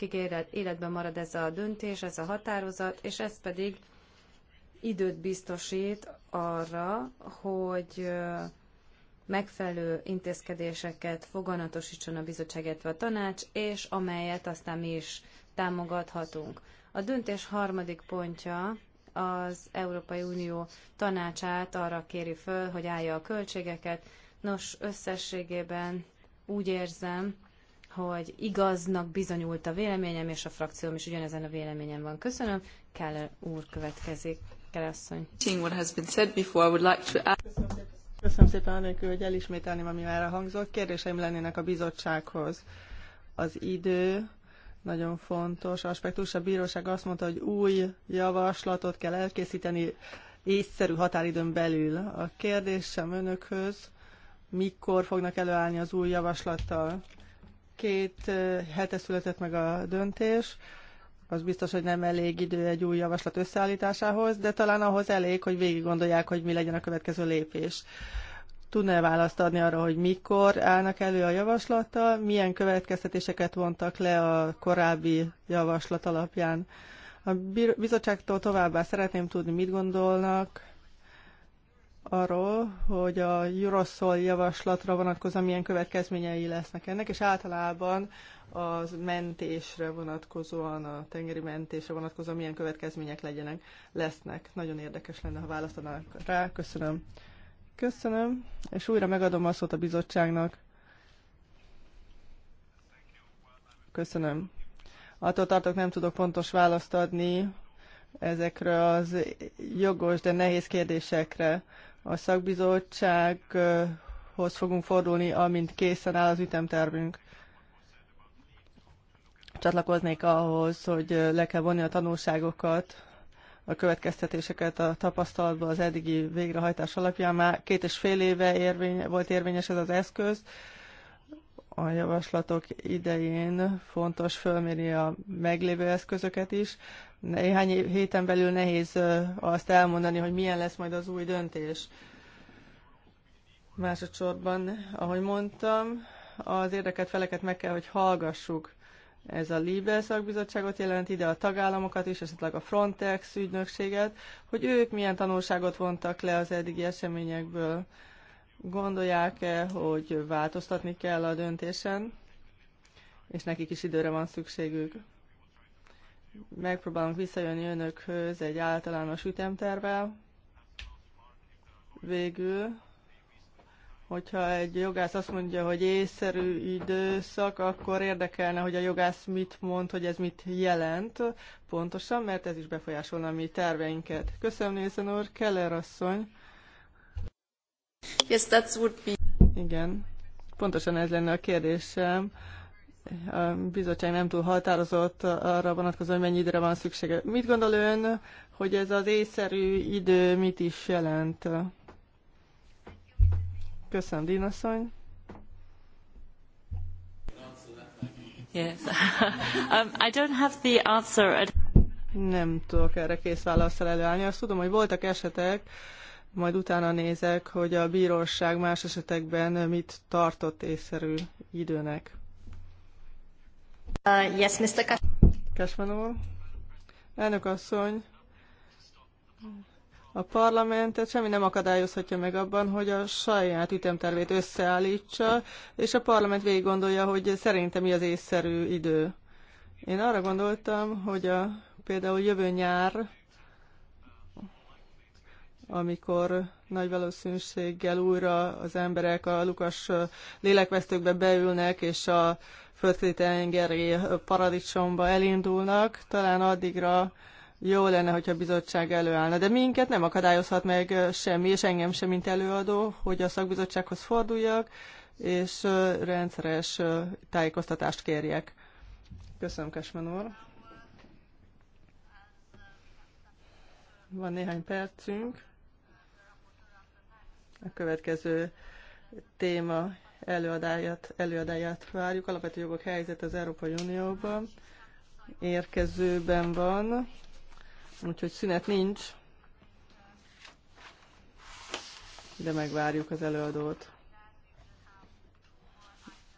életben marad ez a döntés, ez a határozat, és ez pedig időt biztosít arra, hogy megfelelő intézkedéseket foganatosítson a bizottság, illetve a tanács, és amelyet aztán mi is támogathatunk. A döntés harmadik pontja az Európai Unió tanácsát arra kéri föl, hogy állja a költségeket. Nos, összességében úgy érzem, hogy igaznak bizonyult a véleményem, és a frakcióm is ugyanezen a véleményen van. Köszönöm. Keller úr következik. Keresszony. Köszönöm szépen, anélkül, hogy elismételném, ami már Kérdéseim lennének a bizottsághoz. Az idő nagyon fontos aspektus. A bíróság azt mondta, hogy új javaslatot kell elkészíteni észszerű határidőn belül. A kérdésem önökhöz, mikor fognak előállni az új javaslattal? Két eh, hete született meg a döntés. Az biztos, hogy nem elég idő egy új javaslat összeállításához, de talán ahhoz elég, hogy végig gondolják, hogy mi legyen a következő lépés. tudná e választ adni arra, hogy mikor állnak elő a javaslattal, milyen következtetéseket vontak le a korábbi javaslat alapján? A bizottságtól továbbá szeretném tudni, mit gondolnak arról, hogy a Juroszol javaslatra vonatkozóan milyen következményei lesznek ennek, és általában az mentésre vonatkozóan, a tengeri mentésre vonatkozóan milyen következmények legyenek, lesznek. Nagyon érdekes lenne, ha választanak rá. Köszönöm. Köszönöm, és újra megadom a szót a bizottságnak. Köszönöm. Attól tartok, nem tudok pontos választ adni ezekre az jogos, de nehéz kérdésekre. A szakbizottsághoz fogunk fordulni, amint készen áll az ütemtervünk. Csatlakoznék ahhoz, hogy le kell vonni a tanulságokat, a következtetéseket a tapasztalatba az eddigi végrehajtás alapján. Már két és fél éve érvény, volt érvényes ez az eszköz. A javaslatok idején fontos fölmérni a meglévő eszközöket is, néhány héten belül nehéz azt elmondani, hogy milyen lesz majd az új döntés. Másodszorban, ahogy mondtam, az érdeket feleket meg kell, hogy hallgassuk. Ez a Libe szakbizottságot jelent ide, a tagállamokat is, esetleg a Frontex ügynökséget, hogy ők milyen tanulságot vontak le az eddigi eseményekből. Gondolják-e, hogy változtatni kell a döntésen, és nekik is időre van szükségük megpróbálunk visszajönni önökhöz egy általános ütemtervel. Végül, hogyha egy jogász azt mondja, hogy észszerű időszak, akkor érdekelne, hogy a jogász mit mond, hogy ez mit jelent pontosan, mert ez is befolyásolna a mi terveinket. Köszönöm, Nézen úr, Keller asszony. Yes, that's would be... Igen, pontosan ez lenne a kérdésem a bizottság nem túl határozott arra vonatkozóan, hogy mennyi időre van szüksége. Mit gondol ön, hogy ez az észszerű idő mit is jelent? Köszönöm, Dinasszony. Yes. um, I don't have the answer. Nem tudok erre kész válaszsal előállni. Azt tudom, hogy voltak esetek, majd utána nézek, hogy a bíróság más esetekben mit tartott észszerű időnek. Uh, yes, Mr. Kas- úr. Elnök asszony, a parlamentet semmi nem akadályozhatja meg abban, hogy a saját ütemtervét összeállítsa, és a parlament végig gondolja, hogy szerintem mi az észszerű idő. Én arra gondoltam, hogy a, például jövő nyár amikor nagy valószínűséggel újra az emberek a lukas lélekvesztőkbe beülnek, és a földkéti paradicsomba elindulnak, talán addigra jó lenne, hogyha a bizottság előállna. De minket nem akadályozhat meg semmi, és engem sem, mint előadó, hogy a szakbizottsághoz forduljak, és rendszeres tájékoztatást kérjek. Köszönöm, Kesmen úr. Van néhány percünk. A következő téma előadáját, előadáját várjuk. Alapvető jogok helyzet az Európai Unióban. Érkezőben van, úgyhogy szünet nincs, de megvárjuk az előadót.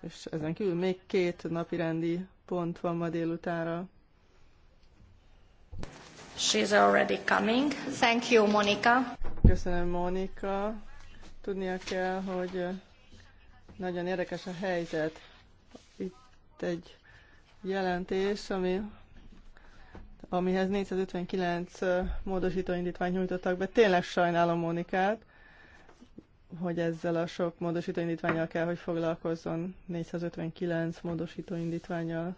És ezen kívül még két napi rendi pont van ma délutára. She's already coming. Thank you, Monica. Köszönöm, Monika. Tudnia kell, hogy nagyon érdekes a helyzet. Itt egy jelentés, ami, amihez 459 módosító indítványt nyújtottak be. Tényleg sajnálom Mónikát, hogy ezzel a sok módosító kell, hogy foglalkozzon. 459 módosító indítványjal.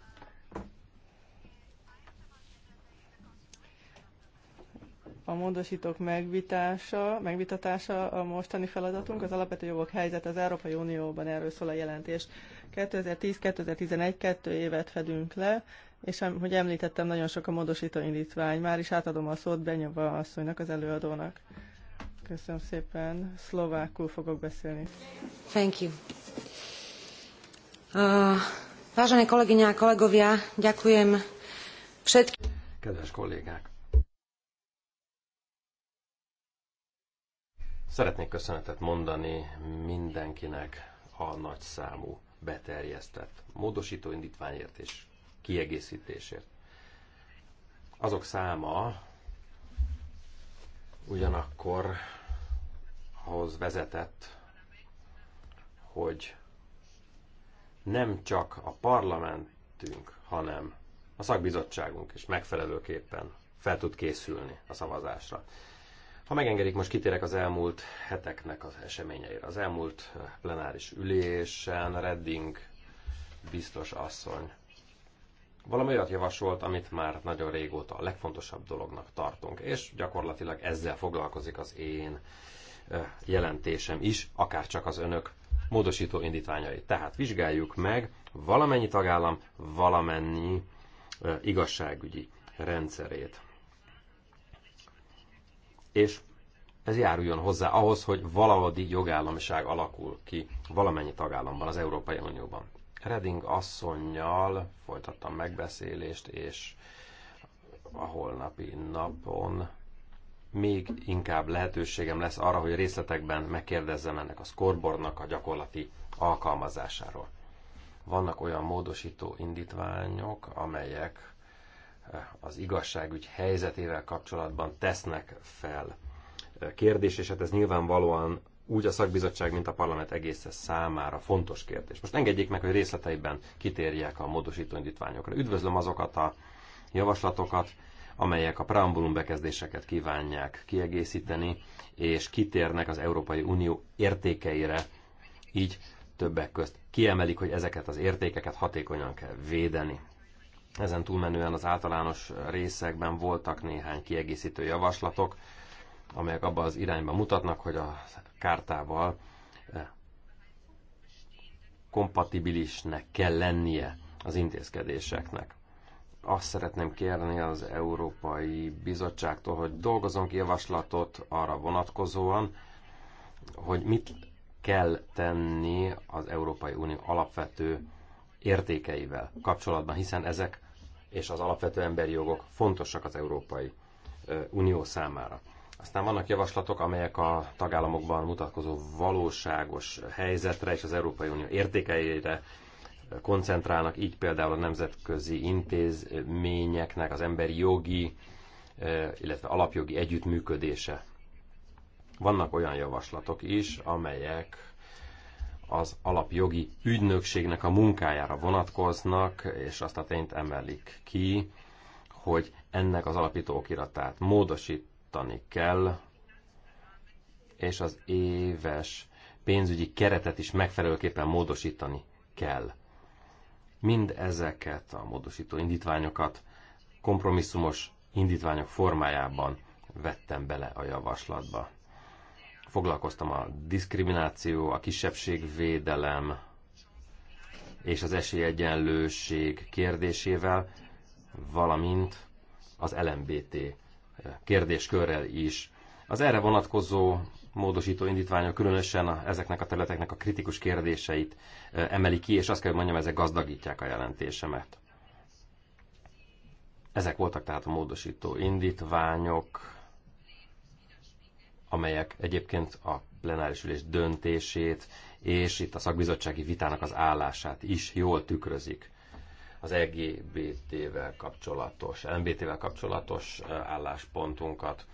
a módosítók megvitása, megvitatása a mostani feladatunk. Az alapvető jogok helyzet az Európai Unióban, erről szól a jelentés. 2010-2011 kettő évet fedünk le, és hogy említettem, nagyon sok a módosító indítvány. Már is átadom a szót Benyova asszonynak, az előadónak. Köszönöm szépen. Szlovákul fogok beszélni. Thank you. Uh, vážené kolegyne kolegovia, ďakujem všetkým. Kedves kollégák, Szeretnék köszönetet mondani mindenkinek a nagyszámú beterjesztett módosító indítványért és kiegészítésért. Azok száma ugyanakkor ahhoz vezetett, hogy nem csak a parlamentünk, hanem a szakbizottságunk is megfelelőképpen fel tud készülni a szavazásra. Ha megengedik, most kitérek az elmúlt heteknek az eseményeire. Az elmúlt plenáris ülésen Redding biztos asszony valami olyat javasolt, amit már nagyon régóta a legfontosabb dolognak tartunk, és gyakorlatilag ezzel foglalkozik az én jelentésem is, akár csak az önök módosító indítványai. Tehát vizsgáljuk meg valamennyi tagállam valamennyi igazságügyi rendszerét és ez járuljon hozzá ahhoz, hogy valahogy jogállamiság alakul ki valamennyi tagállamban, az Európai Unióban. Reding asszonynal folytattam megbeszélést, és a holnapi napon még inkább lehetőségem lesz arra, hogy részletekben megkérdezzem ennek a skorbornak a gyakorlati alkalmazásáról. Vannak olyan módosító indítványok, amelyek az igazságügy helyzetével kapcsolatban tesznek fel kérdés, és hát ez nyilvánvalóan úgy a szakbizottság, mint a parlament egésze számára fontos kérdés. Most engedjék meg, hogy részleteiben kitérjek a módosító indítványokra. Üdvözlöm azokat a javaslatokat, amelyek a preambulum bekezdéseket kívánják kiegészíteni, és kitérnek az Európai Unió értékeire, így többek közt kiemelik, hogy ezeket az értékeket hatékonyan kell védeni. Ezen túlmenően az általános részekben voltak néhány kiegészítő javaslatok, amelyek abba az irányba mutatnak, hogy a kártával eh, kompatibilisnek kell lennie az intézkedéseknek. Azt szeretném kérni az Európai Bizottságtól, hogy dolgozzon ki javaslatot arra vonatkozóan, hogy mit kell tenni az Európai Unió alapvető értékeivel kapcsolatban, hiszen ezek és az alapvető emberi jogok fontosak az Európai Unió számára. Aztán vannak javaslatok, amelyek a tagállamokban mutatkozó valóságos helyzetre és az Európai Unió értékeire koncentrálnak, így például a nemzetközi intézményeknek az emberi jogi, illetve alapjogi együttműködése. Vannak olyan javaslatok is, amelyek az alapjogi ügynökségnek a munkájára vonatkoznak, és azt a tényt emelik ki, hogy ennek az alapító okiratát módosítani kell, és az éves pénzügyi keretet is megfelelőképpen módosítani kell. Mind ezeket a módosító indítványokat kompromisszumos indítványok formájában vettem bele a javaslatba foglalkoztam a diszkrimináció, a kisebbségvédelem és az esélyegyenlőség kérdésével, valamint az LMBT kérdéskörrel is. Az erre vonatkozó módosító indítványa különösen a, ezeknek a területeknek a kritikus kérdéseit emeli ki, és azt kell, hogy mondjam, ezek gazdagítják a jelentésemet. Ezek voltak tehát a módosító indítványok, amelyek egyébként a plenáris ülés döntését és itt a szakbizottsági vitának az állását is jól tükrözik az lgbt e vel kapcsolatos, MBT-vel kapcsolatos eh, álláspontunkat,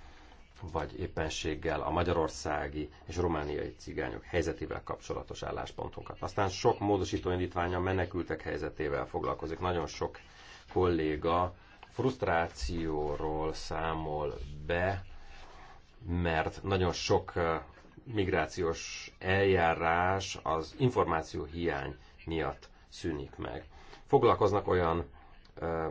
vagy éppenséggel a magyarországi és romániai cigányok helyzetével kapcsolatos álláspontunkat. Aztán sok módosító indítványa menekültek helyzetével foglalkozik. Nagyon sok kolléga frusztrációról számol be, mert nagyon sok migrációs eljárás az információ hiány miatt szűnik meg. Foglalkoznak olyan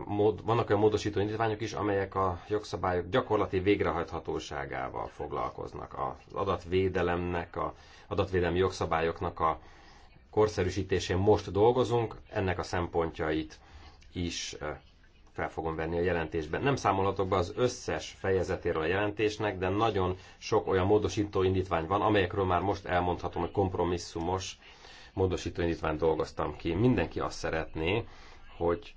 Mód, vannak olyan módosító indítványok is, amelyek a jogszabályok gyakorlati végrehajthatóságával foglalkoznak. Az adatvédelemnek, a adatvédelmi jogszabályoknak a korszerűsítésén most dolgozunk, ennek a szempontjait is fel fogom venni a jelentésben. Nem számolhatok be az összes fejezetéről a jelentésnek, de nagyon sok olyan módosító indítvány van, amelyekről már most elmondhatom, hogy kompromisszumos módosító indítványt dolgoztam ki. Mindenki azt szeretné, hogy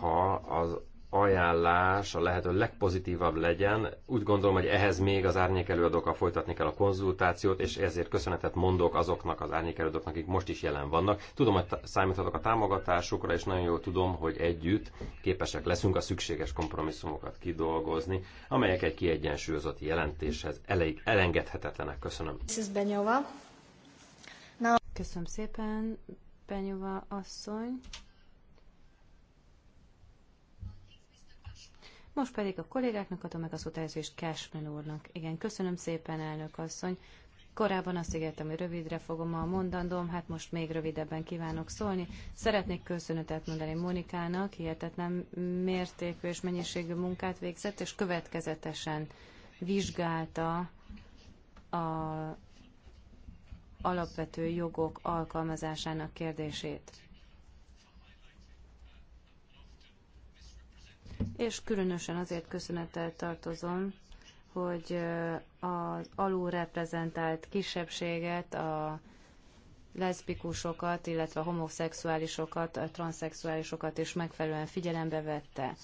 ha az ajánlás a lehető legpozitívabb legyen. Úgy gondolom, hogy ehhez még az árnyékelőadókkal folytatni kell a konzultációt, és ezért köszönetet mondok azoknak az árnyékelőadóknak, akik most is jelen vannak. Tudom, hogy számíthatok a támogatásukra, és nagyon jól tudom, hogy együtt képesek leszünk a szükséges kompromisszumokat kidolgozni, amelyek egy kiegyensúlyozott jelentéshez elég elengedhetetlenek. Köszönöm. Köszönöm szépen, Benyova asszony. Most pedig a kollégáknak adom meg az utánzést Cashman úrnak. Igen, köszönöm szépen, elnök asszony. Korábban azt ígértem, hogy rövidre fogom a mondandóm, hát most még rövidebben kívánok szólni. Szeretnék köszönetet mondani Monikának, hihetetlen mértékű és mennyiségű munkát végzett, és következetesen vizsgálta a alapvető jogok alkalmazásának kérdését. és különösen azért köszönettel tartozom, hogy az alulreprezentált kisebbséget, a leszbikusokat, illetve a homoszexuálisokat, a transzexuálisokat is megfelelően figyelembe vette,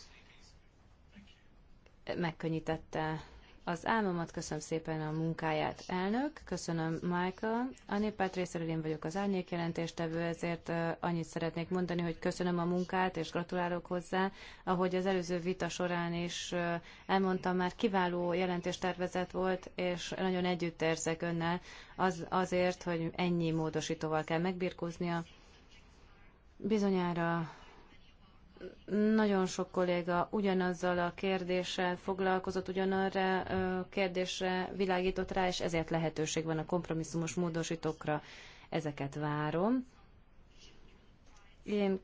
megkönnyítette az álmomat, köszönöm szépen a munkáját, elnök, köszönöm Michael. A néppárt részéről én vagyok az árnyék jelentéstevő, ezért annyit szeretnék mondani, hogy köszönöm a munkát, és gratulálok hozzá. Ahogy az előző vita során is elmondtam, már kiváló jelentéstervezet volt, és nagyon együtt érzek önnel az, azért, hogy ennyi módosítóval kell megbirkóznia. Bizonyára nagyon sok kolléga ugyanazzal a kérdéssel foglalkozott, ugyanarra a kérdésre világított rá, és ezért lehetőség van a kompromisszumos módosítókra. Ezeket várom. Én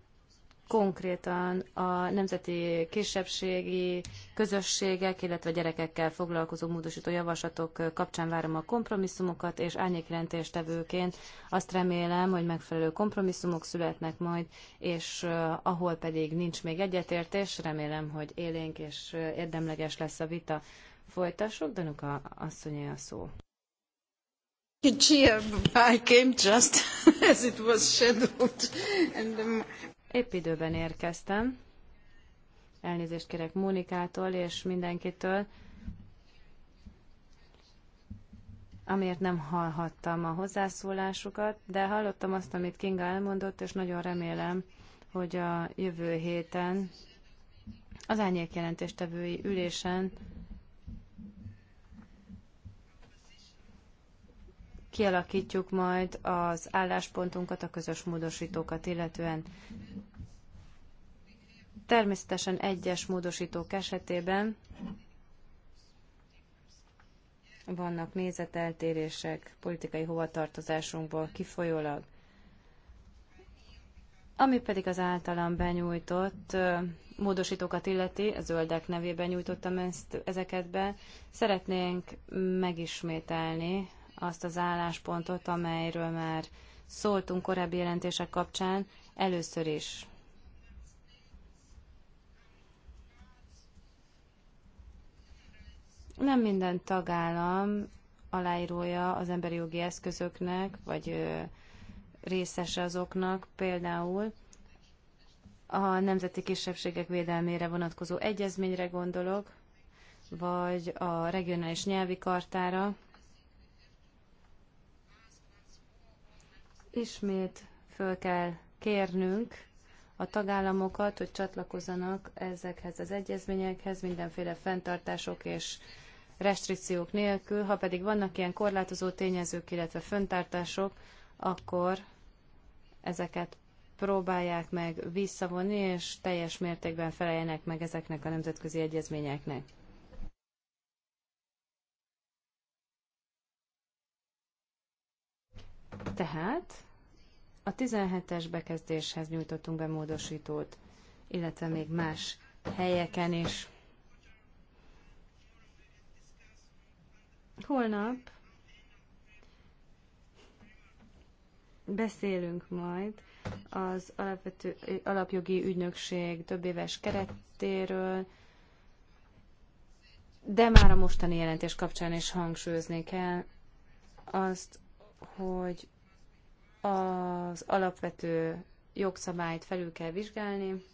konkrétan a nemzeti kisebbségi közösségek, illetve gyerekekkel foglalkozó módosító javaslatok kapcsán várom a kompromisszumokat, és árnyékjelentéstevőként azt remélem, hogy megfelelő kompromisszumok születnek majd, és eh, ahol pedig nincs még egyetértés, remélem, hogy élénk és érdemleges lesz a vita. Folytassuk, Danuka asszonyé a szó. I came just as it was scheduled, and um, Épp időben érkeztem. Elnézést kérek Mónikától és mindenkitől, amiért nem hallhattam a hozzászólásukat, de hallottam azt, amit Kinga elmondott, és nagyon remélem, hogy a jövő héten az árnyék jelentéstevői ülésen kialakítjuk majd az álláspontunkat, a közös módosítókat illetően. Természetesen egyes módosítók esetében vannak nézeteltérések politikai hovatartozásunkból kifolyólag. Ami pedig az általam benyújtott módosítókat illeti, a zöldek nevében nyújtottam ezt, ezeket be, szeretnénk megismételni azt az álláspontot, amelyről már szóltunk korábbi jelentések kapcsán először is. Nem minden tagállam aláírója az emberi jogi eszközöknek, vagy részese azoknak, például a nemzeti kisebbségek védelmére vonatkozó egyezményre gondolok, vagy a regionális nyelvi kartára, Ismét föl kell kérnünk a tagállamokat, hogy csatlakozzanak ezekhez az egyezményekhez mindenféle fenntartások és restrikciók nélkül. Ha pedig vannak ilyen korlátozó tényezők, illetve fenntartások, akkor ezeket próbálják meg visszavonni, és teljes mértékben feleljenek meg ezeknek a nemzetközi egyezményeknek. Tehát a 17-es bekezdéshez nyújtottunk be módosítót, illetve még más helyeken is. Holnap beszélünk majd az alapvető, alapjogi ügynökség több éves kerettéről, de már a mostani jelentés kapcsán is hangsúlyozni kell azt, hogy az alapvető jogszabályt felül kell vizsgálni,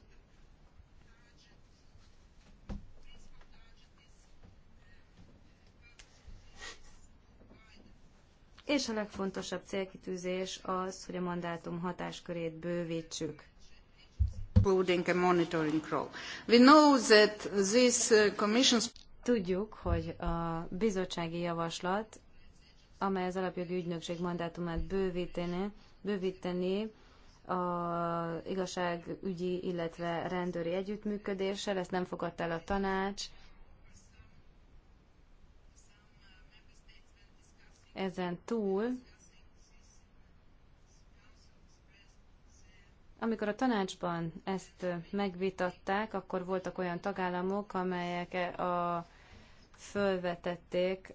És a legfontosabb célkitűzés az, hogy a mandátum hatáskörét bővítsük. Including a monitoring role. We know that this uh, commission's Tudjuk, hogy a bizottsági javaslat amely az alapjogi ügynökség mandátumát bővíteni, bővíteni a igazságügyi, illetve rendőri együttműködéssel. Ezt nem fogadta el a tanács. Ezen túl, amikor a tanácsban ezt megvitatták, akkor voltak olyan tagállamok, amelyek a fölvetették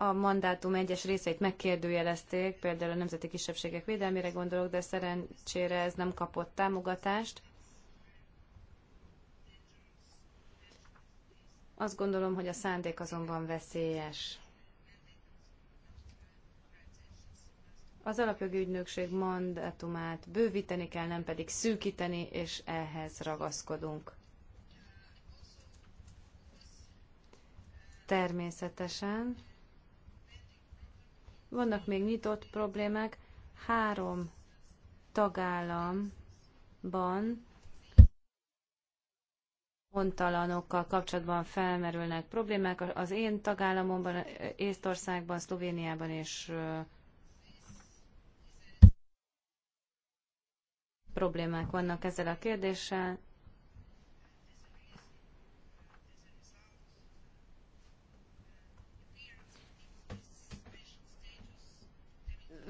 a mandátum egyes részeit megkérdőjelezték, például a nemzeti kisebbségek védelmére gondolok, de szerencsére ez nem kapott támogatást. Azt gondolom, hogy a szándék azonban veszélyes. Az alapjogi ügynökség mandátumát bővíteni kell, nem pedig szűkíteni, és ehhez ragaszkodunk. Természetesen vannak még nyitott problémák. Három tagállamban pontalanokkal kapcsolatban felmerülnek problémák. Az én tagállamomban, Észtországban, Szlovéniában és problémák vannak ezzel a kérdéssel.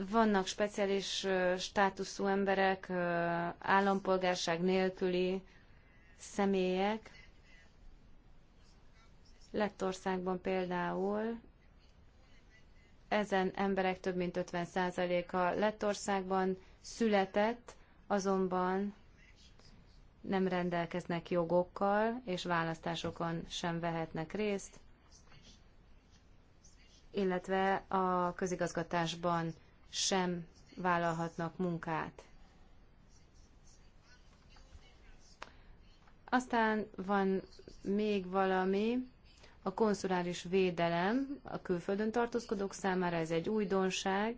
Vannak speciális státuszú emberek, állampolgárság nélküli személyek. Lettországban például ezen emberek több mint 50%-a Lettországban született, azonban nem rendelkeznek jogokkal, és választásokon sem vehetnek részt, illetve a közigazgatásban sem vállalhatnak munkát. Aztán van még valami, a konszuláris védelem a külföldön tartózkodók számára, ez egy újdonság,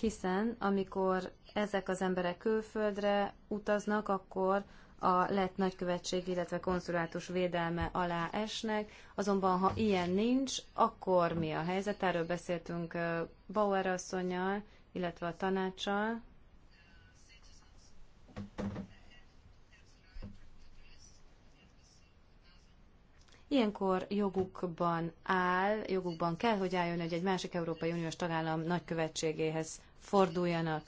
hiszen amikor ezek az emberek külföldre utaznak, akkor a lett nagykövetség, illetve konszulátus védelme alá esnek, azonban ha ilyen nincs, akkor mi a helyzet? Erről beszéltünk Bauer asszonyjal, illetve a tanácssal. Ilyenkor jogukban áll, jogukban kell, hogy álljon, hogy egy másik Európai Uniós tagállam nagykövetségéhez forduljanak.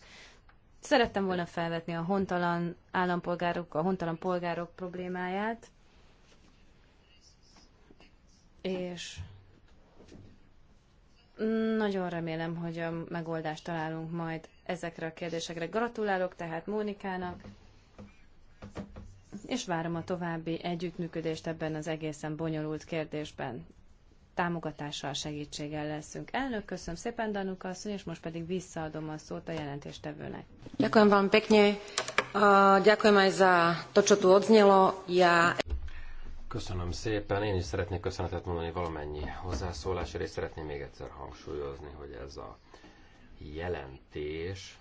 Szerettem volna felvetni a hontalan állampolgárok, a hontalan polgárok problémáját, és nagyon remélem, hogy a megoldást találunk majd ezekre a kérdésekre. Gratulálok tehát Mónikának, és várom a további együttműködést ebben az egészen bonyolult kérdésben támogatással, segítséggel leszünk. Elnök, köszönöm szépen, Danuka asszony, és most pedig visszaadom a szót a jelentéstevőnek. Köszönöm vám pekne. Ďakujem aj za to, co tu odznelo. Ja... Köszönöm szépen. Én is szeretnék köszönetet mondani valamennyi hozzászólásért, és szeretném még egyszer hangsúlyozni, hogy ez a jelentés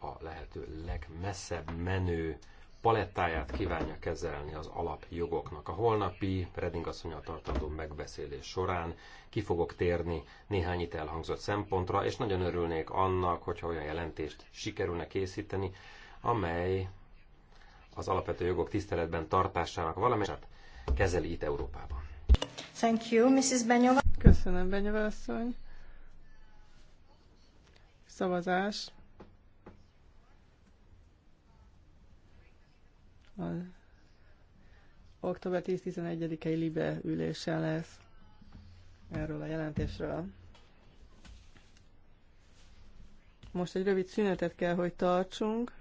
a lehető legmesszebb menő palettáját kívánja kezelni az alapjogoknak. A holnapi Reding asszonyal tartandó megbeszélés során ki fogok térni néhány itt elhangzott szempontra, és nagyon örülnék annak, hogyha olyan jelentést sikerülne készíteni, amely az alapvető jogok tiszteletben tartásának valamelyet kezeli itt Európában. Thank you, Mrs. Benyova. Köszönöm, Benyova asszony. Szavazás az október 10-11-i Libe ülése lesz erről a jelentésről. Most egy rövid szünetet kell, hogy tartsunk.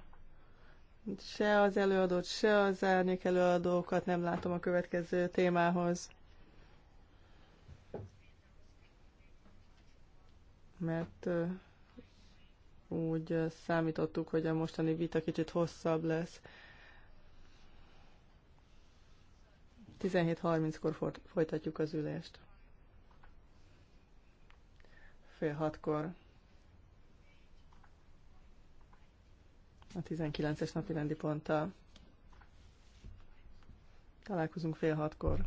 Se az előadót, se az árnyék előadókat nem látom a következő témához. Mert úgy számítottuk, hogy a mostani vita kicsit hosszabb lesz. 17.30-kor folytatjuk az ülést. Fél hatkor. A 19-es napi rendi ponttal. Találkozunk fél hatkor.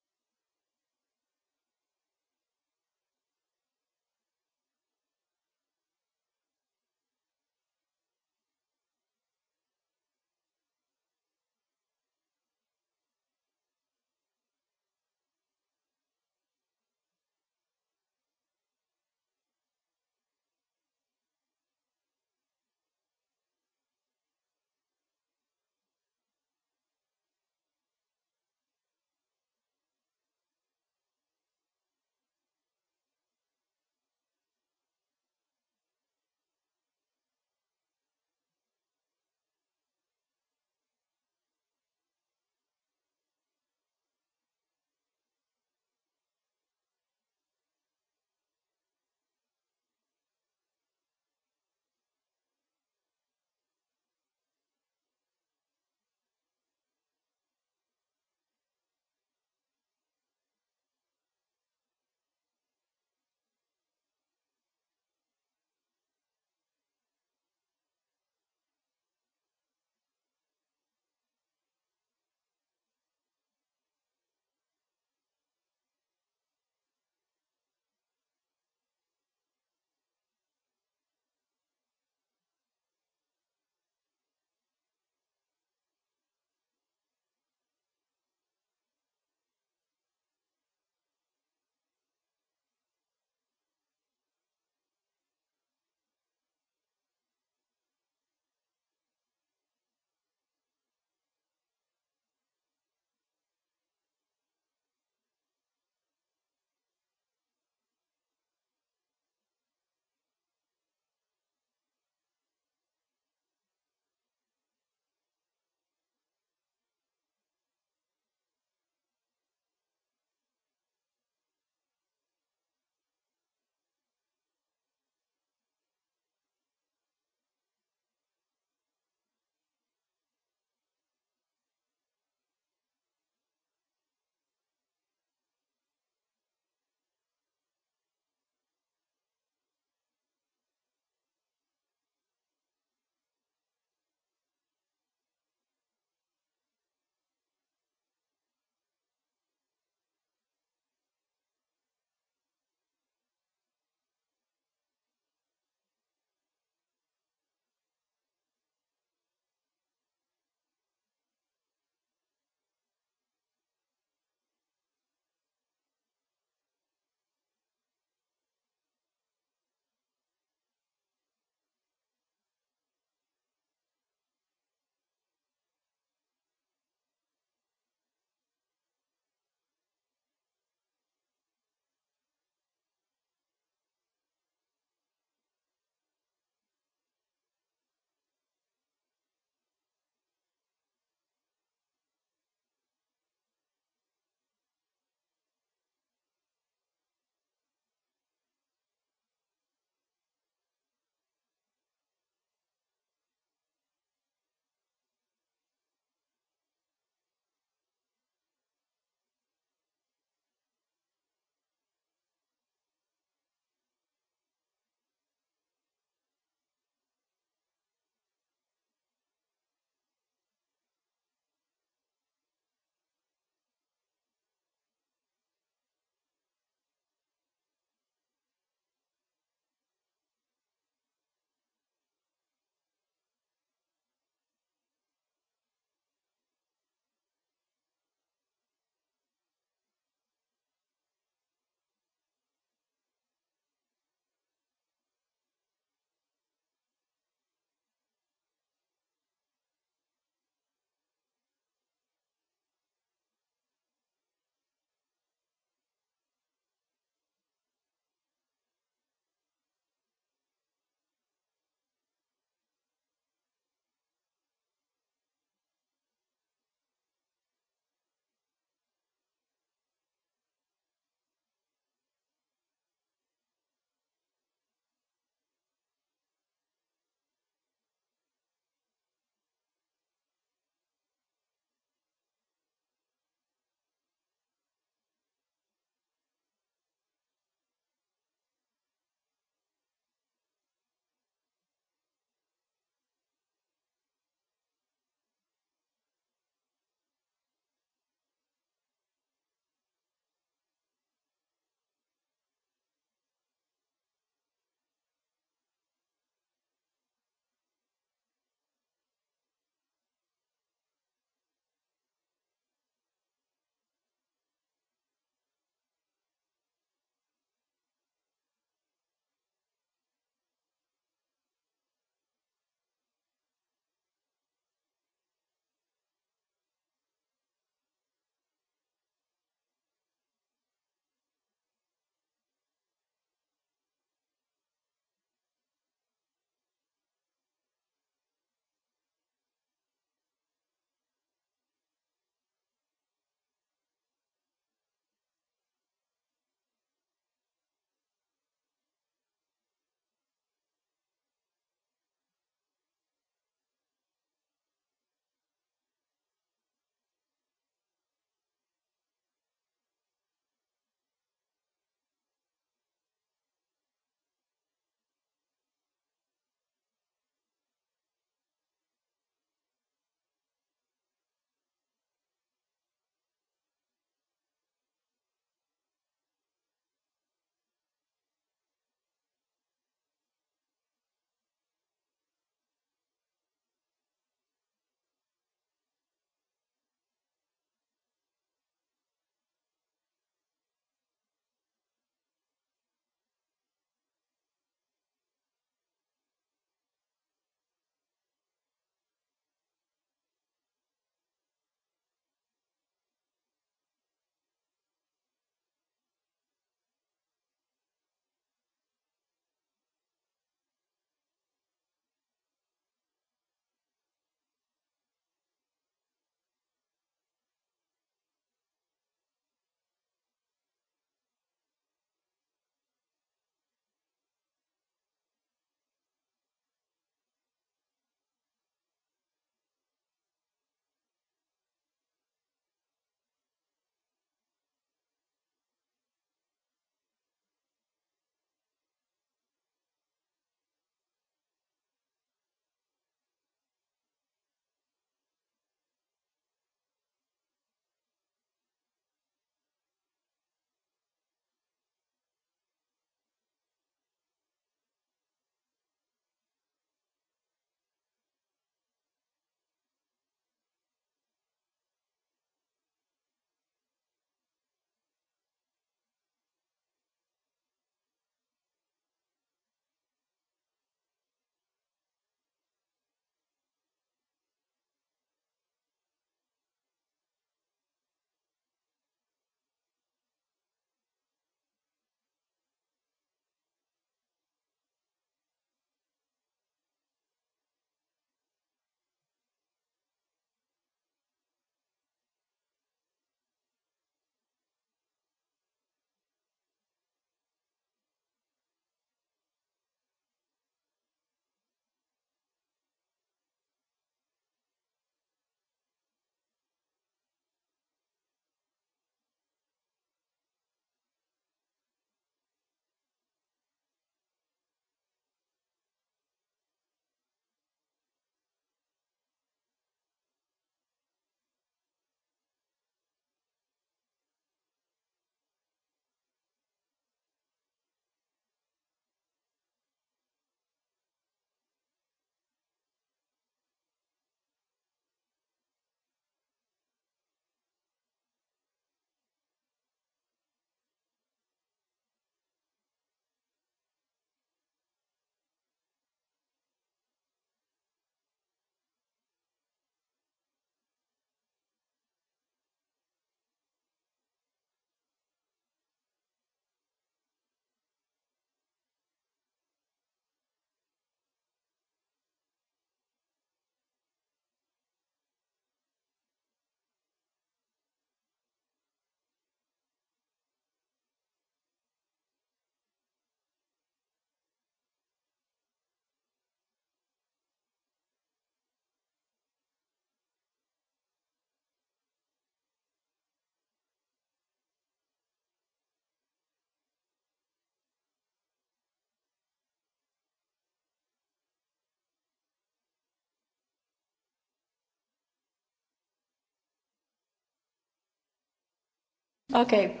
Okay.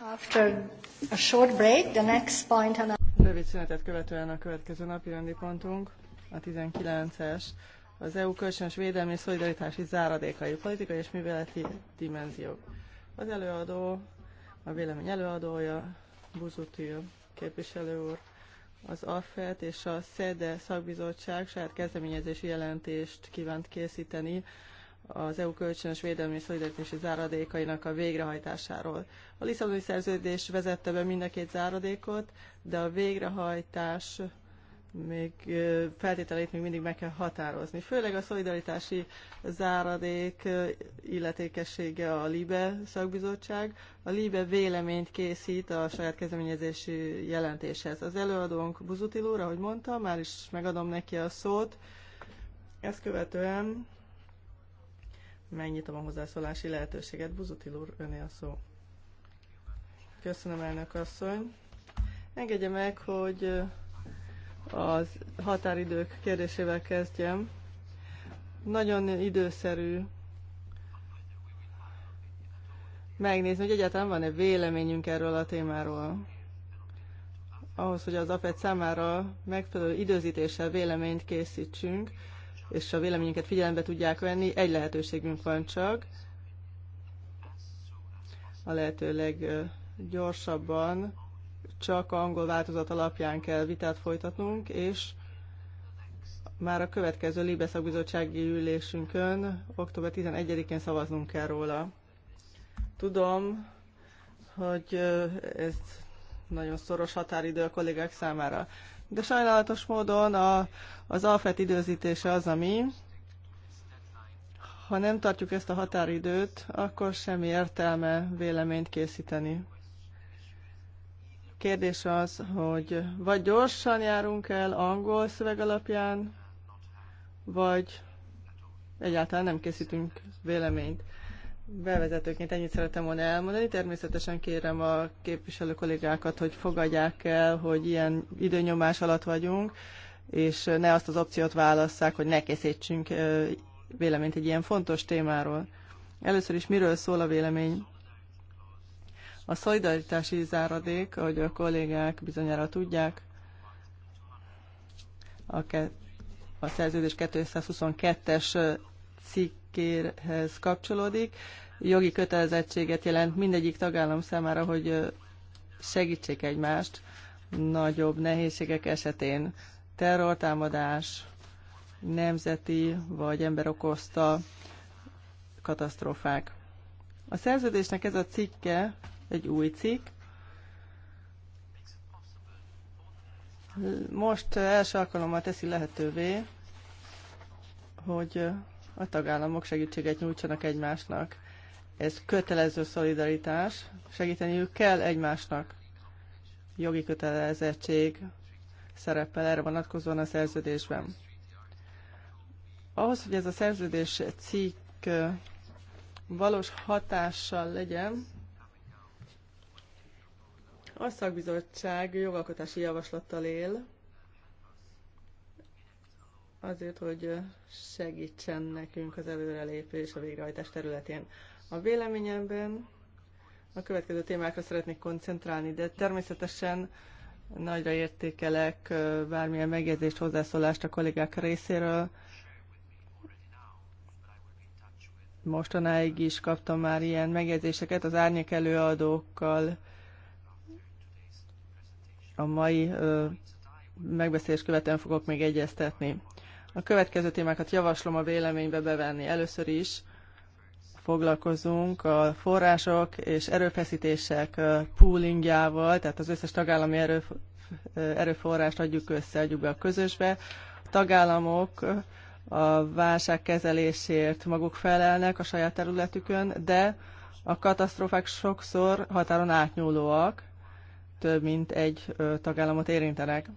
After a short break, the next point on Rövid szünetet követően a következő napi rendi pontunk, a 19-es, az EU kölcsönös védelmi és szolidaritási záradékai politikai és műveleti dimenziók. Az előadó, a vélemény előadója, Buzuti képviselő úr, az AFET és a SZEDE szakbizottság saját kezdeményezési jelentést kívánt készíteni az EU kölcsönös védelmi és szolidaritási záradékainak a végrehajtásáról. A Lisszaboni szerződés vezette be mind a két záradékot, de a végrehajtás még feltételeit még mindig meg kell határozni. Főleg a szolidaritási záradék illetékessége a LIBE szakbizottság. A LIBE véleményt készít a saját kezdeményezési jelentéshez. Az előadónk Buzutil úr, ahogy mondta, már is megadom neki a szót. Ezt követően Megnyitom a hozzászólási lehetőséget. Buzuti úr, öné a szó. Köszönöm, elnök asszony. Engedje meg, hogy az határidők kérdésével kezdjem. Nagyon időszerű megnézni, hogy egyáltalán van-e véleményünk erről a témáról. Ahhoz, hogy az APET számára megfelelő időzítéssel véleményt készítsünk, és a véleményünket figyelembe tudják venni. Egy lehetőségünk van csak, a lehető leggyorsabban csak angol változat alapján kell vitát folytatnunk, és már a következő Libe szakbizottsági ülésünkön, október 11-én szavaznunk kell róla. Tudom, hogy ez nagyon szoros határidő a kollégák számára. De sajnálatos módon a, az alfet időzítése az, ami, ha nem tartjuk ezt a határidőt, akkor semmi értelme véleményt készíteni. Kérdés az, hogy vagy gyorsan járunk el angol szöveg alapján, vagy egyáltalán nem készítünk véleményt. Bevezetőként ennyit szeretem volna elmondani. Természetesen kérem a képviselő kollégákat, hogy fogadják el, hogy ilyen időnyomás alatt vagyunk, és ne azt az opciót válasszák, hogy ne készítsünk véleményt egy ilyen fontos témáról. Először is miről szól a vélemény? A szolidaritási záradék, ahogy a kollégák bizonyára tudják, a, ke- a szerződés 222-es cikk kérhez kapcsolódik. Jogi kötelezettséget jelent mindegyik tagállam számára, hogy segítsék egymást nagyobb nehézségek esetén. Terrortámadás, nemzeti vagy ember okozta katasztrófák. A szerződésnek ez a cikke egy új cikk. Most első alkalommal teszi lehetővé, hogy a tagállamok segítséget nyújtsanak egymásnak. Ez kötelező szolidaritás, segíteniük kell egymásnak. Jogi kötelezettség szerepel erre vonatkozóan a szerződésben. Ahhoz, hogy ez a szerződés cikk valós hatással legyen, a szakbizottság jogalkotási javaslattal él, azért, hogy segítsen nekünk az előrelépés a végrehajtás területén. A véleményemben a következő témákra szeretnék koncentrálni, de természetesen nagyra értékelek bármilyen megjegyzést, hozzászólást a kollégák részéről. Mostanáig is kaptam már ilyen megjegyzéseket az árnyék előadókkal. A mai megbeszélés követően fogok még egyeztetni. A következő témákat javaslom a véleménybe bevenni. Először is foglalkozunk a források és erőfeszítések poolingjával, tehát az összes tagállami erő, erőforrást adjuk össze, adjuk be a közösbe. A tagállamok a válság kezelésért maguk felelnek a saját területükön, de a katasztrófák sokszor határon átnyúlóak, több mint egy tagállamot érintenek.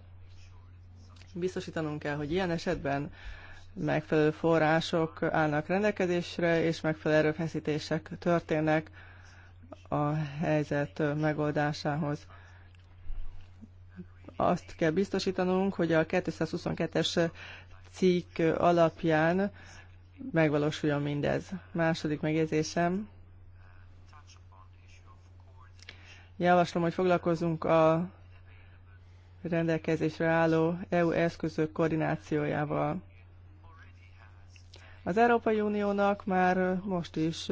Biztosítanunk kell, hogy ilyen esetben megfelelő források állnak rendelkezésre, és megfelelő erőfeszítések történnek a helyzet megoldásához. Azt kell biztosítanunk, hogy a 222-es cikk alapján megvalósuljon mindez. Második megjegyzésem. Javaslom, hogy foglalkozunk a rendelkezésre álló EU eszközök koordinációjával. Az Európai Uniónak már most is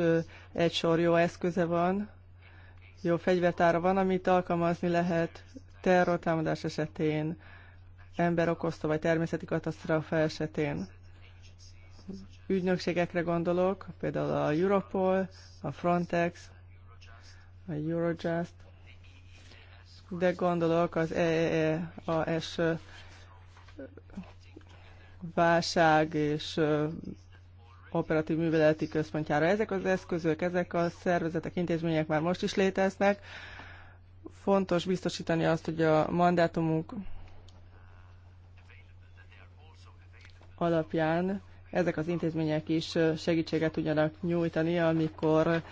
egy sor jó eszköze van, jó fegyvertára van, amit alkalmazni lehet terrortámadás esetén, ember okozta vagy természeti katasztrófa esetén. Ügynökségekre gondolok, például a Europol, a Frontex, a Eurojust, de gondolok az EEAS e válság és operatív műveleti központjára. Ezek az eszközök, ezek a szervezetek, intézmények már most is léteznek. Fontos biztosítani azt, hogy a mandátumunk alapján ezek az intézmények is segítséget tudjanak nyújtani, amikor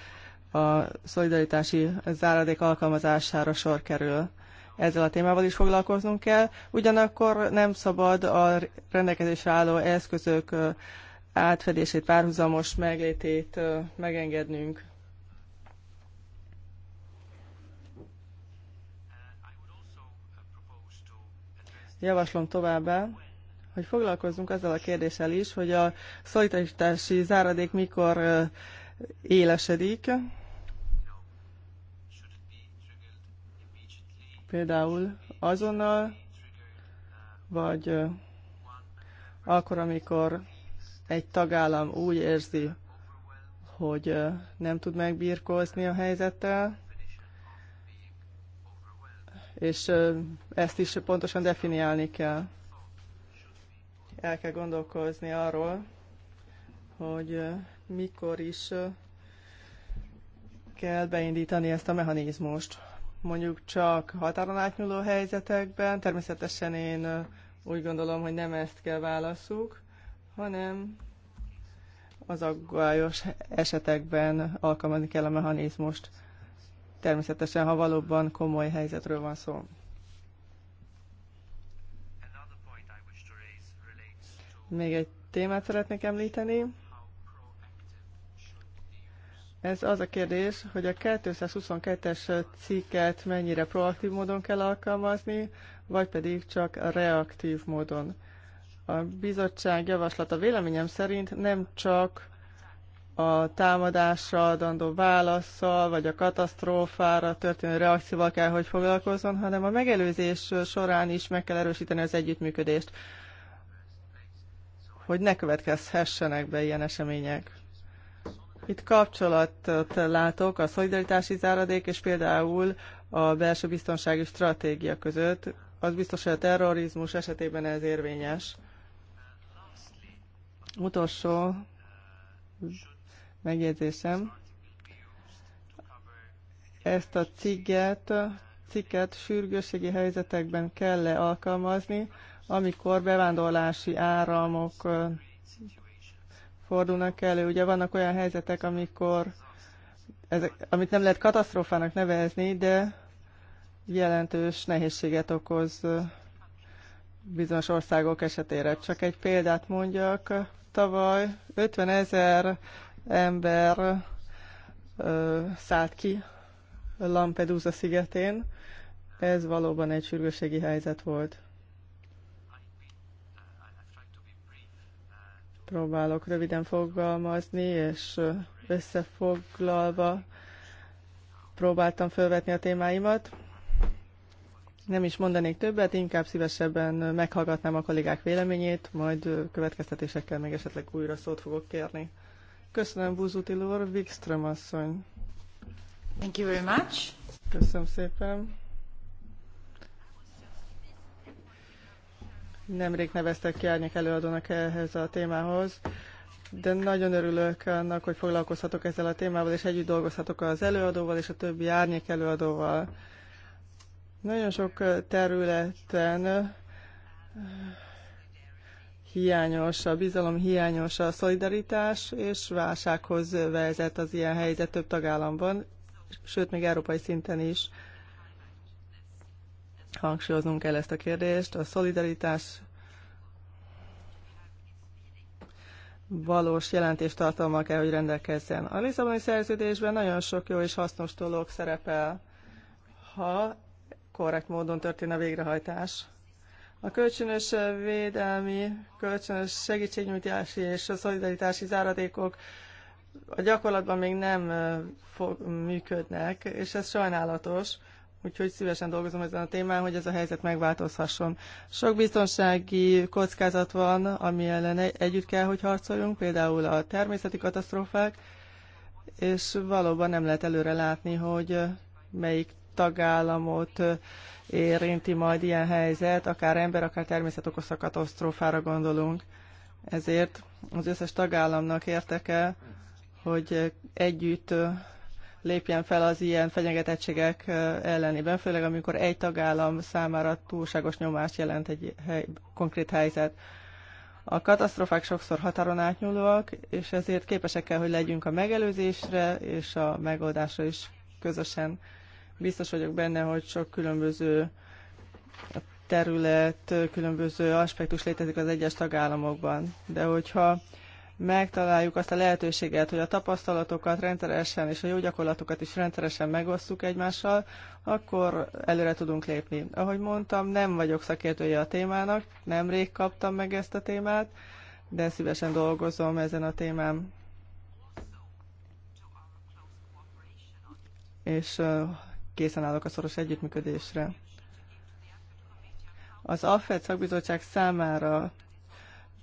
a szolidaritási záradék alkalmazására sor kerül. Ezzel a témával is foglalkoznunk kell. Ugyanakkor nem szabad a rendelkezésre álló eszközök átfedését, párhuzamos meglétét megengednünk. Javaslom továbbá, hogy foglalkozzunk azzal a kérdéssel is, hogy a szolidaritási záradék mikor élesedik, Például azonnal, vagy akkor, amikor egy tagállam úgy érzi, hogy nem tud megbírkozni a helyzettel, és ezt is pontosan definiálni kell. El kell gondolkozni arról, hogy mikor is kell beindítani ezt a mechanizmust mondjuk csak határon átnyúló helyzetekben. Természetesen én úgy gondolom, hogy nem ezt kell válaszuk, hanem az aggályos esetekben alkalmazni kell a mechanizmust. Természetesen, ha valóban komoly helyzetről van szó. Még egy témát szeretnék említeni. Ez az a kérdés, hogy a 222-es cikket mennyire proaktív módon kell alkalmazni, vagy pedig csak reaktív módon. A bizottság javaslata véleményem szerint nem csak a támadásra adandó válaszsal, vagy a katasztrófára történő reakcióval kell, hogy foglalkozzon, hanem a megelőzés során is meg kell erősíteni az együttműködést, hogy ne következhessenek be ilyen események. Itt kapcsolatot látok a szolidaritási záradék és például a belső biztonsági stratégia között. Az biztos, hogy a terrorizmus esetében ez érvényes. Utolsó megjegyzésem. Ezt a cikket, cikket sürgősségi helyzetekben kell -e alkalmazni, amikor bevándorlási áramok fordulnak elő. Ugye vannak olyan helyzetek, amikor, ezek, amit nem lehet katasztrófának nevezni, de jelentős nehézséget okoz bizonyos országok esetére. Csak egy példát mondjak, tavaly 50 ezer ember ö, szállt ki Lampedusa szigetén. Ez valóban egy sürgőségi helyzet volt. Próbálok röviden fogalmazni, és összefoglalva próbáltam felvetni a témáimat. Nem is mondanék többet, inkább szívesebben meghallgatnám a kollégák véleményét, majd következtetésekkel még esetleg újra szót fogok kérni. Köszönöm, Búzutilor, Wikström asszony. Thank you very much. Köszönöm szépen. Nemrég neveztek ki árnyék előadónak ehhez a témához, de nagyon örülök annak, hogy foglalkozhatok ezzel a témával, és együtt dolgozhatok az előadóval és a többi árnyék előadóval. Nagyon sok területen hiányos, a bizalom hiányos, a szolidaritás, és válsághoz vezet az ilyen helyzet több tagállamban, sőt, még európai szinten is. Hangsúlyoznunk kell ezt a kérdést. A szolidaritás valós jelentéstartalma kell, hogy rendelkezzen. A Lisszaboni szerződésben nagyon sok jó és hasznos dolog szerepel, ha korrekt módon történne a végrehajtás. A kölcsönös védelmi, kölcsönös segítségnyújtási és a szolidaritási záradékok a gyakorlatban még nem fog, működnek, és ez sajnálatos, úgyhogy szívesen dolgozom ezen a témán, hogy ez a helyzet megváltozhasson. Sok biztonsági kockázat van, ami ellen együtt kell, hogy harcoljunk, például a természeti katasztrófák, és valóban nem lehet előre látni, hogy melyik tagállamot érinti majd ilyen helyzet, akár ember, akár természet okozta katasztrófára gondolunk. Ezért az összes tagállamnak érteke, hogy együtt lépjen fel az ilyen fenyegetettségek ellenében, főleg amikor egy tagállam számára túlságos nyomást jelent egy hely, konkrét helyzet. A katasztrofák sokszor határon átnyúlóak, és ezért képesek kell, hogy legyünk a megelőzésre és a megoldásra is közösen. Biztos vagyok benne, hogy sok különböző terület, különböző aspektus létezik az egyes tagállamokban. De hogyha megtaláljuk azt a lehetőséget, hogy a tapasztalatokat rendszeresen és a jó gyakorlatokat is rendszeresen megosszuk egymással, akkor előre tudunk lépni. Ahogy mondtam, nem vagyok szakértője a témának, nemrég kaptam meg ezt a témát, de szívesen dolgozom ezen a témán. És készen állok a szoros együttműködésre. Az AFED szakbizottság számára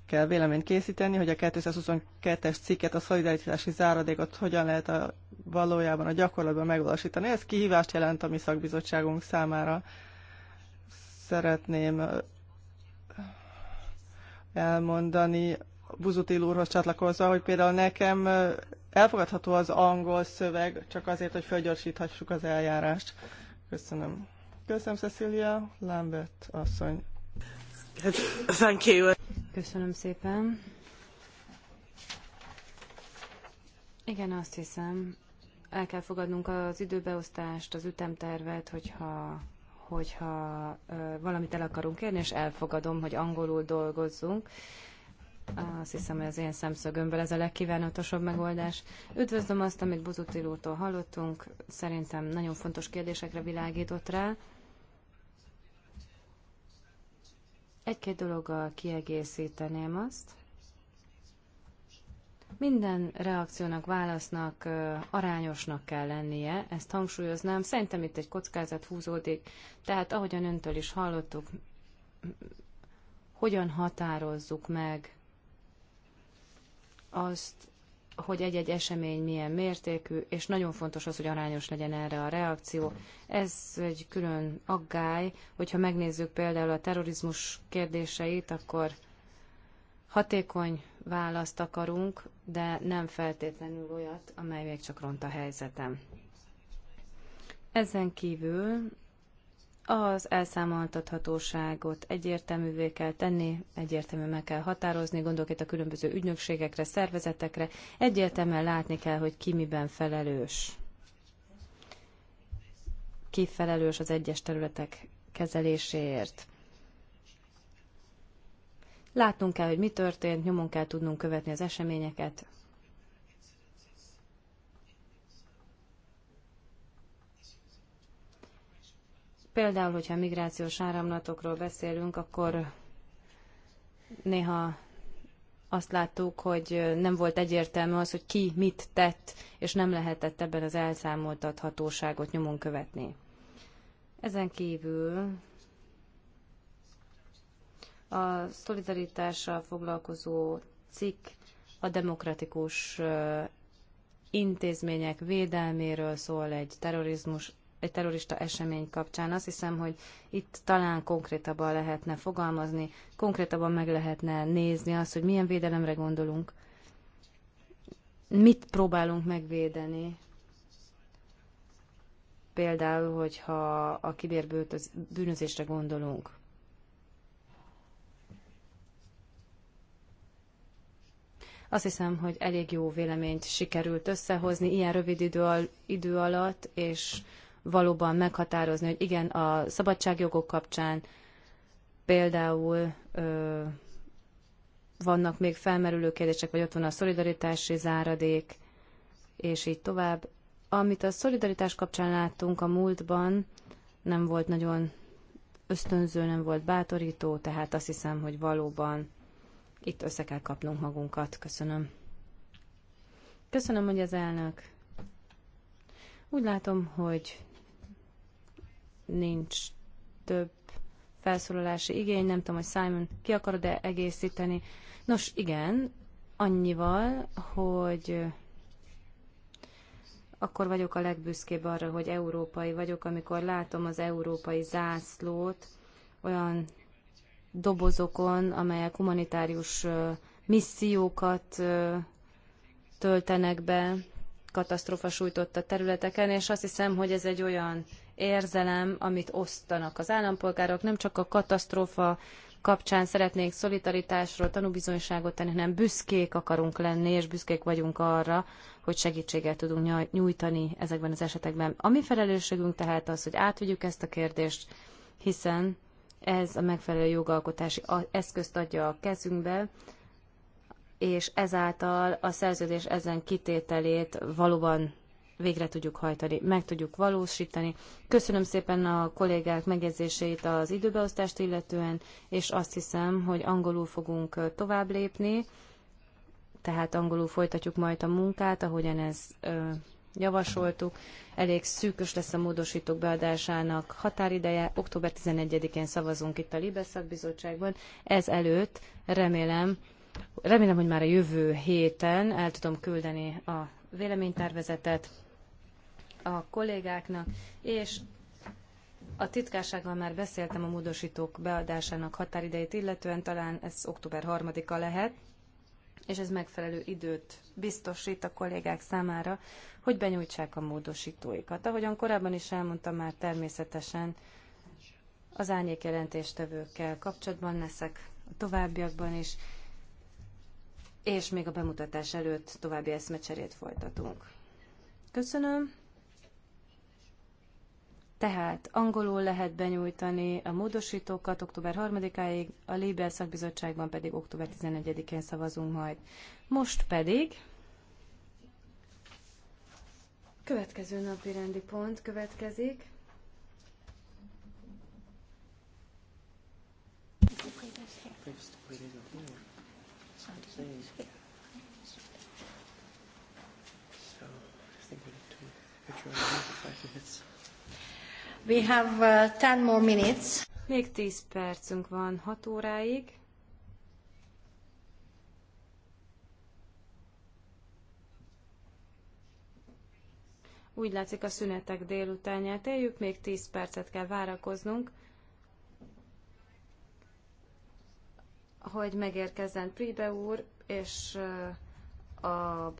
kell véleményt készíteni, hogy a 222-es cikket, a szolidaritási záradékot hogyan lehet a, valójában a gyakorlatban megvalósítani. Ez kihívást jelent a mi szakbizottságunk számára. Szeretném elmondani Buzutil úrhoz csatlakozva, hogy például nekem elfogadható az angol szöveg, csak azért, hogy felgyorsíthassuk az eljárást. Köszönöm. Köszönöm, Cecilia. Lambert asszony. Thank you. Köszönöm szépen. Igen, azt hiszem, el kell fogadnunk az időbeosztást, az ütemtervet, hogyha, hogyha valamit el akarunk érni, és elfogadom, hogy angolul dolgozzunk. Azt hiszem, hogy az én szemszögömből ez a legkívánatosabb megoldás. Üdvözlöm azt, amit Buzutil úrtól hallottunk. Szerintem nagyon fontos kérdésekre világított rá. Egy-két dologgal kiegészíteném azt. Minden reakciónak, válasznak arányosnak kell lennie, ezt hangsúlyoznám. Szerintem itt egy kockázat húzódik, tehát ahogyan öntől is hallottuk, hogyan határozzuk meg azt, hogy egy-egy esemény milyen mértékű, és nagyon fontos az, hogy arányos legyen erre a reakció. Ez egy külön aggály, hogyha megnézzük például a terrorizmus kérdéseit, akkor hatékony választ akarunk, de nem feltétlenül olyat, amely még csak ront a helyzetem. Ezen kívül az elszámoltathatóságot egyértelművé kell tenni, egyértelműen meg kell határozni, gondolok itt a különböző ügynökségekre, szervezetekre, egyértelműen látni kell, hogy ki miben felelős. Ki felelős az egyes területek kezeléséért. Látnunk kell, hogy mi történt, nyomon kell tudnunk követni az eseményeket, Például, hogyha migrációs áramlatokról beszélünk, akkor néha azt láttuk, hogy nem volt egyértelmű az, hogy ki mit tett, és nem lehetett ebben az elszámoltathatóságot nyomon követni. Ezen kívül a szolidaritással foglalkozó cikk a demokratikus intézmények védelméről szól egy terrorizmus egy terrorista esemény kapcsán. Azt hiszem, hogy itt talán konkrétabban lehetne fogalmazni, konkrétabban meg lehetne nézni azt, hogy milyen védelemre gondolunk, mit próbálunk megvédeni. Például, hogyha a kibérbűnözésre gondolunk, Azt hiszem, hogy elég jó véleményt sikerült összehozni ilyen rövid idő, al- idő alatt, és valóban meghatározni, hogy igen, a szabadságjogok kapcsán például ö, vannak még felmerülő kérdések, vagy ott van a szolidaritási záradék, és így tovább. Amit a szolidaritás kapcsán láttunk a múltban, nem volt nagyon ösztönző, nem volt bátorító, tehát azt hiszem, hogy valóban itt össze kell kapnunk magunkat. Köszönöm. Köszönöm, hogy az elnök. Úgy látom, hogy nincs több felszólalási igény, nem tudom, hogy Simon ki akarod-e egészíteni. Nos, igen, annyival, hogy akkor vagyok a legbüszkébb arra, hogy európai vagyok, amikor látom az európai zászlót olyan dobozokon, amelyek humanitárius missziókat töltenek be katasztrófa sújtotta területeken, és azt hiszem, hogy ez egy olyan érzelem, amit osztanak az állampolgárok. Nem csak a katasztrófa kapcsán szeretnénk szolidaritásról tanúbizonyságot tenni, hanem büszkék akarunk lenni, és büszkék vagyunk arra, hogy segítséget tudunk nyújtani ezekben az esetekben. A mi felelősségünk tehát az, hogy átvegyük ezt a kérdést, hiszen ez a megfelelő jogalkotási eszközt adja a kezünkbe, és ezáltal a szerződés ezen kitételét valóban végre tudjuk hajtani, meg tudjuk valósítani. Köszönöm szépen a kollégák megjegyzéseit az időbeosztást illetően, és azt hiszem, hogy angolul fogunk tovább lépni, tehát angolul folytatjuk majd a munkát, ahogyan ez ö, javasoltuk. Elég szűkös lesz a módosítók beadásának határideje. Október 11-én szavazunk itt a Libeszak bizottságban. Ez előtt remélem, remélem, hogy már a jövő héten el tudom küldeni a véleménytervezetet a kollégáknak, és a titkársággal már beszéltem a módosítók beadásának határidejét illetően, talán ez október 3-a lehet, és ez megfelelő időt biztosít a kollégák számára, hogy benyújtsák a módosítóikat. Ahogyan korábban is elmondtam, már természetesen az árnyék jelentéstevőkkel kapcsolatban leszek a továbbiakban is, és még a bemutatás előtt további eszmecserét folytatunk. Köszönöm. Tehát angolul lehet benyújtani a módosítókat október 3-áig, a Libel szakbizottságban pedig október 11-én szavazunk majd. Most pedig következő napi rendi pont következik. Thank you We have uh, more minutes. Még tíz percünk van hat óráig. Úgy látszik a szünetek délutánját éljük, még tíz percet kell várakoznunk, hogy megérkezzen Pribe úr, és uh, a